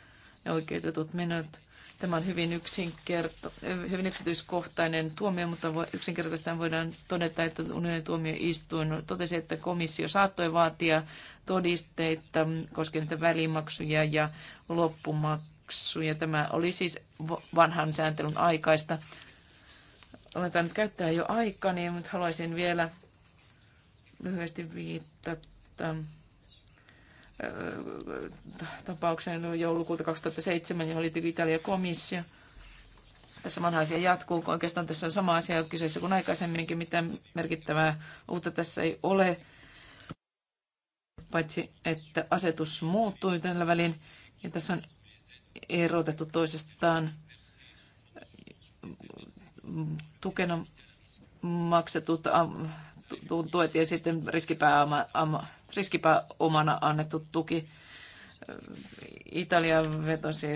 ja oikeutetut menot – Tämä on hyvin, yksinkerta, hyvin yksityiskohtainen tuomio, mutta yksinkertaisesti voidaan todeta, että unionin tuomioistuin totesi, että komissio saattoi vaatia todisteita koskien näitä välimaksuja ja loppumaksuja. Tämä oli siis vanhan sääntelyn aikaista. Olen tämän käyttää jo aikani, niin, mutta haluaisin vielä lyhyesti viitata tapaukseen joulukuuta 2007, johon liittyi Italia komissio. Tässä vanha asia jatkuu, oikeastaan tässä on sama asia kyseessä kuin aikaisemminkin, mitä merkittävää uutta tässä ei ole, paitsi että asetus muuttui tällä välin ja tässä on erotettu toisestaan tukena maksetut tuet ja sitten riskipääoma riskipääomana annettu tuki. Italia vetosi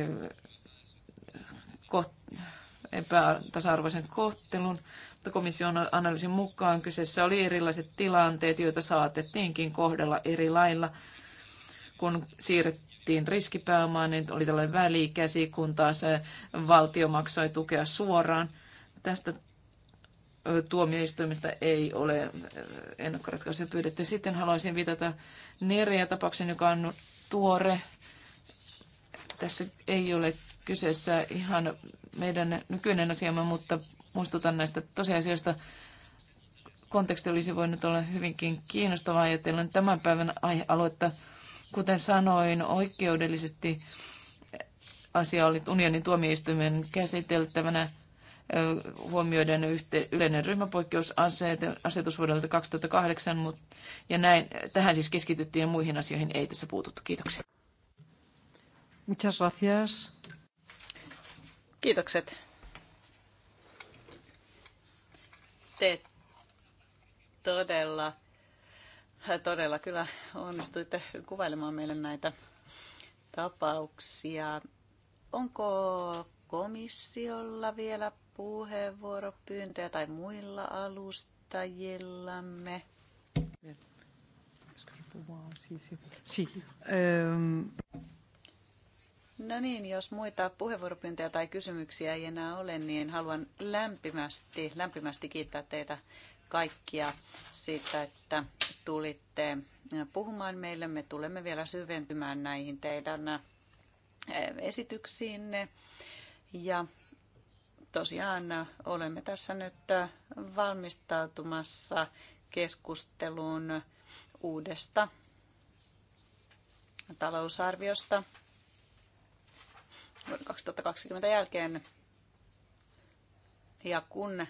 epätasa-arvoisen kohtelun, mutta komission analyysin mukaan kyseessä oli erilaiset tilanteet, joita saatettiinkin kohdella eri lailla. Kun siirrettiin riskipääomaan, niin oli tällainen välikäsi, kun taas valtio maksoi tukea suoraan. Tästä tuomioistuimesta ei ole äh, ennakkoratkaisuja pyydetty. Sitten haluaisin viitata nerejä tapauksen joka on tuore. Tässä ei ole kyseessä ihan meidän nykyinen asiamme, mutta muistutan näistä tosiasioista. Konteksti olisi voinut olla hyvinkin kiinnostavaa ajatellen tämän päivän aihealuetta. Kuten sanoin, oikeudellisesti asia oli unionin tuomioistuimen käsiteltävänä – huomioiden yhte, yleinen ryhmäpoikkeusasetus vuodelta 2008, mut, ja näin, tähän siis keskityttiin ja muihin asioihin ei tässä puututtu. Kiitoksia. Muchas gracias. Kiitokset. Te todella, todella kyllä onnistuitte kuvailemaan meille näitä tapauksia. Onko komissiolla vielä puheenvuoropyyntöjä tai muilla alustajillamme? Ähm. No niin, jos muita puheenvuoropyyntöjä tai kysymyksiä ei enää ole, niin haluan lämpimästi, lämpimästi kiittää teitä kaikkia siitä, että tulitte puhumaan meille. Me tulemme vielä syventymään näihin teidän äh, esityksiinne. Ja tosiaan olemme tässä nyt valmistautumassa keskusteluun uudesta talousarviosta vuoden 2020 jälkeen. Ja kun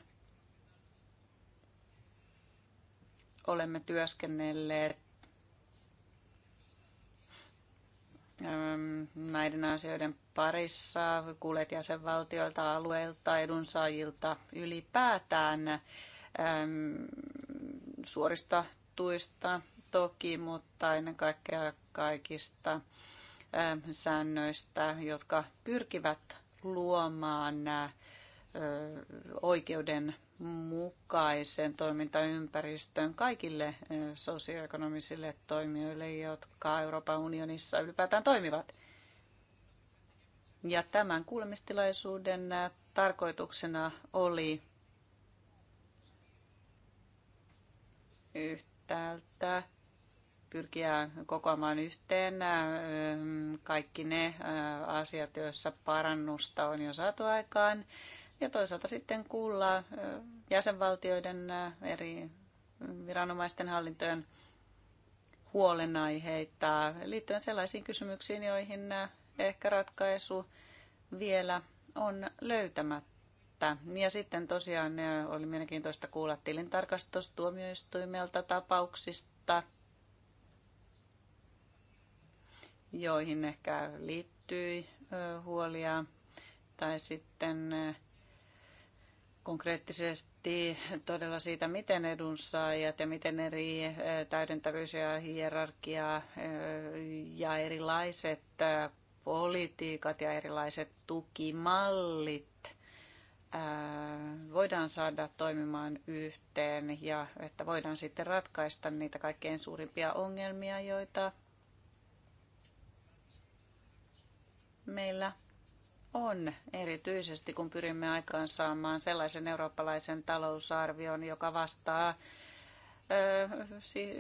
olemme työskennelleet näiden asioiden parissa, kuulet jäsenvaltioilta, alueilta, edunsaajilta ylipäätään suorista tuista toki, mutta ennen kaikkea kaikista säännöistä, jotka pyrkivät luomaan oikeuden mukaisen toimintaympäristön kaikille sosioekonomisille toimijoille, jotka Euroopan unionissa ylipäätään toimivat. Ja tämän kuulemistilaisuuden tarkoituksena oli yhtäältä pyrkiä kokoamaan yhteen kaikki ne asiat, joissa parannusta on jo saatu aikaan, ja toisaalta sitten kuulla jäsenvaltioiden eri viranomaisten hallintojen huolenaiheita liittyen sellaisiin kysymyksiin, joihin ehkä ratkaisu vielä on löytämättä. Ja sitten tosiaan oli mielenkiintoista kuulla tilintarkastustuomioistuimelta tapauksista, joihin ehkä liittyi huolia tai sitten konkreettisesti todella siitä, miten edunsaajat ja miten eri täydentävyys ja hierarkia ja erilaiset politiikat ja erilaiset tukimallit voidaan saada toimimaan yhteen ja että voidaan sitten ratkaista niitä kaikkein suurimpia ongelmia, joita meillä on, erityisesti kun pyrimme saamaan sellaisen eurooppalaisen talousarvion, joka vastaa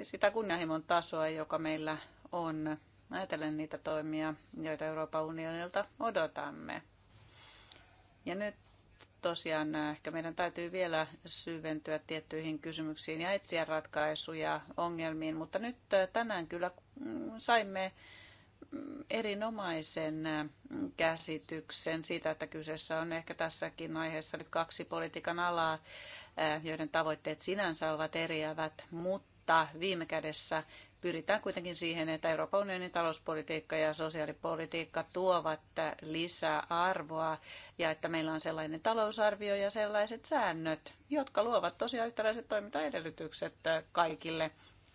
sitä kunnianhimon tasoa, joka meillä on. Ajatellen niitä toimia, joita Euroopan unionilta odotamme. Ja nyt tosiaan ehkä meidän täytyy vielä syventyä tiettyihin kysymyksiin ja etsiä ratkaisuja ongelmiin, mutta nyt tänään kyllä mm, saimme erinomaisen käsityksen siitä, että kyseessä on ehkä tässäkin aiheessa nyt kaksi politiikan alaa, joiden tavoitteet sinänsä ovat eriävät, mutta viime kädessä pyritään kuitenkin siihen, että Euroopan unionin talouspolitiikka ja sosiaalipolitiikka tuovat lisää arvoa ja että meillä on sellainen talousarvio ja sellaiset säännöt, jotka luovat tosiaan yhtäläiset toimintaedellytykset kaikille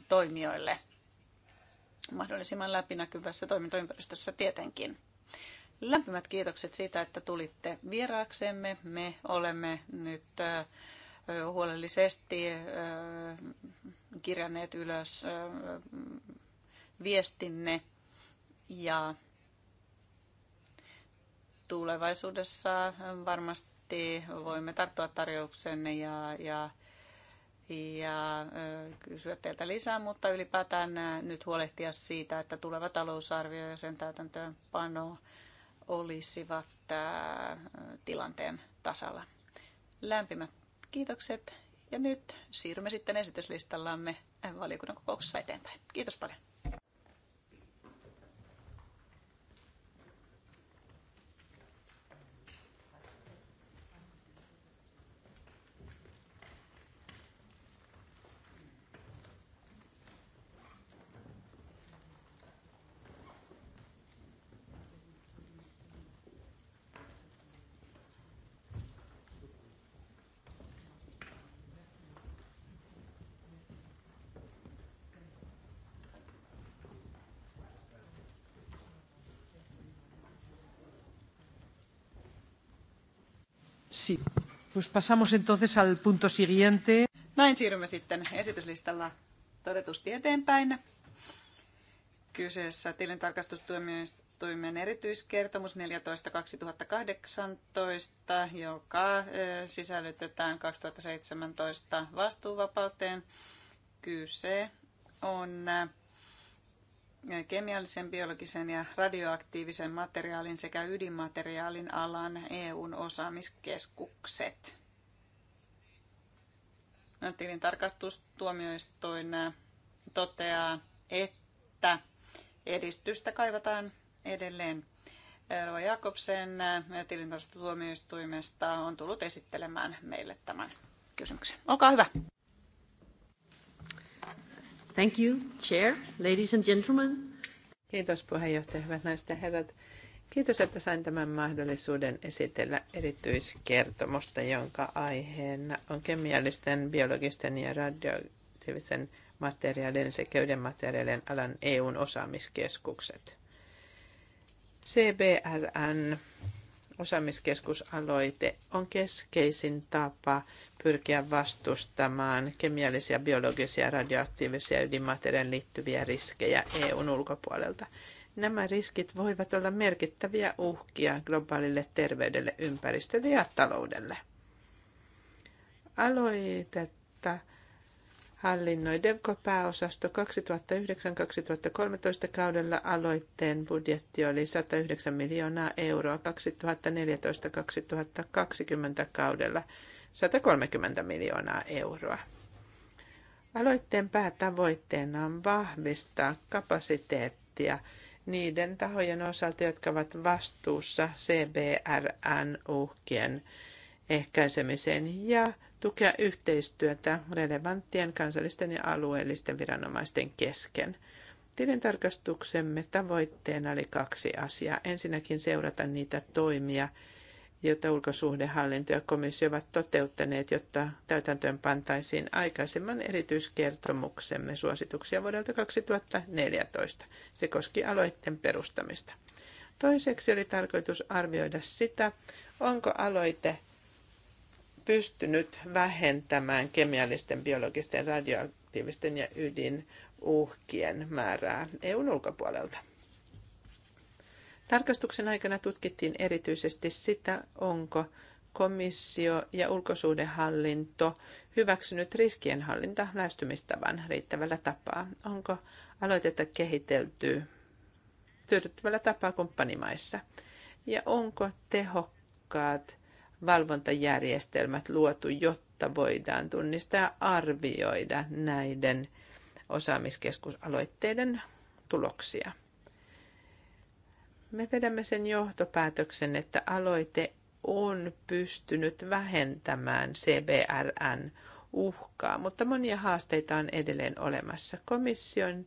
toimijoille mahdollisimman läpinäkyvässä toimintaympäristössä tietenkin. Lämpimät kiitokset siitä, että tulitte vieraaksemme. Me olemme nyt huolellisesti kirjanneet ylös viestinne ja tulevaisuudessa varmasti voimme tarttua tarjouksenne ja, ja ja kysyä teiltä lisää, mutta ylipäätään nyt huolehtia siitä, että tuleva talousarvio ja sen täytäntöönpano olisivat tilanteen tasalla. Lämpimät kiitokset ja nyt siirrymme sitten esityslistallamme valiokunnan kokouksessa eteenpäin. Kiitos paljon. Sí. Pues pasamos entonces al punto siguiente. Näin siirrymme sitten esityslistalla todetusti eteenpäin. Kyseessä tilintarkastustuomioistuimen erityiskertomus 14.2018, joka sisällytetään 2017 vastuuvapauteen. Kyse on kemiallisen, biologisen ja radioaktiivisen materiaalin sekä ydinmateriaalin alan EUn osaamiskeskukset. No, Tilin tarkastustuomioistuin äh, toteaa, että edistystä kaivataan edelleen. Roa Jakobsen äh, tilintarkastustuomioistuimesta on tullut esittelemään meille tämän kysymyksen. Olkaa hyvä. Thank you, Chair, ladies and gentlemen. Kiitos puheenjohtaja, hyvät naiset ja herrat. Kiitos, että sain tämän mahdollisuuden esitellä erityiskertomusta, jonka aiheena on kemiallisten, biologisten ja radioaktiivisen materiaalien sekä ydinmateriaalien alan EUn osaamiskeskukset. CBRN osaamiskeskusaloite on keskeisin tapa pyrkiä vastustamaan kemiallisia, biologisia, radioaktiivisia ydinmateriaan liittyviä riskejä EUn ulkopuolelta. Nämä riskit voivat olla merkittäviä uhkia globaalille terveydelle, ympäristölle ja taloudelle. Aloitetta hallinnoi DevCo-pääosasto 2009-2013 kaudella aloitteen budjetti oli 109 miljoonaa euroa 2014-2020 kaudella 130 miljoonaa euroa. Aloitteen päätavoitteena on vahvistaa kapasiteettia niiden tahojen osalta, jotka ovat vastuussa CBRN uhkien ehkäisemiseen ja tukea yhteistyötä relevanttien kansallisten ja alueellisten viranomaisten kesken. Tilintarkastuksemme tavoitteena oli kaksi asiaa. Ensinnäkin seurata niitä toimia, joita ulkosuhdehallinto ja komissio ovat toteuttaneet, jotta täytäntöön pantaisiin aikaisemman erityiskertomuksemme suosituksia vuodelta 2014. Se koski aloitteen perustamista. Toiseksi oli tarkoitus arvioida sitä, onko aloite pystynyt vähentämään kemiallisten, biologisten, radioaktiivisten ja ydinuhkien määrää EUn ulkopuolelta. Tarkastuksen aikana tutkittiin erityisesti sitä, onko komissio ja ulkosuhdehallinto hyväksynyt riskienhallinta lähestymistavan riittävällä tapaa? Onko aloitetta kehitelty tyydyttävällä tapaa kumppanimaissa? Ja onko tehokkaat valvontajärjestelmät luotu, jotta voidaan tunnistaa ja arvioida näiden osaamiskeskusaloitteiden tuloksia. Me vedämme sen johtopäätöksen, että aloite on pystynyt vähentämään CBRN uhkaa, mutta monia haasteita on edelleen olemassa. Komission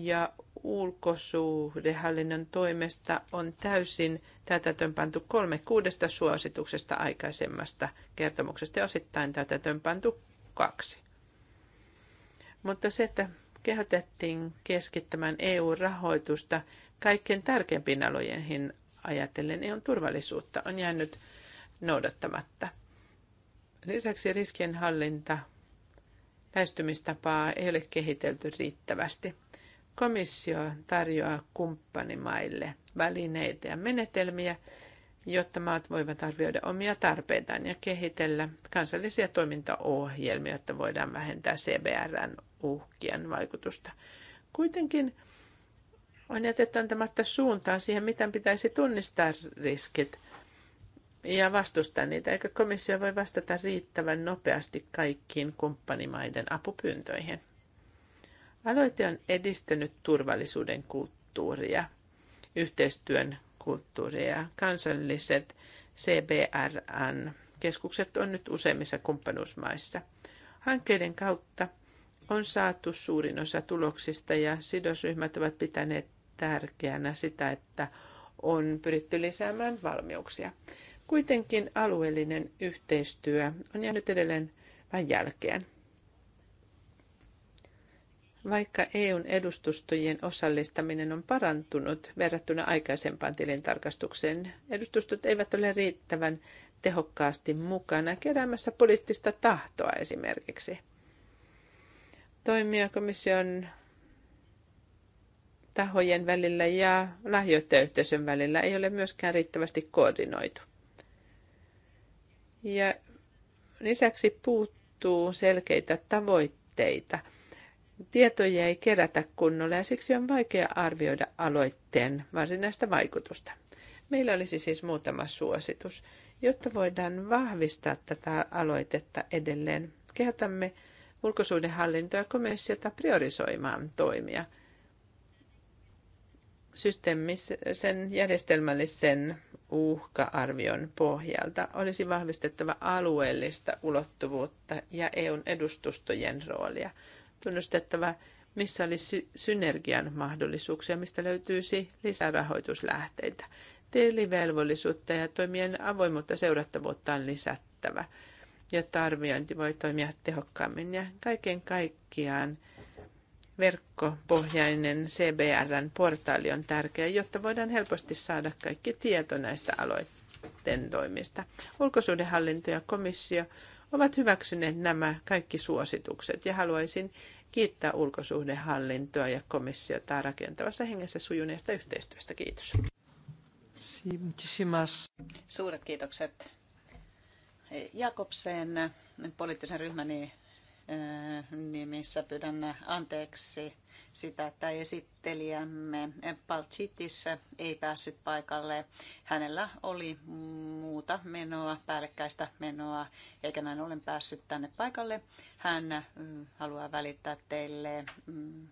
ja ulkosuhdehallinnon toimesta on täysin täytäntöönpantu kolme kuudesta suosituksesta aikaisemmasta kertomuksesta ja osittain täytäntöönpantu kaksi. Mutta se, että kehotettiin keskittämään EU-rahoitusta kaikkein tärkeimpiin alojenhin ajatellen EUn turvallisuutta, on jäänyt noudattamatta. Lisäksi riskienhallinta lähestymistapaa ei ole kehitelty riittävästi. Komissio tarjoaa kumppanimaille välineitä ja menetelmiä, jotta maat voivat arvioida omia tarpeitaan ja kehitellä kansallisia toimintaohjelmia, jotta voidaan vähentää CBRn uhkien vaikutusta. Kuitenkin on jätetty antamatta suuntaan siihen, miten pitäisi tunnistaa riskit ja vastustaa niitä, eikä komissio voi vastata riittävän nopeasti kaikkiin kumppanimaiden apupyyntöihin. Aloite on edistänyt turvallisuuden kulttuuria, yhteistyön kulttuuria. Kansalliset CBRN-keskukset on nyt useimmissa kumppanuusmaissa. Hankkeiden kautta on saatu suurin osa tuloksista ja sidosryhmät ovat pitäneet tärkeänä sitä, että on pyritty lisäämään valmiuksia. Kuitenkin alueellinen yhteistyö on jäänyt edelleen vähän jälkeen. Vaikka EUn edustustojen osallistaminen on parantunut verrattuna aikaisempaan tilintarkastukseen, edustustot eivät ole riittävän tehokkaasti mukana keräämässä poliittista tahtoa esimerkiksi. Toimia komission tahojen välillä ja lahjoittajayhteisön välillä ei ole myöskään riittävästi koordinoitu. Ja lisäksi puuttuu selkeitä tavoitteita – Tietoja ei kerätä kunnolla ja siksi on vaikea arvioida aloitteen varsinaista vaikutusta. Meillä olisi siis muutama suositus. Jotta voidaan vahvistaa tätä aloitetta edelleen, kehotamme ulkosuudenhallintoa ja komissiota priorisoimaan toimia systeemisen järjestelmällisen uhka-arvion pohjalta. Olisi vahvistettava alueellista ulottuvuutta ja EUn edustustojen roolia – tunnustettava, missä olisi synergian mahdollisuuksia, mistä löytyisi lisärahoituslähteitä. Tilivelvollisuutta ja toimien avoimuutta seurattavuutta on lisättävä, jotta arviointi voi toimia tehokkaammin. Ja kaiken kaikkiaan verkkopohjainen CBRn portaali on tärkeä, jotta voidaan helposti saada kaikki tieto näistä aloitteen toimista. Ulkosuudenhallinto ja komissio ovat hyväksyneet nämä kaikki suositukset ja haluaisin kiittää ulkosuhdehallintoa ja komissiota rakentavassa hengessä sujuneesta yhteistyöstä. Kiitos. Suuret kiitokset Jakobsen, poliittisen ryhmäni nimissä pyydän anteeksi sitä, että esittelijämme Palcitis ei päässyt paikalle. Hänellä oli muuta menoa, päällekkäistä menoa, eikä näin ollen päässyt tänne paikalle. Hän mm, haluaa välittää teille mm,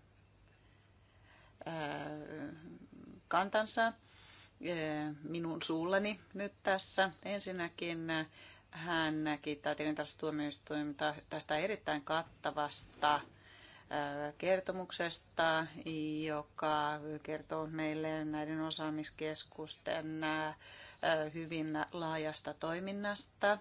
äh, kantansa äh, minun suullani nyt tässä. Ensinnäkin hän kiittää tilintarkastustuomioistuinta tästä erittäin kattavasta kertomuksesta, joka kertoo meille näiden osaamiskeskusten hyvin laajasta toiminnasta.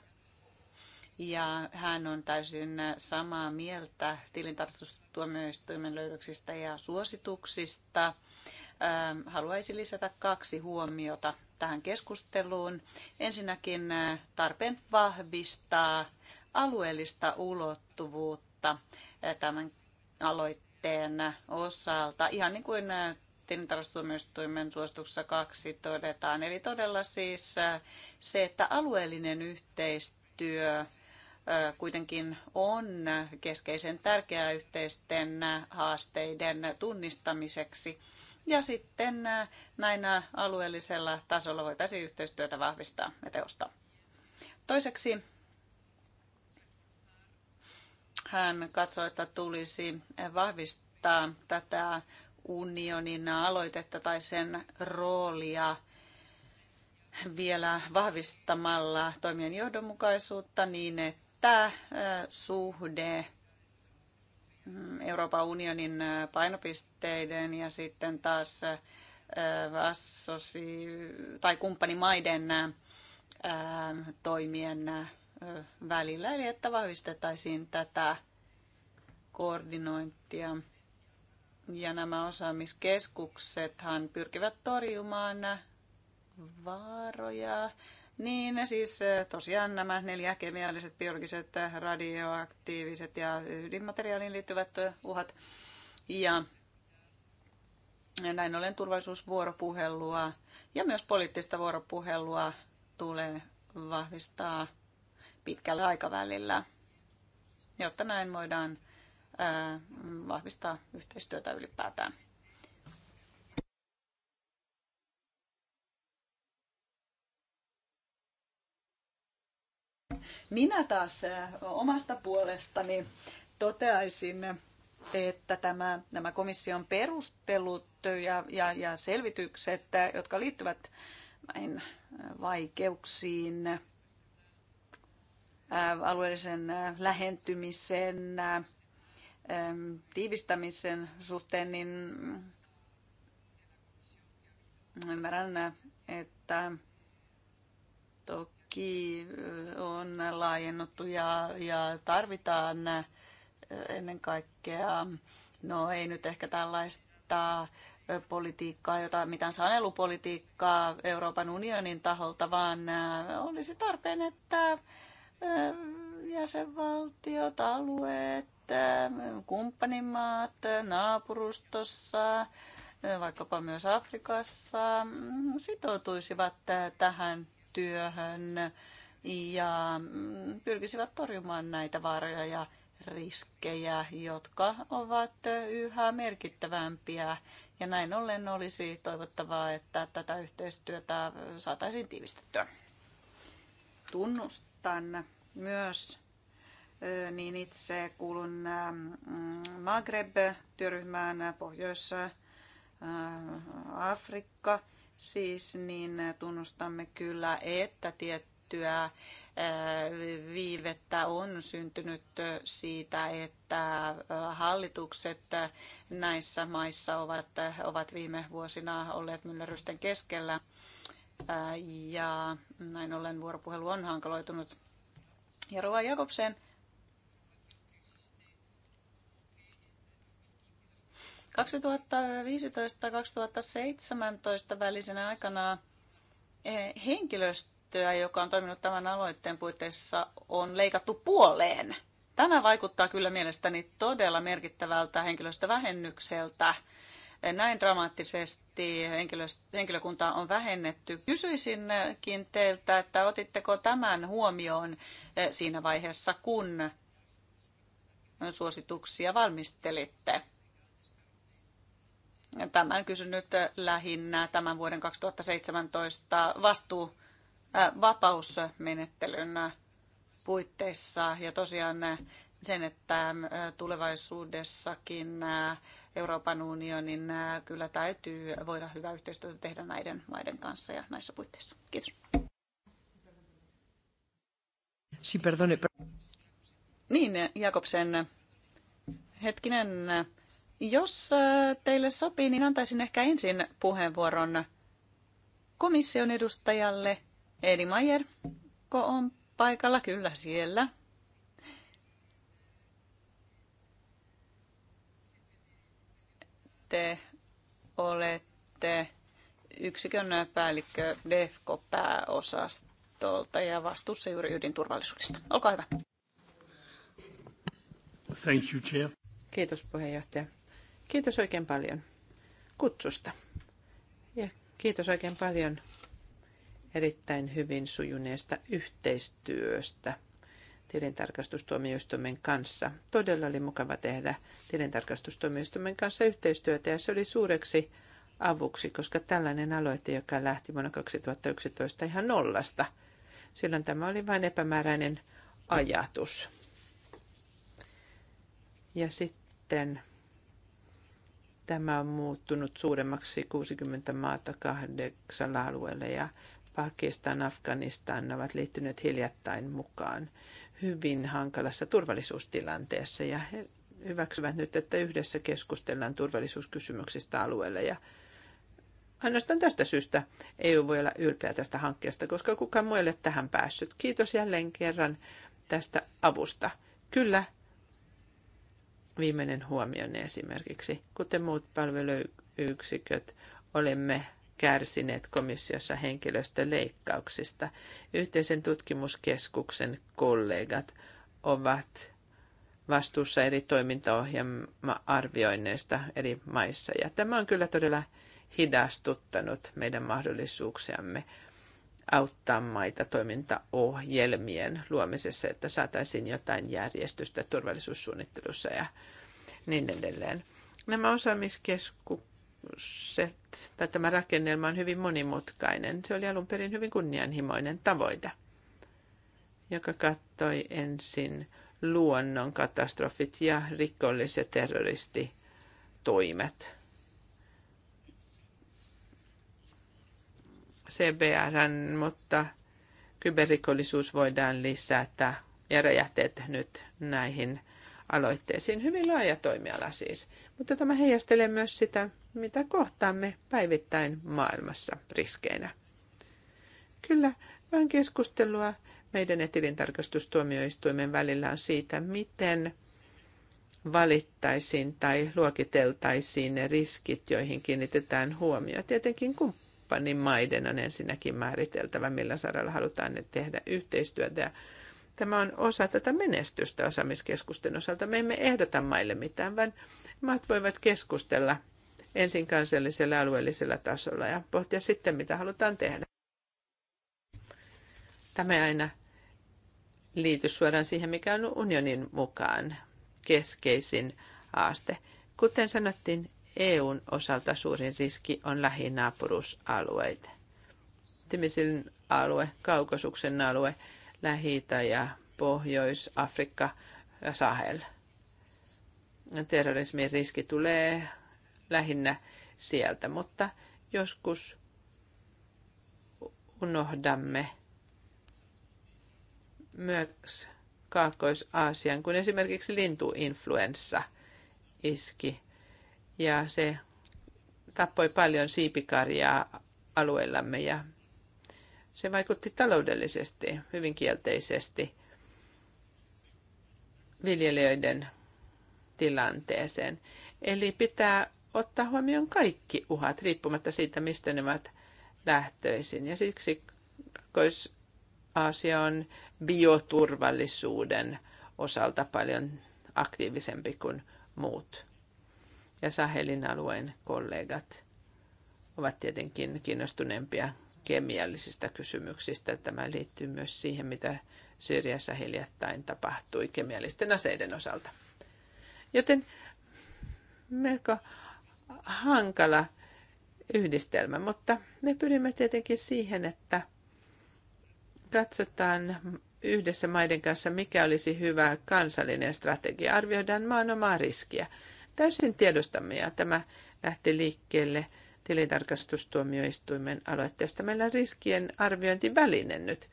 Ja hän on täysin samaa mieltä tilintarkastustuomioistuimen löydöksistä ja suosituksista. Haluaisin lisätä kaksi huomiota tähän keskusteluun. Ensinnäkin äh, tarpeen vahvistaa alueellista ulottuvuutta äh, tämän aloitteen osalta, ihan niin kuin äh, tilintarastuomioistuimen suosituksessa kaksi todetaan. Eli todella siis se, että alueellinen yhteistyö kuitenkin on keskeisen tärkeää yhteisten haasteiden tunnistamiseksi – ja sitten äh, näinä alueellisella tasolla voitaisiin yhteistyötä vahvistaa ja tehostaa. Toiseksi hän katsoi, että tulisi vahvistaa tätä unionin aloitetta tai sen roolia vielä vahvistamalla toimien johdonmukaisuutta niin, että äh, suhde Mm, Euroopan unionin äh, painopisteiden ja sitten taas äh, assosi- tai kumppanimaiden äh, toimien välillä, eli että vahvistettaisiin tätä koordinointia. Ja nämä osaamiskeskuksethan pyrkivät torjumaan vaaroja, niin siis tosiaan nämä neljä kemialliset, biologiset, radioaktiiviset ja ydinmateriaaliin liittyvät uhat. Ja näin ollen turvallisuusvuoropuhelua ja myös poliittista vuoropuhelua tulee vahvistaa pitkällä aikavälillä, jotta näin voidaan vahvistaa yhteistyötä ylipäätään. Minä taas omasta puolestani toteaisin, että tämä, nämä komission perustelut ja, ja, ja selvitykset, jotka liittyvät näin vaikeuksiin, alueellisen lähentymisen, tiivistämisen suhteen, niin ymmärrän, että toki tuki on laajennuttu ja, ja tarvitaan ennen kaikkea, no ei nyt ehkä tällaista politiikkaa, jota mitään sanelupolitiikkaa Euroopan unionin taholta, vaan olisi tarpeen, että jäsenvaltiot, alueet, kumppanimaat naapurustossa, vaikkapa myös Afrikassa, mm, sitoutuisivat tähän työhön ja pyrkisivät torjumaan näitä vaaroja ja riskejä, jotka ovat yhä merkittävämpiä. Ja näin ollen olisi toivottavaa, että tätä yhteistyötä saataisiin tiivistettyä. Tunnustan myös niin itse kuulun Maghreb-työryhmään Pohjois-Afrikka siis, niin äh, tunnustamme kyllä, että tiettyä äh, viivettä on syntynyt äh, siitä, että hallitukset näissä maissa ovat, ovat viime vuosina olleet myllerrysten keskellä. Ja näin ollen vuoropuhelu on hankaloitunut. Ja Rova Jakobsen 2015-2017 välisenä aikana eh, henkilöstöä, joka on toiminut tämän aloitteen puitteissa, on leikattu puoleen. Tämä vaikuttaa kyllä mielestäni todella merkittävältä henkilöstövähennykseltä. Näin dramaattisesti henkilökuntaa on vähennetty. Kysyisinkin teiltä, että otitteko tämän huomioon eh, siinä vaiheessa, kun suosituksia valmistelitte? Tämän kysyn nyt äh, lähinnä tämän vuoden 2017 vastuu äh, vapausmenettelyn äh, puitteissa ja tosiaan sen, että tulevaisuudessakin Euroopan unionin kyllä täytyy voida hyvää yhteistyötä tehdä näiden maiden kanssa ja näissä puitteissa. Kiitos. Niin, Jakobsen, hetkinen, jos äh, teille sopii, niin antaisin ehkä ensin puheenvuoron komission edustajalle. Edi Mayer, ko on paikalla? Kyllä siellä. Te olette yksikön päällikkö DEFCO-pääosastolta ja vastuussa juuri ydinturvallisuudesta. Olkaa hyvä. Thank you, Chair. Kiitos puheenjohtaja. Kiitos oikein paljon kutsusta. Ja kiitos oikein paljon erittäin hyvin sujuneesta yhteistyöstä tilintarkastustuomioistuimen kanssa. Todella oli mukava tehdä tilintarkastustuomioistuimen kanssa yhteistyötä ja se oli suureksi avuksi, koska tällainen aloite, joka lähti vuonna 2011 ihan nollasta, silloin tämä oli vain epämääräinen ajatus. Ja sitten Tämä on muuttunut suuremmaksi 60 maata kahdeksalla alueella ja Pakistan, Afganistan ovat liittyneet hiljattain mukaan hyvin hankalassa turvallisuustilanteessa ja he hyväksyvät nyt, että yhdessä keskustellaan turvallisuuskysymyksistä alueella ja Ainoastaan tästä syystä EU voi olla ylpeä tästä hankkeesta, koska kukaan muu ei ole tähän päässyt. Kiitos jälleen kerran tästä avusta. Kyllä, viimeinen huomioni esimerkiksi. Kuten muut palveluyksiköt, olemme kärsineet komissiossa henkilöstöleikkauksista. Yhteisen tutkimuskeskuksen kollegat ovat vastuussa eri toimintaohjelma-arvioinneista eri maissa. Ja tämä on kyllä todella hidastuttanut meidän mahdollisuuksiamme auttaa maita toimintaohjelmien luomisessa, että saataisiin jotain järjestystä turvallisuussuunnittelussa ja niin edelleen. Nämä osaamiskeskukset tai tämä rakennelma on hyvin monimutkainen. Se oli alun perin hyvin kunnianhimoinen tavoite, joka kattoi ensin luonnon katastrofit ja rikolliset ja terroristitoimet. CBRn, mutta kyberrikollisuus voidaan lisätä ja räjähteet nyt näihin aloitteisiin. Hyvin laaja toimiala siis, mutta tämä heijastelee myös sitä, mitä kohtaamme päivittäin maailmassa riskeinä. Kyllä, vähän keskustelua meidän ja tilintarkastustuomioistuimen välillä on siitä, miten valittaisiin tai luokiteltaisiin ne riskit, joihin kiinnitetään huomio. Tietenkin kun kumppanin niin maiden on ensinnäkin määriteltävä, millä saralla halutaan ne tehdä yhteistyötä. Ja tämä on osa tätä menestystä osaamiskeskusten osalta. Me emme ehdota maille mitään, vaan maat voivat keskustella ensin kansallisella alueellisella tasolla ja pohtia sitten, mitä halutaan tehdä. Tämä ei aina liity suoraan siihen, mikä on unionin mukaan keskeisin haaste. Kuten sanottiin, EUn osalta suurin riski on lähinaapurusalueita. Timisin alue, Kaukosuksen alue, lähi ja Pohjois-Afrikka ja Sahel. Terrorismin riski tulee lähinnä sieltä, mutta joskus unohdamme myös Kaakkois-Aasian, kun esimerkiksi lintuinfluenssa iski ja se tappoi paljon siipikarjaa alueellamme ja se vaikutti taloudellisesti hyvin kielteisesti viljelijöiden tilanteeseen. Eli pitää ottaa huomioon kaikki uhat, riippumatta siitä, mistä ne ovat lähtöisin. Ja siksi kois aasia on bioturvallisuuden osalta paljon aktiivisempi kuin muut ja Sahelin alueen kollegat ovat tietenkin kiinnostuneempia kemiallisista kysymyksistä. Tämä liittyy myös siihen, mitä Syyriassa hiljattain tapahtui kemiallisten aseiden osalta. Joten melko hankala yhdistelmä, mutta me pyrimme tietenkin siihen, että katsotaan yhdessä maiden kanssa, mikä olisi hyvä kansallinen strategia. Arvioidaan maan omaa riskiä täysin tiedostamme ja tämä lähti liikkeelle tilintarkastustuomioistuimen aloitteesta. Meillä on riskien arviointiväline nyt,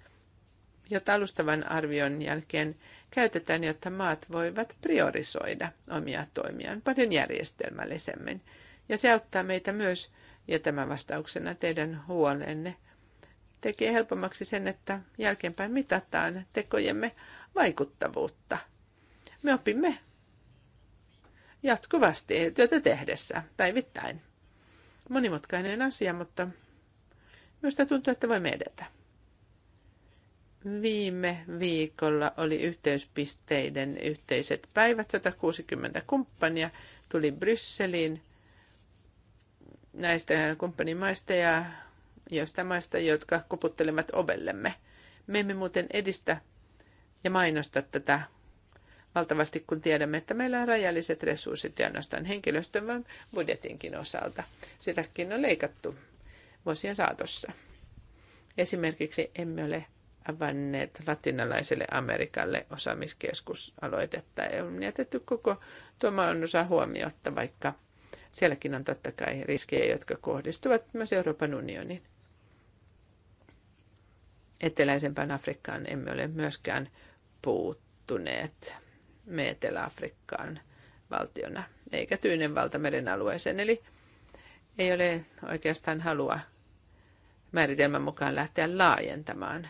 jota alustavan arvion jälkeen käytetään, jotta maat voivat priorisoida omia toimiaan paljon järjestelmällisemmin. Ja se auttaa meitä myös, ja tämä vastauksena teidän huolenne tekee helpommaksi sen, että jälkeenpäin mitataan tekojemme vaikuttavuutta. Me opimme jatkuvasti työtä tehdessä, päivittäin. Monimutkainen asia, mutta minusta tuntuu, että voi edetä. Viime viikolla oli yhteyspisteiden yhteiset päivät, 160 kumppania tuli Brysseliin näistä kumppanimaista ja joista maista, jotka koputtelevat ovellemme. Me emme muuten edistä ja mainosta tätä valtavasti, kun tiedämme, että meillä on rajalliset resurssit ja ainoastaan henkilöstön, vaan budjetinkin osalta. Sitäkin on leikattu vuosien saatossa. Esimerkiksi emme ole avanneet latinalaiselle Amerikalle osaamiskeskusaloitetta. On jätetty koko tuomaan osa huomiota vaikka sielläkin on totta kai riskejä, jotka kohdistuvat myös Euroopan unioniin. Eteläisempään Afrikkaan emme ole myöskään puuttuneet me Etelä-Afrikkaan valtiona, eikä Tyynen valtameren alueeseen. Eli ei ole oikeastaan halua määritelmän mukaan lähteä laajentamaan.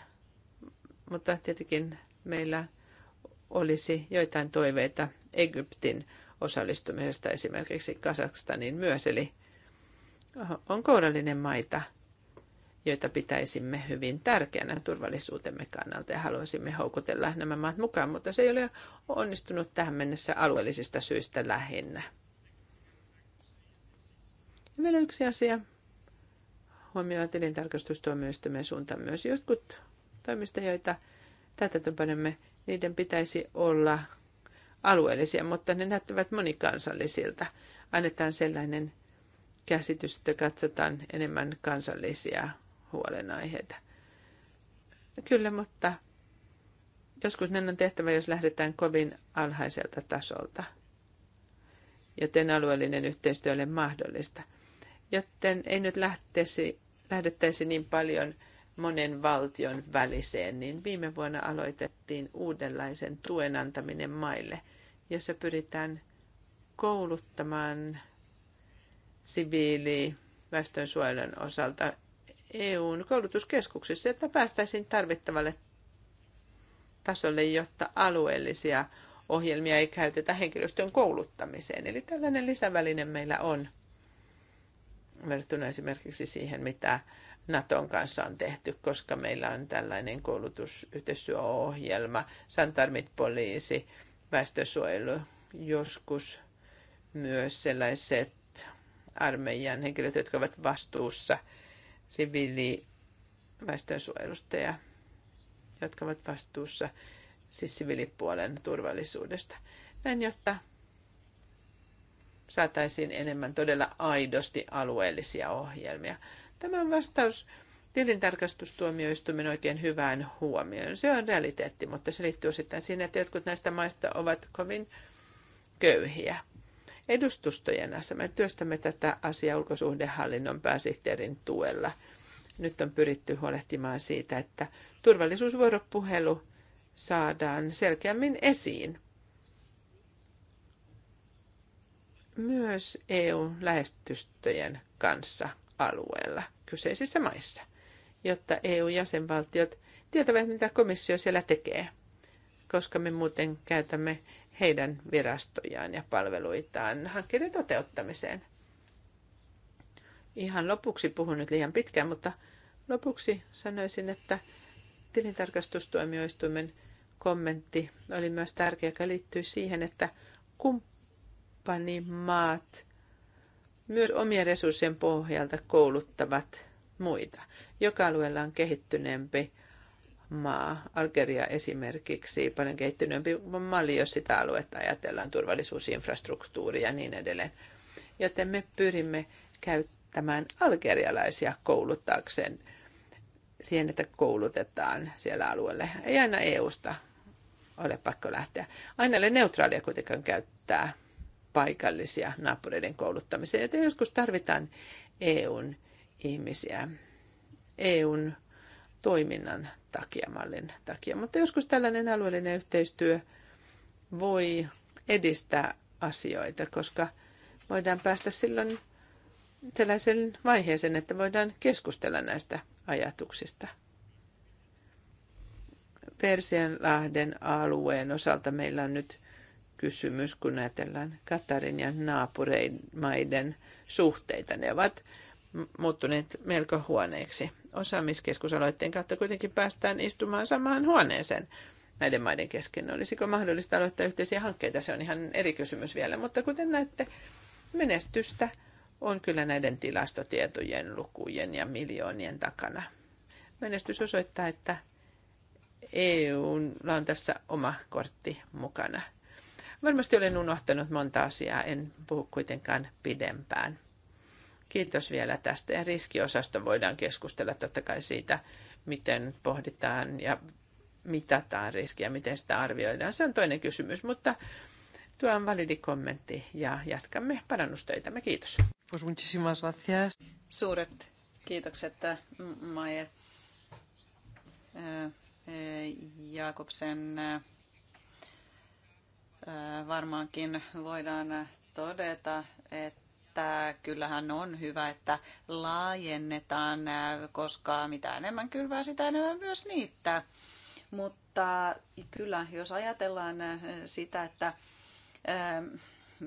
Mutta tietenkin meillä olisi joitain toiveita Egyptin osallistumisesta esimerkiksi Kasakstaniin myös, eli on kourallinen maita – joita pitäisimme hyvin tärkeänä turvallisuutemme kannalta ja haluaisimme houkutella nämä maat mukaan, mutta se ei ole onnistunut tähän mennessä alueellisista syistä lähinnä. Ja vielä yksi asia. Huomioon tilintarkastustuomioistuimen suuntaan myös jotkut toimista, joita tapanemme, niiden pitäisi olla alueellisia, mutta ne näyttävät monikansallisilta. Annetaan sellainen käsitys, että katsotaan enemmän kansallisia huolenaiheita. Kyllä, mutta joskus ne on tehtävä, jos lähdetään kovin alhaiselta tasolta, joten alueellinen yhteistyö ei mahdollista. Joten ei nyt lähtesi, lähdettäisi niin paljon monen valtion väliseen, niin viime vuonna aloitettiin uudenlaisen tuen antaminen maille, jossa pyritään kouluttamaan siviili väestönsuojelun osalta EUn koulutuskeskuksissa, että päästäisiin tarvittavalle tasolle, jotta alueellisia ohjelmia ei käytetä henkilöstön kouluttamiseen. Eli tällainen lisäväline meillä on verrattuna esimerkiksi siihen, mitä Naton kanssa on tehty, koska meillä on tällainen koulutusyhteistyöohjelma, santarmit, poliisi, väestösuojelu, joskus myös sellaiset armeijan henkilöt, jotka ovat vastuussa – siviiliväestönsuojelusta ja jotka ovat vastuussa siis siviilipuolen turvallisuudesta. Näin, jotta saataisiin enemmän todella aidosti alueellisia ohjelmia. Tämä on vastaus tilintarkastustuomioistuimen oikein hyvään huomioon. Se on realiteetti, mutta se liittyy sitten siinä, että jotkut näistä maista ovat kovin köyhiä edustustojen asema. Työstämme tätä asiaa ulkosuhdehallinnon pääsihteerin tuella. Nyt on pyritty huolehtimaan siitä, että turvallisuusvuoropuhelu saadaan selkeämmin esiin. Myös EU-lähestystöjen kanssa alueella kyseisissä maissa, jotta EU-jäsenvaltiot tietävät, mitä komissio siellä tekee, koska me muuten käytämme heidän virastojaan ja palveluitaan hankkeiden toteuttamiseen. Ihan lopuksi puhun nyt liian pitkään, mutta lopuksi sanoisin, että tilintarkastustuomioistuimen kommentti oli myös tärkeä, joka liittyy siihen, että kumppanimaat myös omien resurssien pohjalta kouluttavat muita. Joka alueella on kehittyneempi maa, Algeria esimerkiksi, paljon kehittyneempi malli, jos sitä aluetta ajatellaan, turvallisuusinfrastruktuuri ja niin edelleen. Joten me pyrimme käyttämään algerialaisia kouluttaakseen siihen, että koulutetaan siellä alueelle. Ei aina EUsta ole pakko lähteä. Aina ole neutraalia kuitenkaan käyttää paikallisia naapureiden kouluttamiseen. joten joskus tarvitaan EUn ihmisiä. EUn toiminnan takia, mallin takia. Mutta joskus tällainen alueellinen yhteistyö voi edistää asioita, koska voidaan päästä silloin sellaisen vaiheeseen, että voidaan keskustella näistä ajatuksista. Persianlahden alueen osalta meillä on nyt kysymys, kun ajatellaan Katarin ja naapureiden maiden suhteita. Ne ovat muuttuneet melko huoneiksi. Osaamiskeskusaloitteen kautta kuitenkin päästään istumaan samaan huoneeseen näiden maiden kesken. Olisiko mahdollista aloittaa yhteisiä hankkeita? Se on ihan eri kysymys vielä, mutta kuten näette, menestystä on kyllä näiden tilastotietojen, lukujen ja miljoonien takana. Menestys osoittaa, että EUlla on tässä oma kortti mukana. Varmasti olen unohtanut monta asiaa, en puhu kuitenkaan pidempään. Kiitos vielä tästä. Ja riskiosasta voidaan keskustella totta kai siitä, miten pohditaan ja mitataan riskiä, miten sitä arvioidaan. Se on toinen kysymys, mutta tuo on validi kommentti ja jatkamme parannustöitämme. Kiitos. Suuret kiitokset, äh, Maija äh, äh, Jakobsen. Varmaankin voidaan todeta, että että kyllähän on hyvä, että laajennetaan, koska mitä enemmän kylvää, sitä enemmän myös niittää. Mutta kyllä, jos ajatellaan sitä, että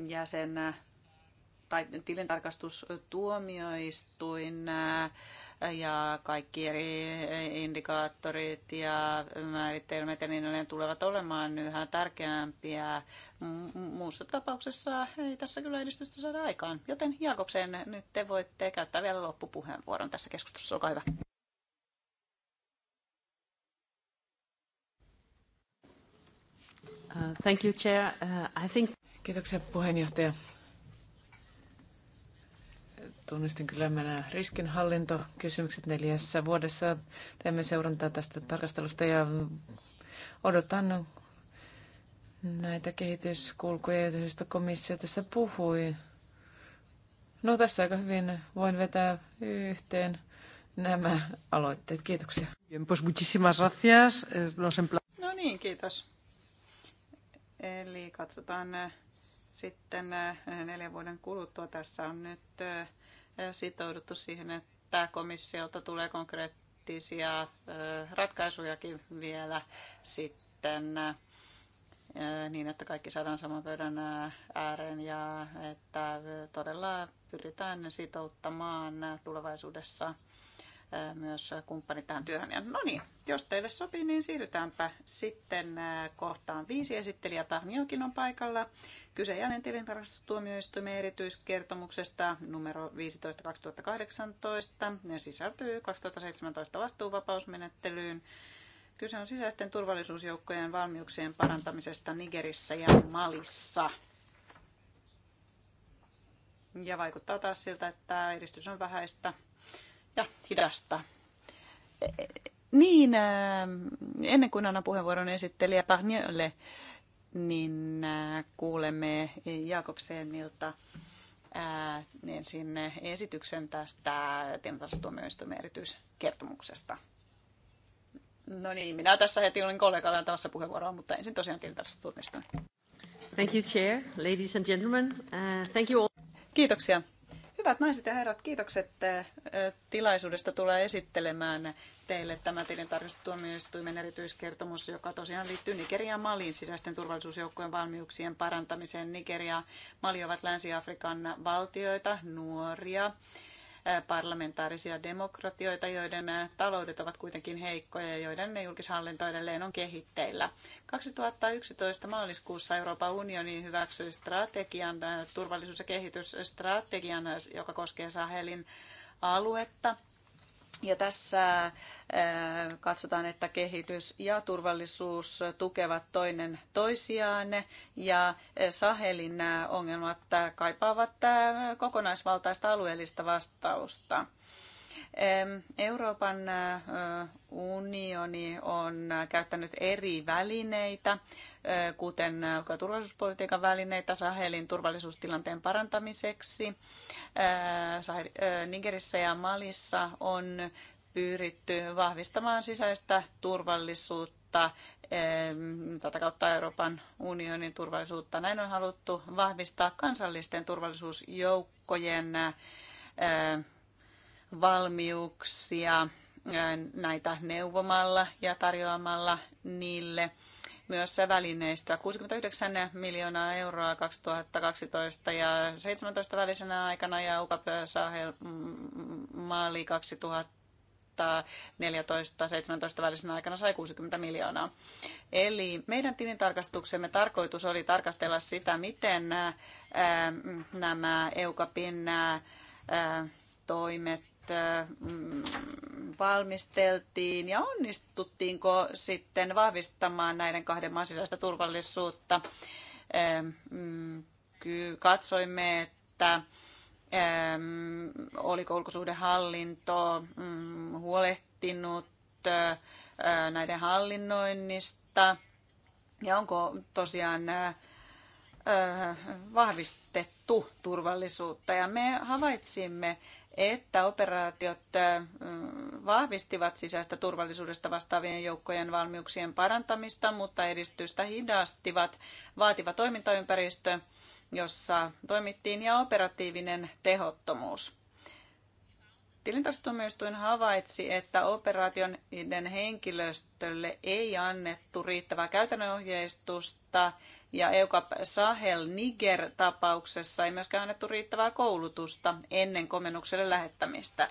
jäsen tai tilintarkastustuomioistuin ja kaikki eri indikaattorit ja määritelmät ja niin edelleen tulevat olemaan yhä tärkeämpiä. Muussa tapauksessa ei tässä kyllä edistystä saada aikaan. Joten Jakobsen, nyt te voitte käyttää vielä loppupuheenvuoron tässä keskustelussa. Olkaa hyvä. Uh, thank you, Chair. Uh, I think... Kiitoksia puheenjohtaja tunnistin kyllä nämä riskinhallintokysymykset neljässä vuodessa. Teemme seurantaa tästä tarkastelusta ja odotan näitä kehityskulkuja, joista komissio tässä puhui. No tässä aika hyvin voin vetää yhteen nämä aloitteet. Kiitoksia. muchísimas gracias. Eh, los no niin, kiitos. Eli katsotaan eh, sitten eh, neljän vuoden kuluttua. Tässä on nyt sitouduttu siihen, että tämä komissiolta tulee konkreettisia ratkaisujakin vielä sitten niin, että kaikki saadaan saman pöydän ääreen ja että todella pyritään sitouttamaan tulevaisuudessa myös kumppani tähän työhön. Ja no niin, jos teille sopii, niin siirrytäänpä sitten kohtaan viisi. Esittelijä Tahmiokin on paikalla. Kyse jälleen tilintarkastustuomioistuimen erityiskertomuksesta numero 15-2018. Ne sisältyy 2017 vastuuvapausmenettelyyn. Kyse on sisäisten turvallisuusjoukkojen valmiuksien parantamisesta Nigerissä ja Malissa. Ja vaikuttaa taas siltä, että edistys on vähäistä ja hidasta. Niin, äh, ennen kuin annan puheenvuoron esittelijä Pahniolle, niin äh, kuulemme Jakobsenilta äh, ensin esityksen tästä tilintarkastustuomioistuimen erityiskertomuksesta. No niin, minä tässä heti olin kollegalla tässä puheenvuoroa, mutta ensin tosiaan tilintarkastustuomioistuimen. Thank you, Chair, ladies and gentlemen. Uh, thank you all. Kiitoksia Hyvät naiset ja herrat, kiitokset tilaisuudesta tulee esittelemään teille tämä tilintarkastustuomioistuimen erityiskertomus, joka tosiaan liittyy Nigerian Malin sisäisten turvallisuusjoukkojen valmiuksien parantamiseen. Nigeria Mali ovat Länsi-Afrikan valtioita, nuoria parlamentaarisia demokratioita, joiden taloudet ovat kuitenkin heikkoja ja joiden julkishallinto edelleen on kehitteillä. 2011 maaliskuussa Euroopan unioni hyväksyi strategian, turvallisuus- ja kehitysstrategian, joka koskee Sahelin aluetta. Ja tässä katsotaan, että kehitys ja turvallisuus tukevat toinen toisiaan ja Sahelin ongelmat kaipaavat kokonaisvaltaista alueellista vastausta. Euroopan unioni on käyttänyt eri välineitä, kuten turvallisuuspolitiikan välineitä Sahelin turvallisuustilanteen parantamiseksi. Nigerissä ja Malissa on pyritty vahvistamaan sisäistä turvallisuutta tätä kautta Euroopan unionin turvallisuutta. Näin on haluttu vahvistaa kansallisten turvallisuusjoukkojen valmiuksia näitä neuvomalla ja tarjoamalla niille myös välineistöä. 69 miljoonaa euroa 2012 ja 2017 välisenä aikana ja UKP Sahel Mali mm, 2014-2017 välisenä aikana sai 60 miljoonaa. Eli meidän tilintarkastuksemme tarkoitus oli tarkastella sitä, miten nämä EUCAPin toimet Mm, valmisteltiin ja onnistuttiinko sitten vahvistamaan näiden kahden maan sisäistä turvallisuutta. Mm, katsoimme, että mm, oliko ulkosuhdehallinto huolehtinut näiden hallinnoinnista ja onko tosiaan vahvistettu turvallisuutta. Ja me havaitsimme, että operaatiot vahvistivat sisäistä turvallisuudesta vastaavien joukkojen valmiuksien parantamista, mutta edistystä hidastivat vaativa toimintaympäristö, jossa toimittiin ja operatiivinen tehottomuus. Tilintarkastustuomioistuin havaitsi, että operaation henkilöstölle ei annettu riittävää käytännön ohjeistusta ja EUCAP Sahel Niger-tapauksessa ei myöskään annettu riittävää koulutusta ennen komennukselle lähettämistä.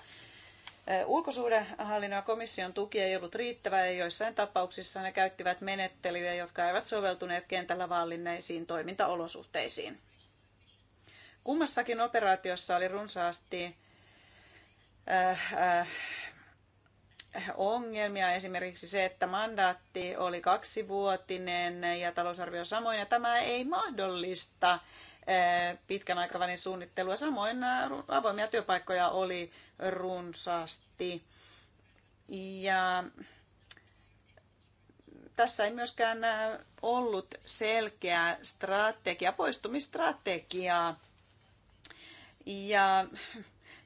Ulkosuhdehallinnon ja komission tuki ei ollut riittävää ja joissain tapauksissa ne käyttivät menettelyjä, jotka eivät soveltuneet kentällä vallinneisiin toimintaolosuhteisiin. Kummassakin operaatiossa oli runsaasti Äh, äh, ongelmia, esimerkiksi se, että mandaatti oli kaksivuotinen ja talousarvio samoin, ja tämä ei mahdollista äh, pitkän aikavälin suunnittelua. Samoin avoimia työpaikkoja oli runsaasti. Ja tässä ei myöskään ollut selkeää strategia, poistumistrategiaa. Ja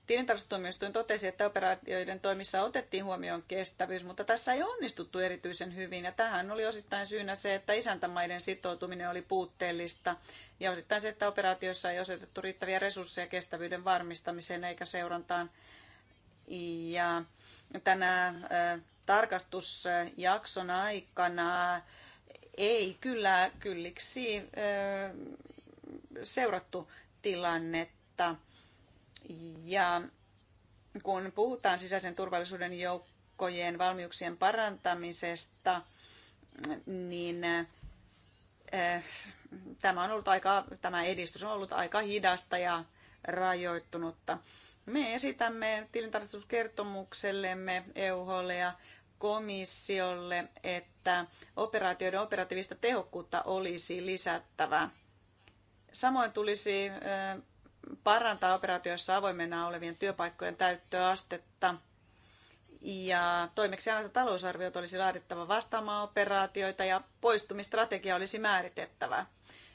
Tilintarkastustuomioistuin totesi, että operaatioiden toimissa otettiin huomioon kestävyys, mutta tässä ei onnistuttu erityisen hyvin. Ja tähän oli osittain syynä se, että isäntämaiden sitoutuminen oli puutteellista ja osittain se, että operaatioissa ei osoitettu riittäviä resursseja kestävyyden varmistamiseen eikä seurantaan. Ja tänä tarkastusjakson aikana ei kyllä kylliksi seurattu tilannetta ja kun puhutaan sisäisen turvallisuuden joukkojen valmiuksien parantamisesta, niin eh, tämä, on ollut aika, tämä edistys on ollut aika hidasta ja rajoittunutta. Me esitämme tilintarkastuskertomuksellemme EUHlle ja komissiolle, että operaatioiden operatiivista tehokkuutta olisi lisättävä. Samoin tulisi eh, parantaa operaatioissa avoimena olevien työpaikkojen täyttöastetta. Ja ja talousarviot olisi laadittava vastaamaan operaatioita ja poistumistrategia olisi määritettävä.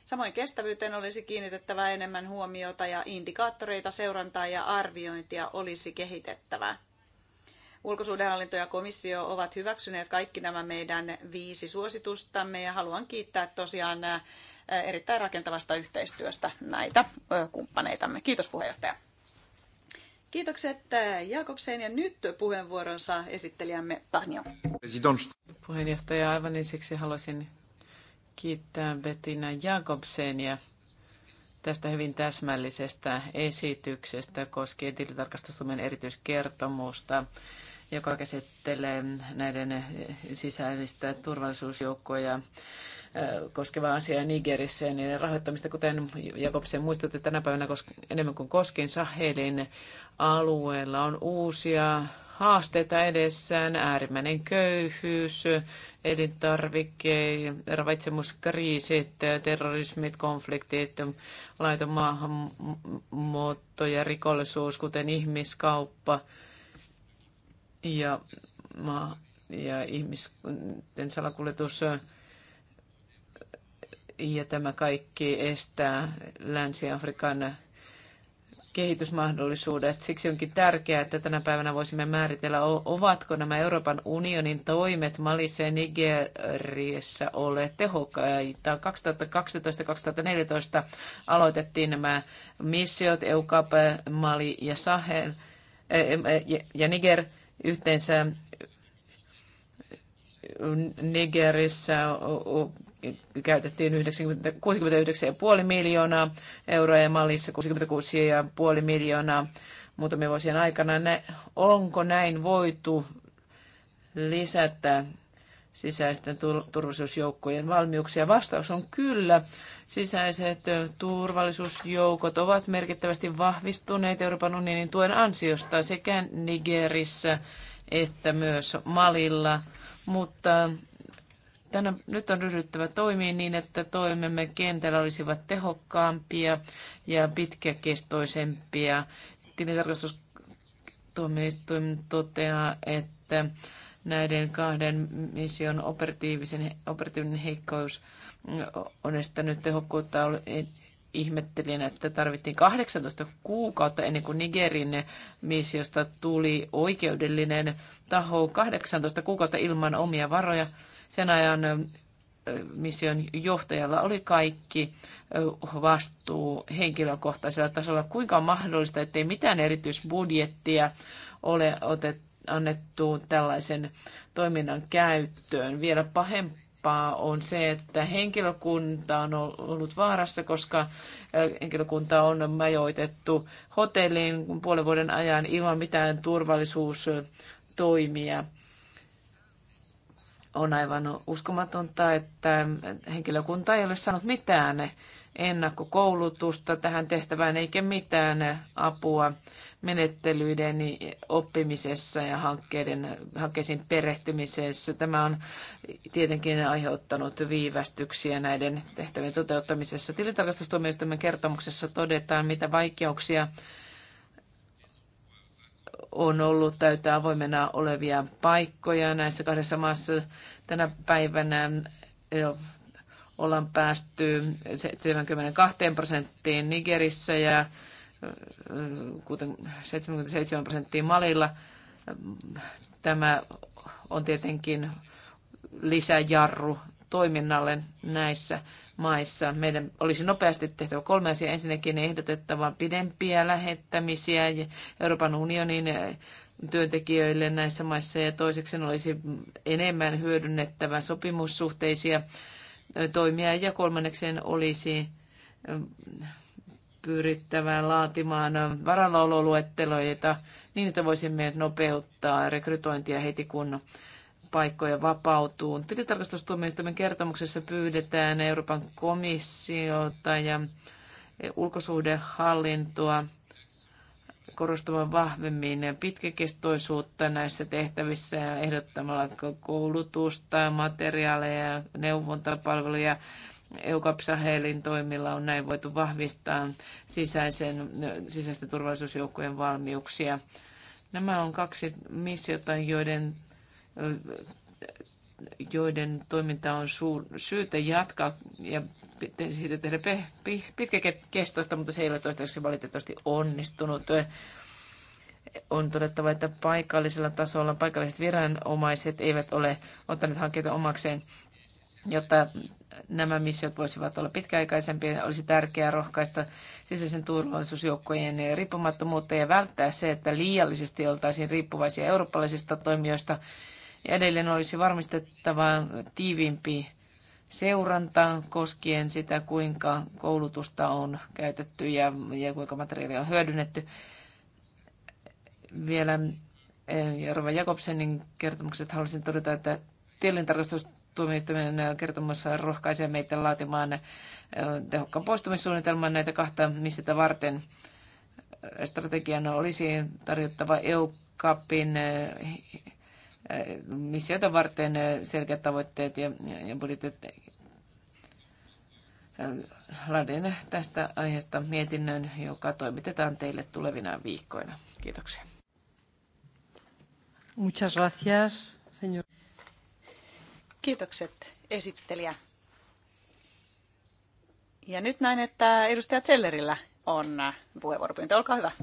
Samoin kestävyyteen olisi kiinnitettävä enemmän huomiota ja indikaattoreita, seurantaa ja arviointia olisi kehitettävä. Ulkosuhdehallinto ja komissio ovat hyväksyneet kaikki nämä meidän viisi suositustamme ja haluan kiittää tosiaan erittäin rakentavasta yhteistyöstä näitä kumppaneitamme. Kiitos puheenjohtaja. Kiitokset Jakobseen ja nyt puheenvuoronsa esittelijämme Tahnio. Puheenjohtaja, aivan ensiksi haluaisin kiittää Bettina Jakobsenia tästä hyvin täsmällisestä esityksestä koskien tilintarkastustoimen erityiskertomusta, joka käsittelee näiden sisäistä turvallisuusjoukkoja koskeva asia Nigerissä ja niiden rahoittamista, kuten Jakobsen muistutti tänä päivänä enemmän kuin koskin Sahelin alueella on uusia haasteita edessään, äärimmäinen köyhyys, elintarvikkeet, ravitsemuskriisit, terrorismit, konfliktit, laiton maahanmuutto ja rikollisuus, kuten ihmiskauppa ja, ja ihmisten salakuljetus ja tämä kaikki estää Länsi-Afrikan kehitysmahdollisuudet. Siksi onkin tärkeää, että tänä päivänä voisimme määritellä, ovatko nämä Euroopan unionin toimet Malissa ja Nigeriassa olleet tehokkaita. 2012-2014 aloitettiin nämä missiot EUCAP, Mali ja Sahel eh, eh, ja Niger yhteensä Nigerissä käytettiin 69,5 miljoonaa euroa ja Malissa 66,5 miljoonaa muutamien vuosien aikana. onko näin voitu lisätä sisäisten turvallisuusjoukkojen valmiuksia? Vastaus on kyllä. Sisäiset turvallisuusjoukot ovat merkittävästi vahvistuneet Euroopan unionin tuen ansiosta sekä Nigerissä että myös Malilla, mutta Tänä, nyt on ryhdyttävä toimiin niin, että toimemme kentällä olisivat tehokkaampia ja pitkäkestoisempia. Tilintarkastustuomioistuin toteaa, että näiden kahden mission operatiivisen, operatiivinen heikkous on estänyt tehokkuutta. Ihmettelin, että tarvittiin 18 kuukautta ennen kuin Nigerin missiosta tuli oikeudellinen taho. 18 kuukautta ilman omia varoja sen ajan mission johtajalla oli kaikki vastuu henkilökohtaisella tasolla. Kuinka on mahdollista, ettei mitään erityisbudjettia ole otettu annettu tällaisen toiminnan käyttöön. Vielä pahempaa on se, että henkilökunta on ollut vaarassa, koska henkilökunta on majoitettu hotelliin puolen vuoden ajan ilman mitään turvallisuustoimia. On aivan uskomatonta, että henkilökunta ei ole saanut mitään ennakkokoulutusta tähän tehtävään eikä mitään apua menettelyiden oppimisessa ja hankkeiden, hankkeisiin perehtymisessä. Tämä on tietenkin aiheuttanut viivästyksiä näiden tehtävien toteuttamisessa. Tilintarkastustuomioistuimen kertomuksessa todetaan, mitä vaikeuksia on ollut täyttä avoimena olevia paikkoja näissä kahdessa maassa. Tänä päivänä jo ollaan päästy 72 prosenttiin Nigerissä ja 77 prosenttiin Malilla. Tämä on tietenkin lisäjarru toiminnalle näissä maissa. Meidän olisi nopeasti tehtävä kolme asiaa. Ensinnäkin ehdotettava pidempiä lähettämisiä Euroopan unionin eh, työntekijöille näissä maissa ja toiseksi olisi enemmän hyödynnettävä sopimussuhteisia eh, toimia ja kolmanneksi olisi eh, pyrittävä laatimaan varallaololuetteloita niin, että voisimme nopeuttaa rekrytointia heti kun paikkoja vapautuu. Tilintarkastustuomioistuimen kertomuksessa pyydetään Euroopan komissiota ja ulkosuhdehallintoa korostamaan vahvemmin pitkäkestoisuutta näissä tehtävissä ja ehdottamalla koulutusta, materiaaleja ja neuvontapalveluja. EUCAP Sahelin toimilla on näin voitu vahvistaa sisäisen, sisäisten turvallisuusjoukkojen valmiuksia. Nämä on kaksi missiota, joiden joiden toiminta on suur, syytä jatkaa ja siitä tehdä pitkäkestoista, mutta se ei ole toistaiseksi valitettavasti onnistunut. On todettava, että paikallisella tasolla paikalliset viranomaiset eivät ole ottaneet hankkeita omakseen, jotta nämä missiot voisivat olla pitkäaikaisempia. Olisi tärkeää rohkaista sisäisen turvallisuusjoukkojen riippumattomuutta ja välttää se, että liiallisesti oltaisiin riippuvaisia eurooppalaisista toimijoista – ja edelleen olisi varmistettava tiiviimpi seuranta koskien sitä, kuinka koulutusta on käytetty ja, ja kuinka materiaalia on hyödynnetty. Vielä eh, Jorva Jakobsenin kertomukset haluaisin todeta, että tielintarkastustuomioistuimen kertomus rohkaisee meitä laatimaan eh, tehokkaan poistumissuunnitelman näitä kahta sitä varten. Strategian olisi tarjottava eu EU-kapin eh, missiota varten selkeät tavoitteet ja, ja budjetit. Ladin tästä aiheesta mietinnön, joka toimitetaan teille tulevina viikkoina. Kiitoksia. Muchas gracias, señor. Kiitokset esittelijä. Ja nyt näin, että edustaja Zellerillä on puheenvuoropyyntö. Olkaa hyvä. Äh,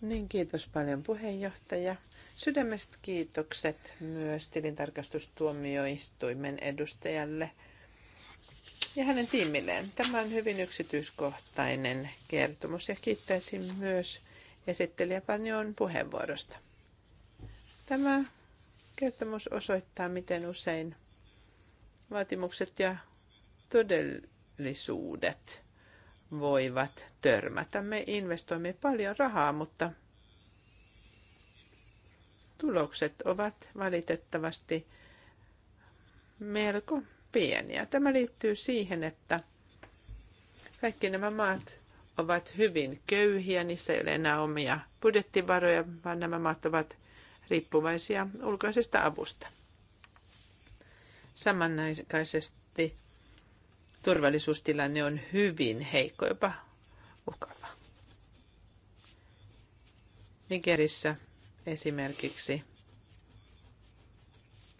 niin, kiitos paljon puheenjohtaja. Sydämestä kiitokset myös tilintarkastustuomioistuimen edustajalle ja hänen tiimilleen. Tämä on hyvin yksityiskohtainen kertomus ja kiittäisin myös esittelijä puheenvuorosta. Tämä kertomus osoittaa, miten usein vaatimukset ja todellisuudet voivat törmätä. Me investoimme paljon rahaa, mutta tulokset ovat valitettavasti melko pieniä. Tämä liittyy siihen, että kaikki nämä maat ovat hyvin köyhiä, niissä ei ole enää omia budjettivaroja, vaan nämä maat ovat riippuvaisia ulkoisesta avusta. Samanaikaisesti turvallisuustilanne on hyvin heikko, jopa uhkaava. Nigerissä Esimerkiksi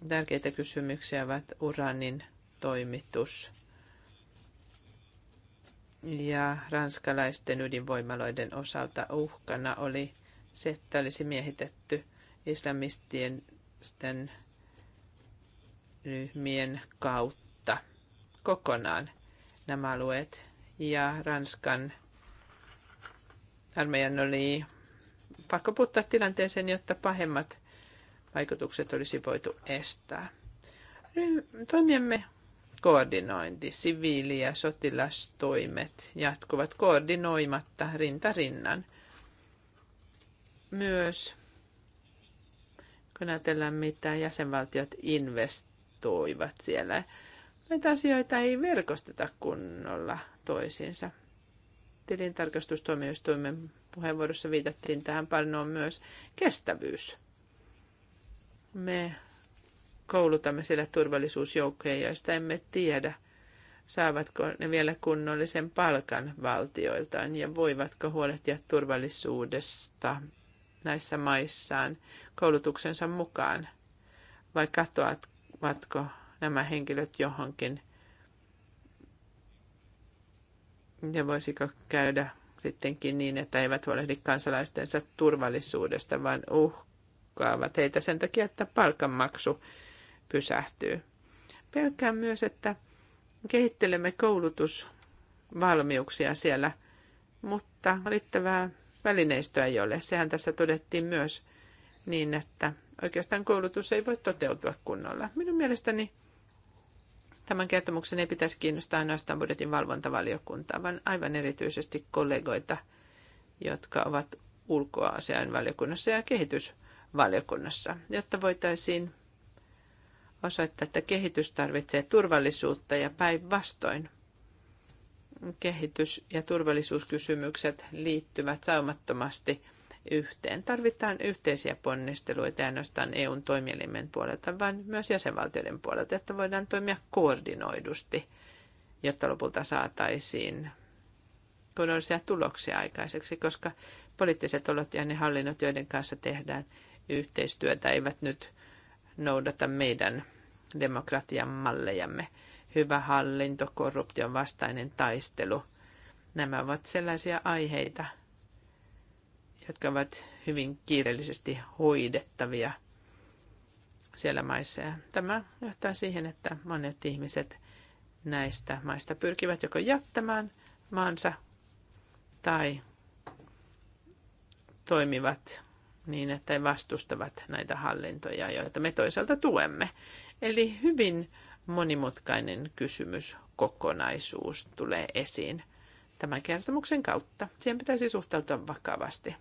tärkeitä kysymyksiä ovat uranin toimitus ja ranskalaisten ydinvoimaloiden osalta uhkana oli se, että olisi miehitetty islamistien ryhmien kautta kokonaan nämä alueet. Ja Ranskan armeijan oli pakko puuttaa tilanteeseen, jotta pahemmat vaikutukset olisi voitu estää. Toimiemme koordinointi, siviili- ja sotilastoimet jatkuvat koordinoimatta rinta rinnan. Myös kun ajatellaan, mitä jäsenvaltiot investoivat siellä, näitä asioita ei verkosteta kunnolla toisiinsa. Tilintarkastustuomioistuimen puheenvuorossa viitattiin tähän paljon myös kestävyys. Me koulutamme siellä turvallisuusjoukkoja, joista emme tiedä, saavatko ne vielä kunnollisen palkan valtioiltaan ja voivatko huolehtia turvallisuudesta näissä maissaan koulutuksensa mukaan vai katoavatko nämä henkilöt johonkin Ja voisiko käydä sittenkin niin, että eivät huolehdi kansalaistensa turvallisuudesta, vaan uhkaavat heitä sen takia, että palkanmaksu pysähtyy. Pelkään myös, että kehittelemme koulutusvalmiuksia siellä, mutta riittävää välineistöä ei ole. Sehän tässä todettiin myös niin, että oikeastaan koulutus ei voi toteutua kunnolla. Minun mielestäni Tämän kertomuksen ei pitäisi kiinnostaa ainoastaan budjetin valvontavaliokuntaa, vaan aivan erityisesti kollegoita, jotka ovat ulkoasiainvaliokunnassa ja kehitysvaliokunnassa, jotta voitaisiin osoittaa, että kehitys tarvitsee turvallisuutta ja päinvastoin. Kehitys- ja turvallisuuskysymykset liittyvät saumattomasti – yhteen. Tarvitaan yhteisiä ponnisteluita ainoastaan EUn toimielimen puolelta, vaan myös jäsenvaltioiden puolelta, että voidaan toimia koordinoidusti, jotta lopulta saataisiin kunnollisia tuloksia aikaiseksi, koska poliittiset olot ja ne hallinnot, joiden kanssa tehdään yhteistyötä, eivät nyt noudata meidän demokratian mallejamme. Hyvä hallinto, korruption vastainen taistelu, nämä ovat sellaisia aiheita, jotka ovat hyvin kiireellisesti hoidettavia siellä maissa. Ja tämä johtaa siihen, että monet ihmiset näistä maista pyrkivät joko jättämään maansa tai toimivat niin, että he vastustavat näitä hallintoja, joita me toisaalta tuemme. Eli hyvin monimutkainen kysymys, kokonaisuus tulee esiin tämän kertomuksen kautta. Siihen pitäisi suhtautua vakavasti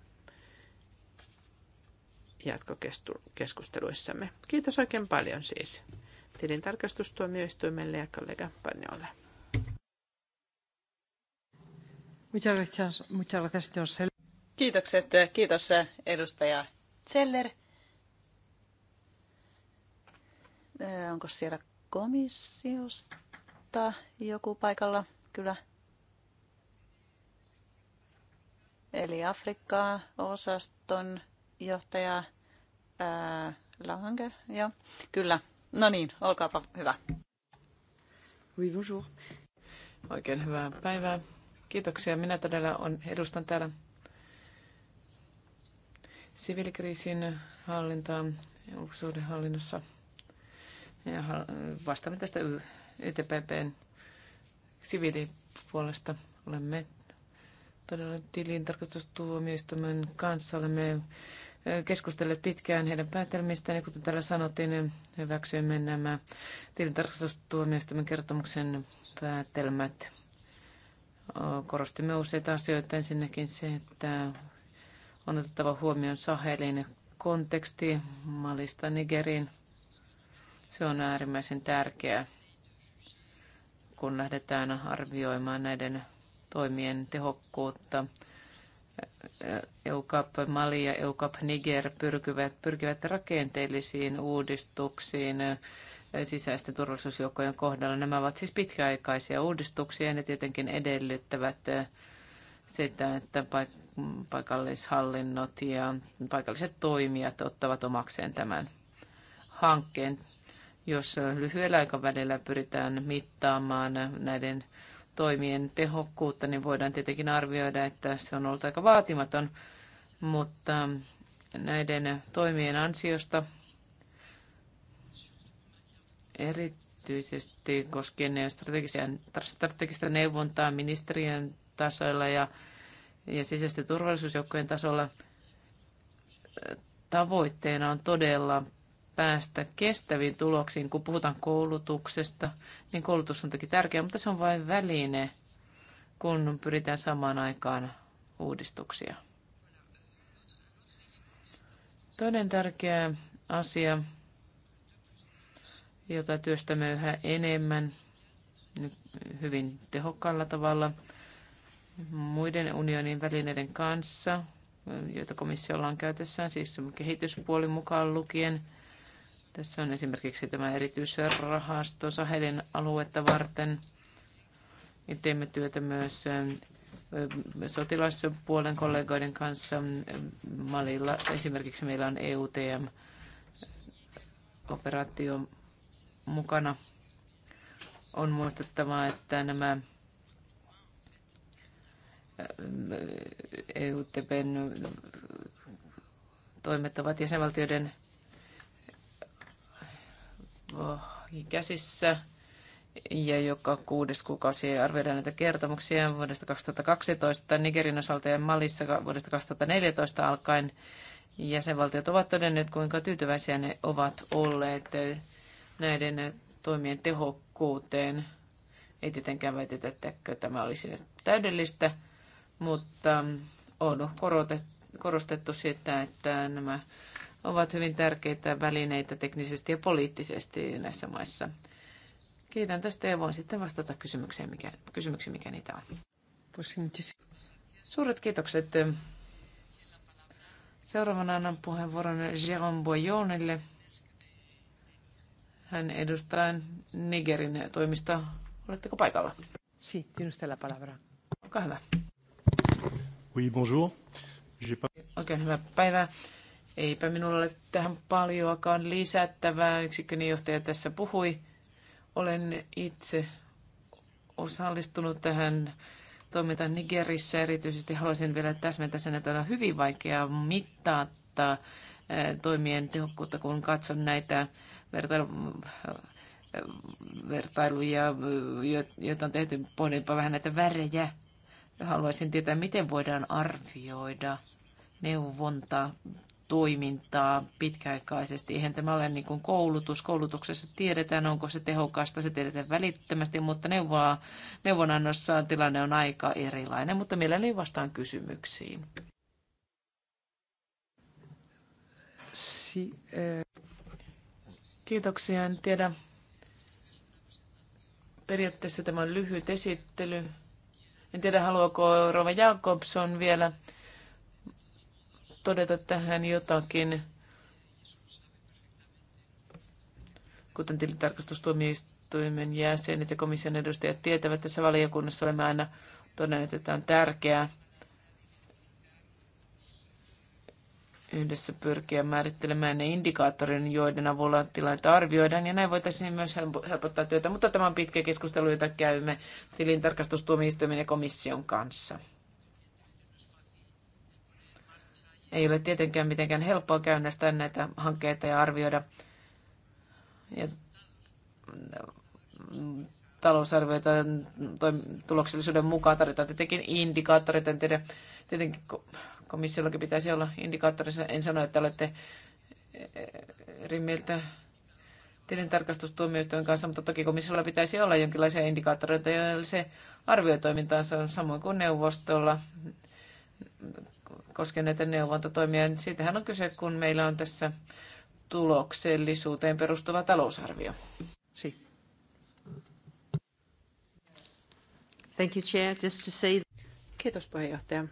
jatkokeskusteluissamme. Kiitos oikein paljon siis tilintarkastustuomioistuimelle ja kollega Panjolle. Kiitokset, kiitos edustaja Zeller. Äh, onko siellä komissiosta joku paikalla? Kyllä. Eli Afrikkaa osaston johtaja ää, Lange. Joo, kyllä. No niin, olkaapa hyvä. Oui, bonjour. Oikein hyvää päivää. Kiitoksia. Minä todella on, edustan täällä siviilikriisin hallintaa ja ulkosuhdehallinnossa. Ja vastaamme tästä YTPPn siviilipuolesta. Olemme todella tilintarkastustuomioistuimen kanssa. Olemme keskustelleet pitkään heidän päätelmistään. Ja kuten täällä sanottiin, niin hyväksyimme nämä tilintarkastustuomioistuimen kertomuksen päätelmät. Korostimme useita asioita. Ensinnäkin se, että on otettava huomioon Sahelin konteksti Malista Nigerin. Se on äärimmäisen tärkeää, kun lähdetään arvioimaan näiden toimien tehokkuutta EUCAP Mali ja EUCAP Niger pyrkivät, pyrkivät rakenteellisiin uudistuksiin sisäisten turvallisuusjoukkojen kohdalla. Nämä ovat siis pitkäaikaisia uudistuksia ja ne tietenkin edellyttävät sitä, että paikallishallinnot ja paikalliset toimijat ottavat omakseen tämän hankkeen. Jos lyhyellä aikavälillä pyritään mittaamaan näiden toimien tehokkuutta, niin voidaan tietenkin arvioida, että se on ollut aika vaatimaton, mutta näiden toimien ansiosta erityisesti koskien strategista neuvontaa ministeriön tasoilla ja, ja sisäisten turvallisuusjoukkojen tasolla tavoitteena on todella päästä kestäviin tuloksiin, kun puhutaan koulutuksesta, niin koulutus on toki tärkeä, mutta se on vain väline, kun pyritään samaan aikaan uudistuksia. Toinen tärkeä asia, jota työstämme yhä enemmän hyvin tehokkaalla tavalla muiden unionin välineiden kanssa, joita komissiolla on käytössään, siis kehityspuoli mukaan lukien – tässä on esimerkiksi tämä erityisrahasto Sahelin aluetta varten. Ja teemme työtä myös sotilaspuolen kollegoiden kanssa. Malilla esimerkiksi meillä on EUTM-operaatio mukana. On muistettava, että nämä EUTPn toimet ovat jäsenvaltioiden käsissä ja joka kuudes kuukausi arvioidaan näitä kertomuksia vuodesta 2012 Nigerin osalta ja Malissa vuodesta 2014 alkaen. Jäsenvaltiot ovat todenneet, kuinka tyytyväisiä ne ovat olleet näiden toimien tehokkuuteen. Ei tietenkään väitetä, että tämä olisi nyt täydellistä, mutta on korostettu sitä, että nämä ovat hyvin tärkeitä välineitä teknisesti ja poliittisesti näissä maissa. Kiitän tästä ja voin sitten vastata kysymykseen, mikä, kysymyksiin, mikä niitä on. Suuret kiitokset. Seuraavana annan puheenvuoron Jérôme Boyonelle. Hän edustaa Nigerin toimista. Oletteko paikalla? Si, tiedustella palavra. Olkaa hyvä. Oui, bonjour. Oikein hyvää päivää. Eipä minulla ole tähän paljoakaan lisättävää. Yksikköni johtaja tässä puhui. Olen itse osallistunut tähän toimintaan Nigerissä. Erityisesti haluaisin vielä täsmentää sen, että on hyvin vaikea mittaa eh, toimien tehokkuutta, kun katson näitä eh, vertailuja, joita on tehty, pohdinpa vähän näitä värejä. Haluaisin tietää, miten voidaan arvioida neuvonta toimintaa pitkäaikaisesti. Eihän tämä ole niin kuin koulutus. Koulutuksessa tiedetään, onko se tehokasta, se tiedetään välittömästi, mutta neuvoa, neuvonannossa tilanne on aika erilainen, mutta mielelläni vastaan kysymyksiin. Si- eh. Kiitoksia, en tiedä. Periaatteessa tämä on lyhyt esittely. En tiedä, haluaako Rova Jakobson vielä todeta tähän jotakin. Kuten tilintarkastustuomioistuimen jäsenet ja komission edustajat tietävät, tässä valiokunnassa olemme aina todenneet, että on tärkeää yhdessä pyrkiä määrittelemään ne indikaattorin, joiden avulla tilannetta arvioidaan, ja näin voitaisiin myös helpottaa työtä. Mutta tämä on pitkä keskustelu, jota käymme tilintarkastustuomioistuimen ja komission kanssa. Ei ole tietenkään mitenkään helppoa käynnistää näitä hankkeita ja arvioida ja mm, talousarvioita mm, tuloksellisuuden mukaan tarvitaan tietenkin indikaattoreita. En tiedä, tietenkin komissiollakin pitäisi olla indikaattorissa. En sano, että olette eri mieltä tilintarkastustuomioistuimen kanssa, mutta toki komissiolla pitäisi olla jonkinlaisia indikaattoreita, joilla se arvioi toimintaansa samoin kuin neuvostolla koskien näitä neuvontatoimia. Siitähän on kyse, kun meillä on tässä tuloksellisuuteen perustuva talousarvio. Si. Thank you, Chair. Just to say... Kiitos puheenjohtaja.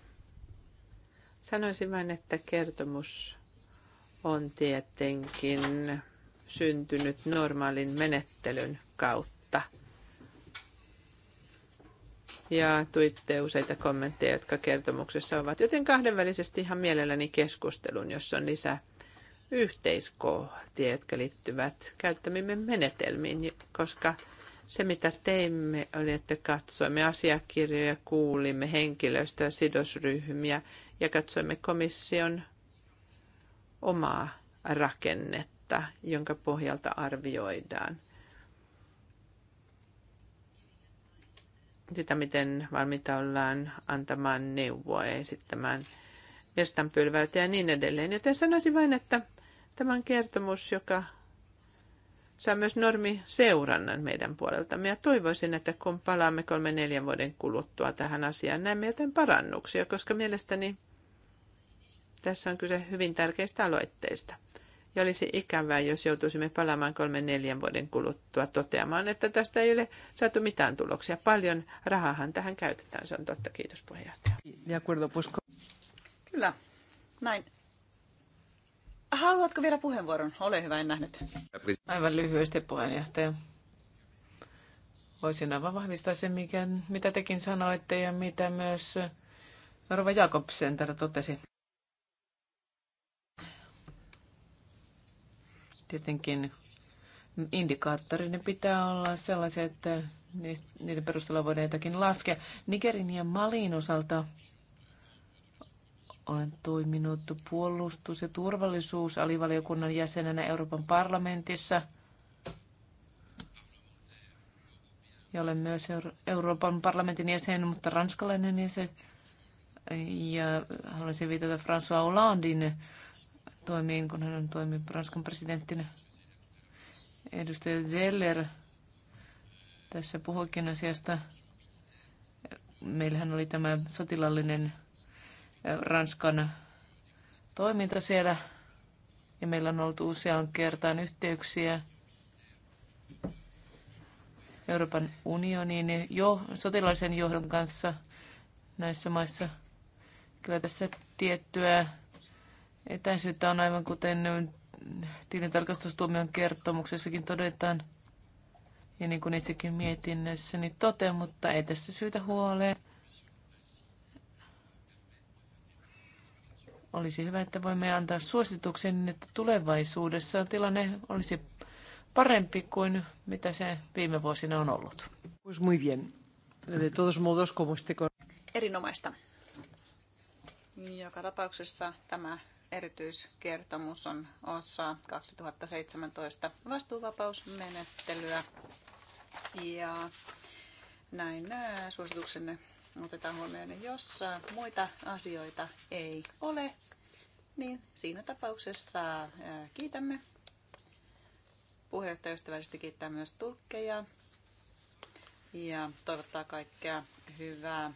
Sanoisin vain, että kertomus on tietenkin syntynyt normaalin menettelyn kautta – ja tuitte useita kommentteja, jotka kertomuksessa ovat. Joten kahdenvälisesti ihan mielelläni keskustelun, jos on lisää yhteiskohtia, jotka liittyvät käyttämimme menetelmiin, koska se mitä teimme oli, että katsoimme asiakirjoja, kuulimme henkilöstöä, sidosryhmiä ja katsoimme komission omaa rakennetta, jonka pohjalta arvioidaan – sitä, miten valmiita ollaan antamaan neuvoa ja esittämään virstanpylvältä ja niin edelleen. Joten sanoisin vain, että tämän kertomus, joka saa myös normi seurannan meidän puoleltamme. Ja toivoisin, että kun palaamme kolme neljän vuoden kuluttua tähän asiaan, näemme jotain parannuksia, koska mielestäni tässä on kyse hyvin tärkeistä aloitteista. Ja olisi ikävää, jos joutuisimme palaamaan kolmen neljän vuoden kuluttua toteamaan, että tästä ei ole saatu mitään tuloksia. Paljon rahahan tähän käytetään, se on totta. Kiitos puheenjohtaja. Kyllä, näin. Haluatko vielä puheenvuoron? Ole hyvä, en nähnyt. Aivan lyhyesti puheenjohtaja. Voisin aivan vahvistaa sen, mikä, mitä tekin sanoitte ja mitä myös Rova Jakobsen täällä totesi. Tietenkin indikaattorinen pitää olla sellaisia, että niiden perusteella voidaan jotakin laskea. Nigerin ja Malin osalta olen toiminut puolustus- ja turvallisuusalivaliokunnan jäsenenä Euroopan parlamentissa ja olen myös Euroopan parlamentin jäsen, mutta ranskalainen jäsen. Ja haluaisin viitata François Hollandein toimiin, kun hän on toimi Ranskan presidenttinä. Edustaja Zeller tässä puhuikin asiasta. Meillähän oli tämä sotilallinen Ranskan toiminta siellä ja meillä on ollut useaan kertaan yhteyksiä Euroopan unionin jo, sotilaisen johdon kanssa näissä maissa. Kyllä tässä tiettyä Etäisyyttä on aivan kuten tilintarkastustuomion kertomuksessakin todetaan, ja niin kuin itsekin mietinnössäni totean, mutta ei tässä syytä huoleen. Olisi hyvä, että voimme antaa suosituksen, että tulevaisuudessa tilanne olisi parempi kuin mitä se viime vuosina on ollut. Pues muy bien. De todos modos, como este... Erinomaista. Joka tapauksessa tämä erityiskertomus on osa 2017 vastuuvapausmenettelyä. Ja näin suosituksenne otetaan huomioon. Jos muita asioita ei ole, niin siinä tapauksessa kiitämme. Puheenjohtaja ystävällisesti kiittää myös tulkkeja ja toivottaa kaikkea hyvää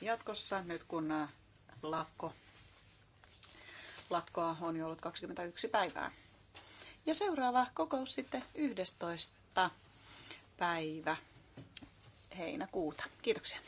jatkossa nyt kun lakko lakkoa on jo ollut 21 päivää. Ja seuraava kokous sitten 11. päivä heinäkuuta. Kiitoksia.